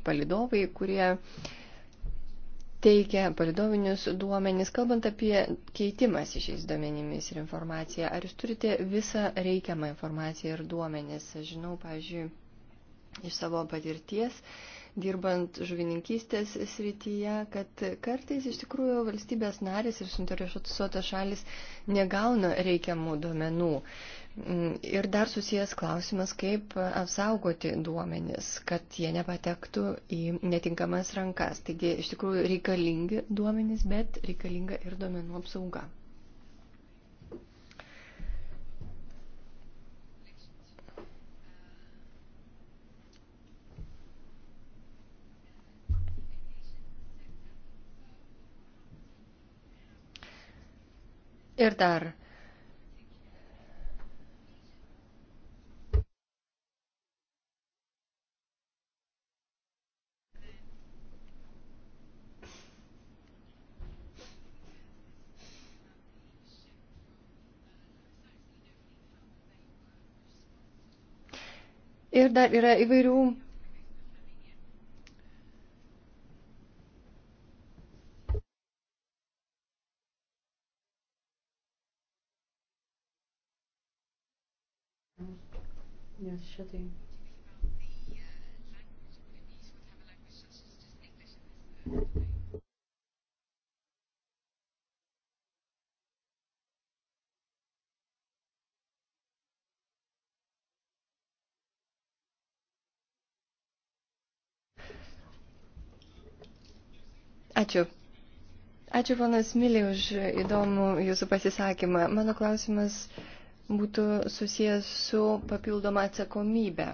palidovai, kurie teikia palidovinius duomenys. Kalbant apie keitimas šiais duomenimis ir informaciją, ar jūs turite visą reikiamą informaciją ir duomenys? Žinau, pavyzdžiui, iš savo patirties, dirbant žuvininkystės srityje, kad kartais iš tikrųjų valstybės narės ir suinteresuotos šalis negauna reikiamų duomenų. Mm, ir dar susijęs klausimas, kaip apsaugoti duomenis, kad jie nepatektų į netinkamas rankas. Taigi iš tikrųjų reikalingi duomenys, bet reikalinga ir duomenų apsauga. Ir dar. Ir dar yra įvairių šitai. Ačiū. Ačiū, panas Milė, už įdomų jūsų pasisakymą. Mano klausimas būtų susijęs su papildoma atsakomybė,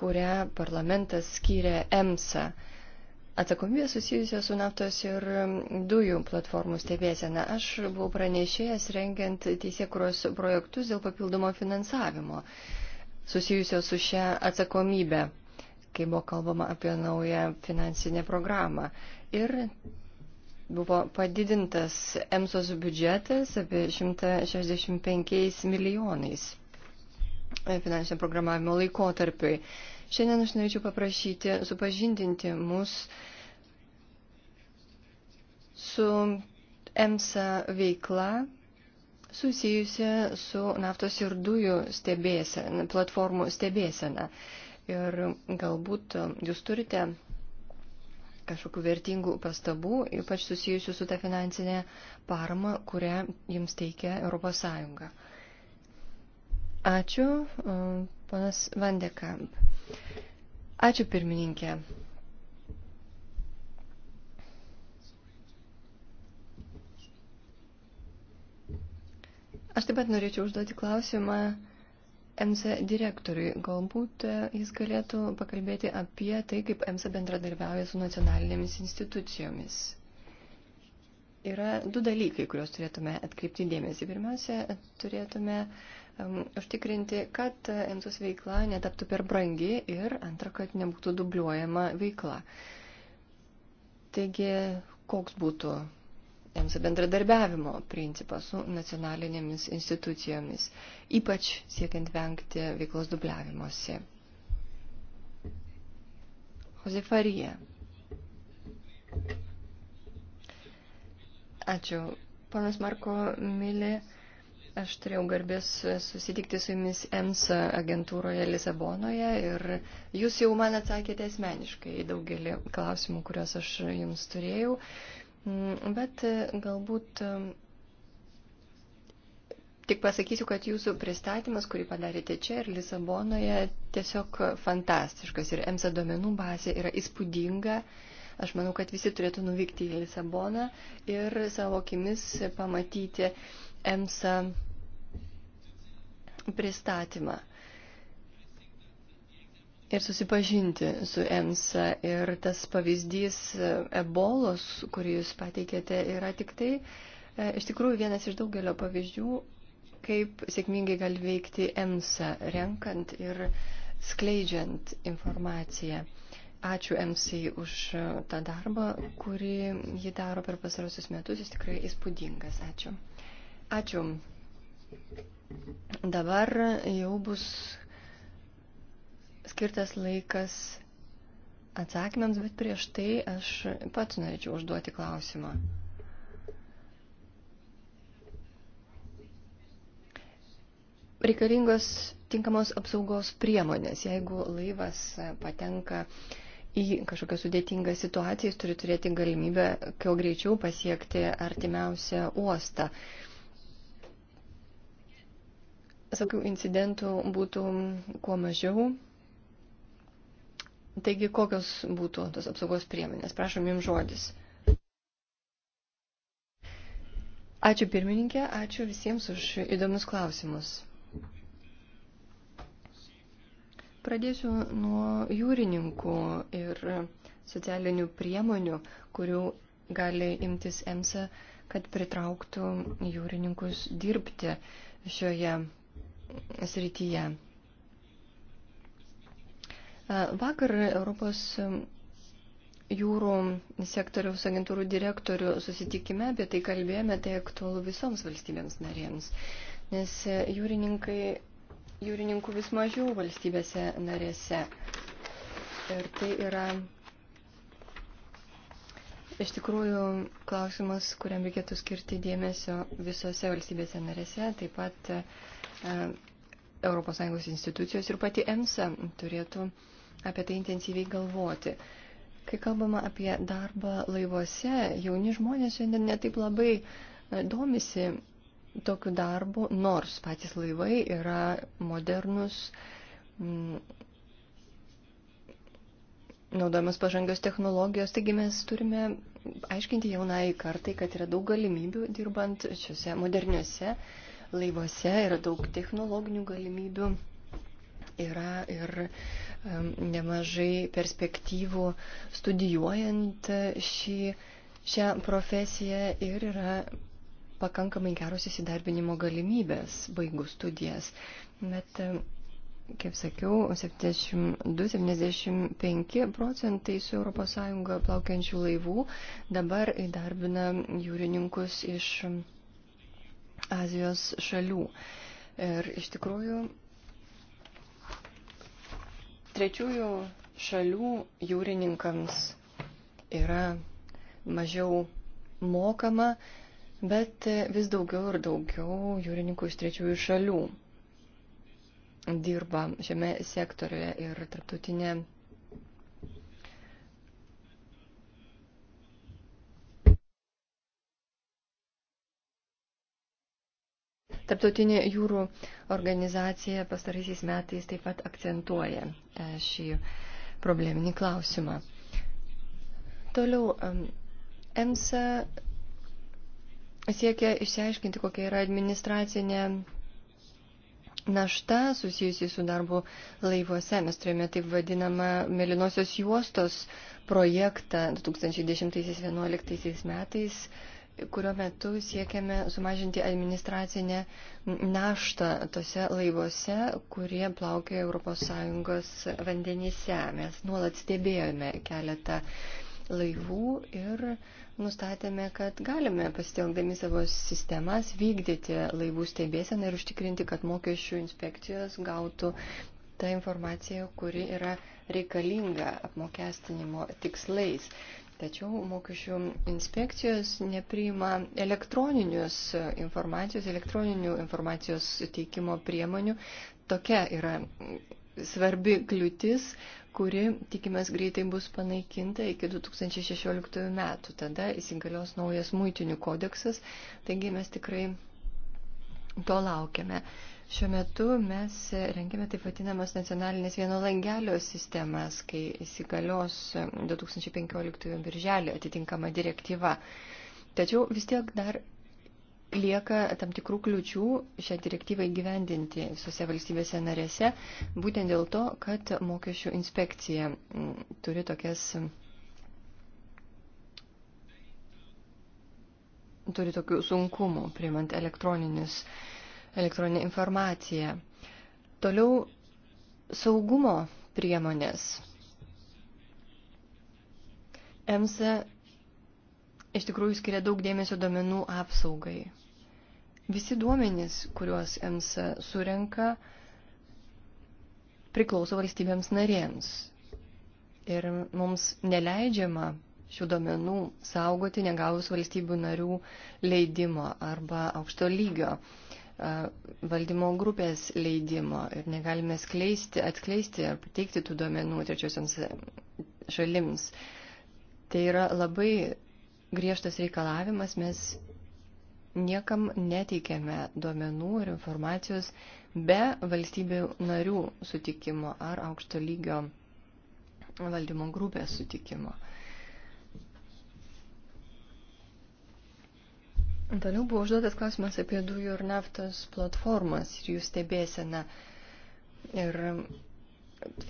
kurią parlamentas skyrė EMSA. Atsakomybė susijusia su naftos ir dujų platformų stebėsena. Aš buvau pranešėjęs rengiant teisėkuros projektus dėl papildomo finansavimo susijusio su šia atsakomybė, kai buvo kalbama apie naują finansinę programą. Ir buvo padidintas EMSOS biudžetas apie 165 milijonais e, finansinio programavimo laikotarpiui. Šiandien aš norėčiau paprašyti supažindinti mus su EMSA veikla susijusi su naftos ir dujų stebėsena, platformų stebėsena. Ir galbūt jūs turite kažkokių vertingų pastabų, ypač susijusių su ta finansinė parama, kurią jums teikia ES. Ačiū, panas Vandekamp. Ačiū, pirmininkė. Aš taip pat norėčiau užduoti klausimą EMSA direktoriui. Galbūt e, jis galėtų pakalbėti apie tai, kaip EMSA bendradarbiauja su nacionalinėmis institucijomis. Yra du dalykai, kuriuos turėtume atkreipti dėmesį. Pirmiausia, turėtume um, užtikrinti, kad EMSOS veikla netaptų per brangi ir antra, kad nebūtų dubliuojama veikla. Taigi, koks būtų remsi bendradarbiavimo principą su nacionalinėmis institucijomis, ypač siekiant vengti veiklos dubliavimuose. Josefarija. Ačiū. Ponas Marko Milė, aš turėjau garbės susitikti su jumis EMSA agentūroje Lisabonoje ir jūs jau man atsakėte asmeniškai į daugelį klausimų, kuriuos aš jums turėjau. Uh, Mm, bet e, galbūt e, Tik pasakysiu, kad jūsų pristatymas, kurį padarėte čia ir Lisabonoje, tiesiog fantastiškas ir MSA duomenų bazė yra įspūdinga. Aš manau, kad visi turėtų nuvykti į Lisaboną ir savo akimis pamatyti MSA pristatymą ir susipažinti su EMSA. Ir tas pavyzdys ebolos, kurį jūs pateikėte, yra tik tai e, iš tikrųjų vienas iš daugelio pavyzdžių, kaip sėkmingai gali veikti EMSA, renkant ir skleidžiant informaciją. Ačiū MC už tą darbą, kurį jį daro per pasarosius metus. Jis tikrai įspūdingas. Ačiū. Ačiū. Dabar jau bus skirtas laikas atsakymams, bet prieš tai aš pats norėčiau užduoti klausimą. Reikalingos tinkamos apsaugos priemonės. Jeigu laivas patenka į kažkokią sudėtingą situaciją, jis turi turėti galimybę, kiau greičiau pasiekti artimiausią uostą. Sakiau, incidentų būtų kuo mažiau, Taigi, kokios būtų tos apsaugos priemonės? Prašom jums žodis. Ačiū pirmininkė, ačiū visiems už įdomius klausimus. Pradėsiu nuo jūrininkų ir socialinių priemonių, kurių gali imtis EMSA, kad pritrauktų jūrininkus dirbti šioje srityje. Vakar Europos jūrų sektoriaus agentūrų direktorių susitikime apie tai kalbėjome, tai aktualu visoms valstybėms narėms, nes e, jūrininkai, jūrininkų vis mažiau valstybėse narėse. Ir tai yra iš tikrųjų klausimas, kuriam reikėtų skirti dėmesio visose valstybėse narėse, taip pat ES institucijos ir pati EMSA turėtų uh, apie tai intensyviai galvoti. Kai kalbama apie darbą laivuose, jauni žmonės šiandien netaip labai e, domisi tokiu darbu, nors patys laivai yra modernus, naudojamas pažangios technologijos, taigi mes turime aiškinti jaunai kartai, kad yra daug galimybių dirbant šiuose moderniuose laivuose, yra daug technologinių galimybių, yra ir nemažai perspektyvų studijuojant e, šį, šią profesiją ir yra pakankamai geros įsidarbinimo galimybės baigus studijas. Bet, kaip sakiau, 72-75 procentai su ES plaukiančių laivų dabar įdarbina jūrininkus iš Azijos šalių. Ir iš tikrųjų Trečiųjų šalių jūrininkams yra mažiau mokama, bet vis daugiau ir daugiau jūrininkų iš trečiųjų šalių dirba šiame sektoriuje ir tarptautinė Tarptautinė jūrų organizacija pastaraisiais metais taip pat akcentuoja e, šį probleminį klausimą. Toliau, EMSA siekia išsiaiškinti, kokia yra administracinė našta susijusi su darbu laivuose. Mes turėjome taip vadinamą Melinosios juostos projektą 2010-2011 metais kurio metu siekiame sumažinti administracinę naštą tose laivuose, kurie plaukia ES vandenyse. Mes nuolat stebėjome keletą laivų ir nustatėme, kad galime pasitelkdami savo sistemas vykdyti laivų stebėseną ir užtikrinti, kad mokesčių inspekcijos gautų tą informaciją, kuri yra reikalinga apmokestinimo tikslais. Tačiau mokesčių inspekcijos nepriima elektroninius informacijos, elektroninių informacijos teikimo priemonių. Tokia yra svarbi kliūtis, kuri, tikimės, greitai bus panaikinta iki 2016 metų. Tada įsigalios naujas muitinių kodeksas, taigi mes tikrai to laukiame. Šiuo metu mes rengiame taip vadinamas nacionalinės vieno langelio sistemas, kai įsigalios 2015 birželį atitinkama direktyva. Tačiau vis tiek dar lieka tam tikrų kliučių šią direktyvą įgyvendinti visose valstybėse narėse, būtent dėl to, kad mokesčių inspekcija turi tokias. turi tokių sunkumų priimant elektroninius elektroninę informaciją. Toliau saugumo priemonės. EMSA iš tikrųjų skiria daug dėmesio domenų apsaugai. Visi duomenys, kuriuos EMSA surenka, priklauso valstybėms narėms. Ir mums neleidžiama šių domenų saugoti negavus valstybių narių leidimo arba aukšto lygio uh, valdymo grupės leidimo ir negalime skleisti, atskleisti ar pateikti tų duomenų trečiosiams šalims. Tai yra labai griežtas reikalavimas, mes niekam neteikėme duomenų ir informacijos be valstybių narių sutikimo ar aukšto lygio valdymo grupės sutikimo. Toliau buvo užduotas klausimas apie dujų ir naftos platformas ir jų stebėseną ir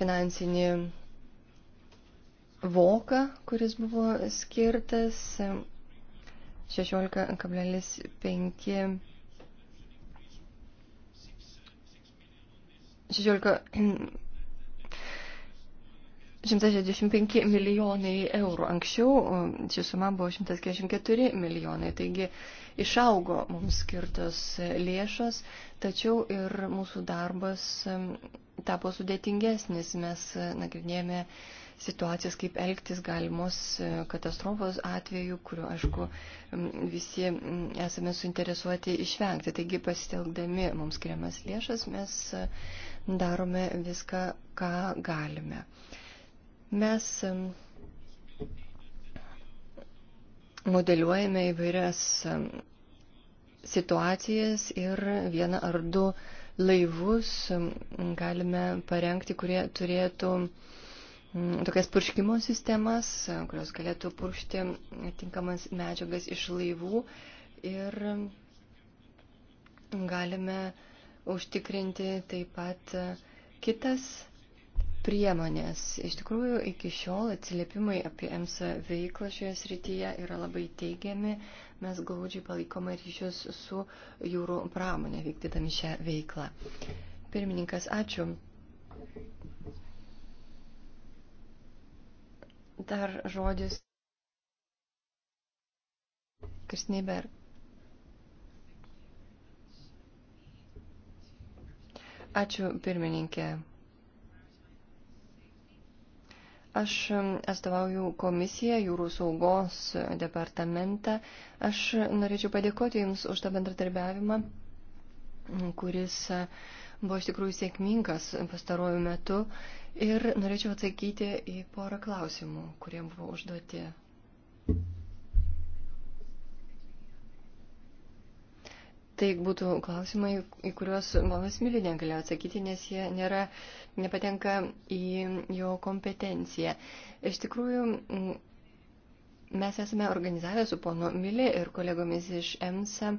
finansinį voką, kuris buvo skirtas 16,5 16 165 milijonai eurų. Anksčiau ši suma buvo 144 milijonai, taigi išaugo mums skirtos lėšos, tačiau ir mūsų darbas tapo sudėtingesnis. Mes nagrinėjame situacijas, kaip elgtis galimos e, katastrofos atveju, kuriuo, aišku, visi esame suinteresuoti išvengti. Taigi, pasitelkdami mums skiriamas lėšas, mes e, darome viską, ką galime. Mes modeliuojame įvairias situacijas ir vieną ar du laivus galime parengti, kurie turėtų tokias purškimo sistemas, kurios galėtų puršti tinkamas medžiagas iš laivų ir galime užtikrinti taip pat e, kitas priemonės. Iš tikrųjų, iki šiol atsiliepimai apie EMSA veiklą šioje srityje yra labai teigiami. Mes glaudžiai palaikome ryšius su jūrų pramonė vykdydami šią veiklą. Pirmininkas, ačiū. Dar žodis. Krisneiberg. Ačiū pirmininkė. Aš atstovauju komisiją, jūrų saugos departamentą. Aš norėčiau padėkoti Jums už tą bendradarbiavimą, kuris e, buvo iš tikrųjų sėkmingas pastarojų metu. Ir norėčiau atsakyti į porą klausimų, kurie buvo užduoti Tai būtų klausimai, į kuriuos ponas Milį negalėjo atsakyti, nes jie nėra, nepatenka į jo kompetenciją. Iš tikrųjų, mes esame organizavę su ponu Milį ir kolegomis iš EMSA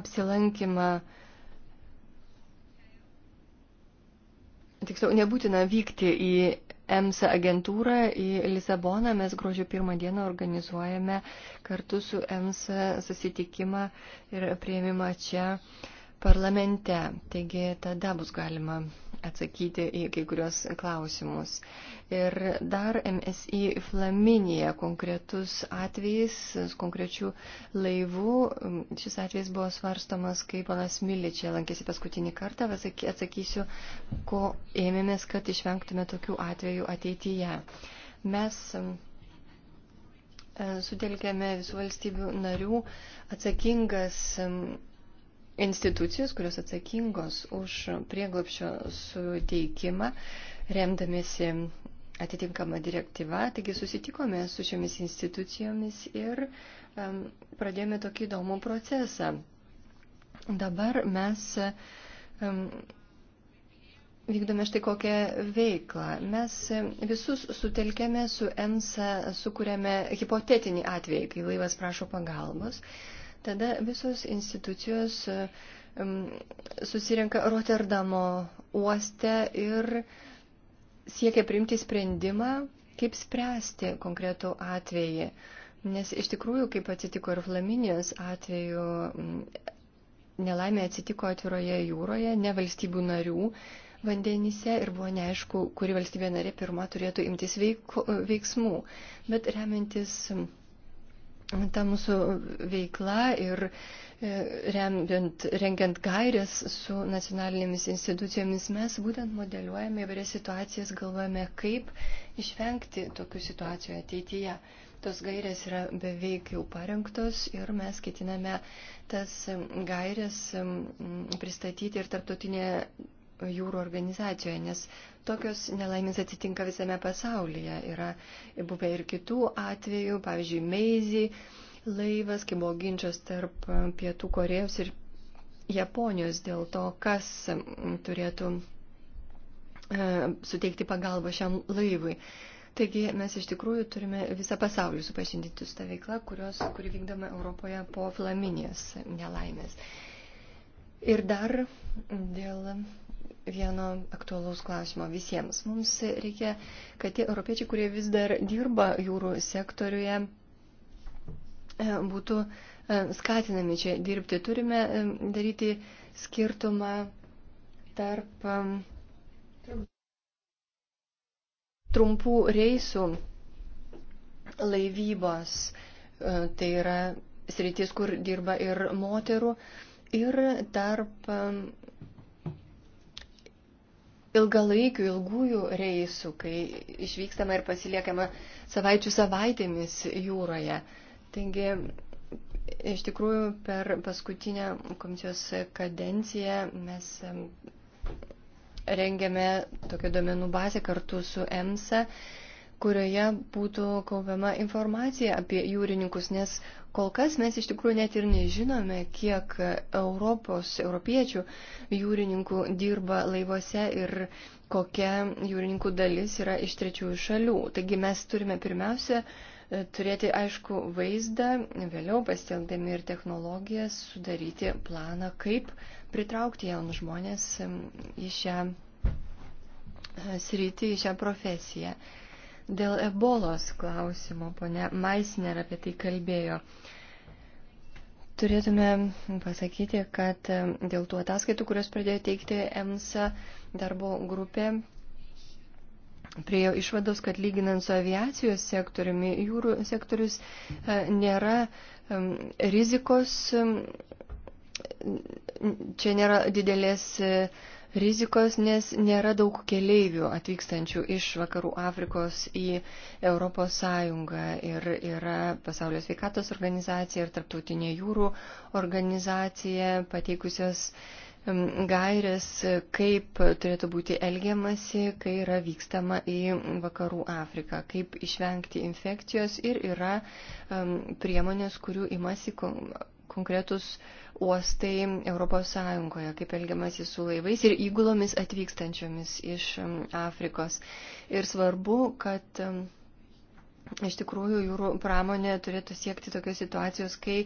apsilankimą. Tiksliau, nebūtina vykti į EMSA agentūrą į Lisaboną. Mes gruodžio pirmą dieną organizuojame kartu su EMSA susitikimą ir prieimimą čia. Uh, parlamente. Taigi tada bus galima atsakyti į kai kurios klausimus. Ir dar MSI Flaminija konkretus atvejis, konkrečių laivų. Šis atvejis buvo svarstomas, kai panas Milė čia lankėsi paskutinį kartą. Atsakysiu, ko ėmėmės, kad išvengtume tokių atvejų ateityje. Mes e, sutelkėme visų valstybių narių atsakingas institucijos, kurios atsakingos už prieglapšio suteikimą, remdamėsi atitinkamą direktyvą. Taigi susitikome su šiomis institucijomis ir um, pradėjome tokį įdomų procesą. Dabar mes um, vykdome štai kokią veiklą. Mes visus sutelkėme su EMSA, sukūrėme hipotetinį atvejį, kai laivas prašo pagalbos. Uh, Tada visos institucijos susirenka Rotterdamo uoste ir siekia priimti sprendimą, kaip spręsti konkretų atvejį. Nes iš tikrųjų, kaip atsitiko ir Flaminijos atveju, nelaimė atsitiko atviroje jūroje, ne valstybių narių vandenyse ir buvo neaišku, kuri valstybė narė pirma turėtų imtis veiko, veiksmų. Bet remiantis ta mūsų veikla ir e, remiant, rengiant gairias su nacionalinėmis institucijomis mes būtent modeliuojame įvairias situacijas, galvojame, kaip išvengti tokių situacijų ateityje. Tos gairės yra beveik jau parengtos ir mes ketiname tas gairės pristatyti ir tarptautinėje jūrų organizacijoje, nes tokios nelaimės atsitinka visame pasaulyje. Yra buvę ir kitų atvejų, pavyzdžiui, Meizy laivas, kai buvo ginčas tarp Pietų Korejos ir Japonijos dėl to, kas turėtų e, suteikti pagalbą šiam laivui. Taigi mes iš tikrųjų turime visą pasaulį supažindinti su tą veiklą, kurios, kuri vykdoma Europoje po flaminės nelaimės. Ir dar dėl vieno aktualaus klausimo visiems. Mums reikia, kad tie europiečiai, kurie vis dar dirba jūrų sektoriuje, e, būtų e, skatinami čia dirbti. Turime e, daryti skirtumą tarp trumpų reisų laivybos, tai yra sritis, kur dirba ir moterų, ir tarp ilgalaikių, ilgųjų reisų, kai išvykstama ir pasiliekama savaičių savaitėmis jūroje. Taigi, iš tikrųjų, per paskutinę komisijos kadenciją mes rengėme tokią domenų bazę kartu su EMSA kurioje būtų kaupiama informacija apie jūrininkus, nes kol kas mes iš tikrųjų net ir nežinome, kiek Europos, europiečių jūrininkų dirba laivuose ir kokia jūrininkų dalis yra iš trečiųjų šalių. Taigi mes turime pirmiausia e, turėti aišku vaizdą, vėliau pasitelkdami ir technologijas, sudaryti planą, kaip pritraukti jaunus žmonės į šią e, sritį, į šią profesiją. Dėl ebolos klausimo, ponė Maisner apie tai kalbėjo. Turėtume pasakyti, kad e, dėl tų ataskaitų, kurios pradėjo teikti EMSA darbo grupė, priejo išvados, kad lyginant su aviacijos sektoriumi, jūrų sektorius e, nėra rizikos, čia nėra didelės e, rizikos, nes nėra daug keleivių atvykstančių iš vakarų Afrikos į ES ir yra Pasaulio sveikatos organizacija ir Tarptautinė jūrų organizacija pateikusios gairės, kaip turėtų būti elgiamasi, kai yra vykstama į vakarų Afriką, kaip išvengti infekcijos ir yra um, priemonės, kurių imasi konkretus uostai ES, kaip elgiamasi su laivais ir įgulomis atvykstančiomis iš Afrikos. Ir svarbu, kad iš tikrųjų jūrų pramonė turėtų siekti tokios situacijos, kai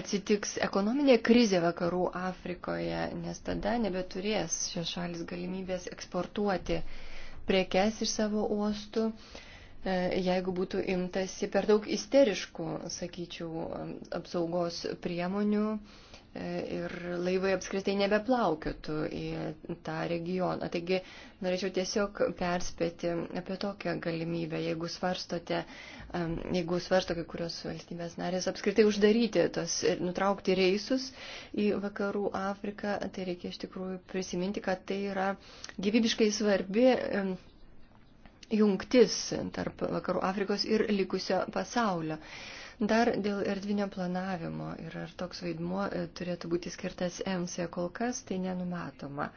atsitiks ekonominė krizė vakarų Afrikoje, nes tada nebeturės šios šalis galimybės eksportuoti prekes iš savo uostų E, jeigu būtų imtasi per daug isteriškų, sakyčiau, apsaugos priemonių e, ir laivai apskritai nebeplaukiotų į tą regioną. Taigi norėčiau tiesiog perspėti apie tokią galimybę, jeigu svarstote, jeigu svarsto kai kurios valstybės narės apskritai uždaryti tos ir nutraukti reisus į vakarų Afriką, tai reikia iš tikrųjų prisiminti, kad tai yra gyvybiškai svarbi jungtis tarp Vakarų Afrikos ir likusio pasaulio. Dar dėl erdvinio planavimo ir ar toks vaidmuo e, turėtų būti skirtas MC kol kas, tai nenumatoma.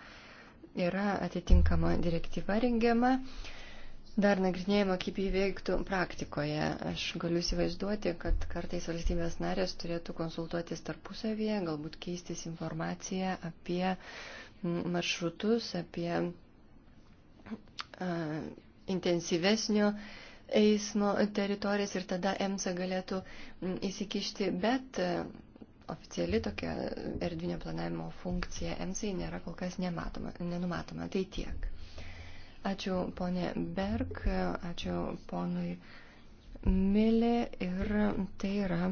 Yra atitinkama direktyva rengiama, dar nagrinėjama, kaip įveiktų praktikoje. Aš galiu įsivaizduoti, kad kartais valstybės narės turėtų konsultuotis tarpusavyje, galbūt keistis informaciją apie maršrutus, apie intensyvesnio eismo teritorijas ir tada EMSA galėtų mm, įsikišti, bet e, oficiali tokia erdvinio planavimo funkcija EMSA nėra kol kas nematoma, nenumatoma. Tai tiek. Ačiū ponė Berg, ačiū ponui Milė ir tai yra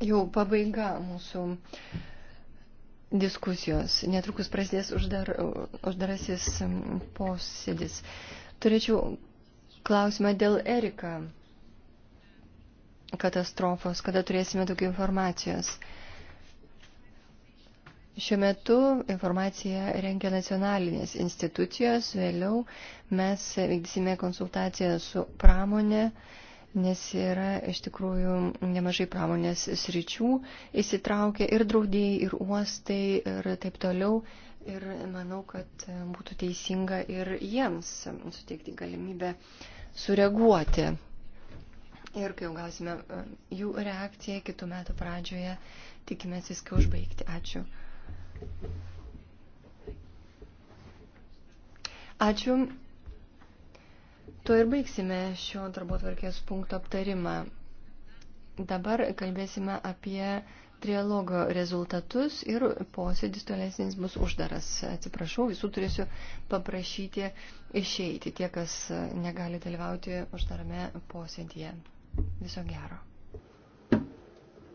jau pabaiga mūsų diskusijos. Netrukus prasidės uždar, uždarasis posėdis. Turėčiau klausimą dėl Erika katastrofos, kada turėsime daugiau informacijos. Šiuo metu informaciją rengia nacionalinės institucijos, vėliau mes vykdysime konsultaciją su pramonė, uh, nes yra iš tikrųjų nemažai pramonės sričių įsitraukę ir draudėjai, ir uostai, ir taip toliau. Ir manau, kad būtų teisinga ir jiems suteikti galimybę sureaguoti. Ir kai jau gausime e, jų reakciją kitų metų pradžioje, tikimės viską užbaigti. Ačiū. Ačiū. Tuo ir baigsime šio darbo tvarkės punkto aptarimą. Dabar kalbėsime apie trialogo rezultatus ir posėdis tolesnis bus uždaras. Atsiprašau, visų turėsiu paprašyti išeiti tie, kas negali dalyvauti uždarame posėdėje. Viso gero.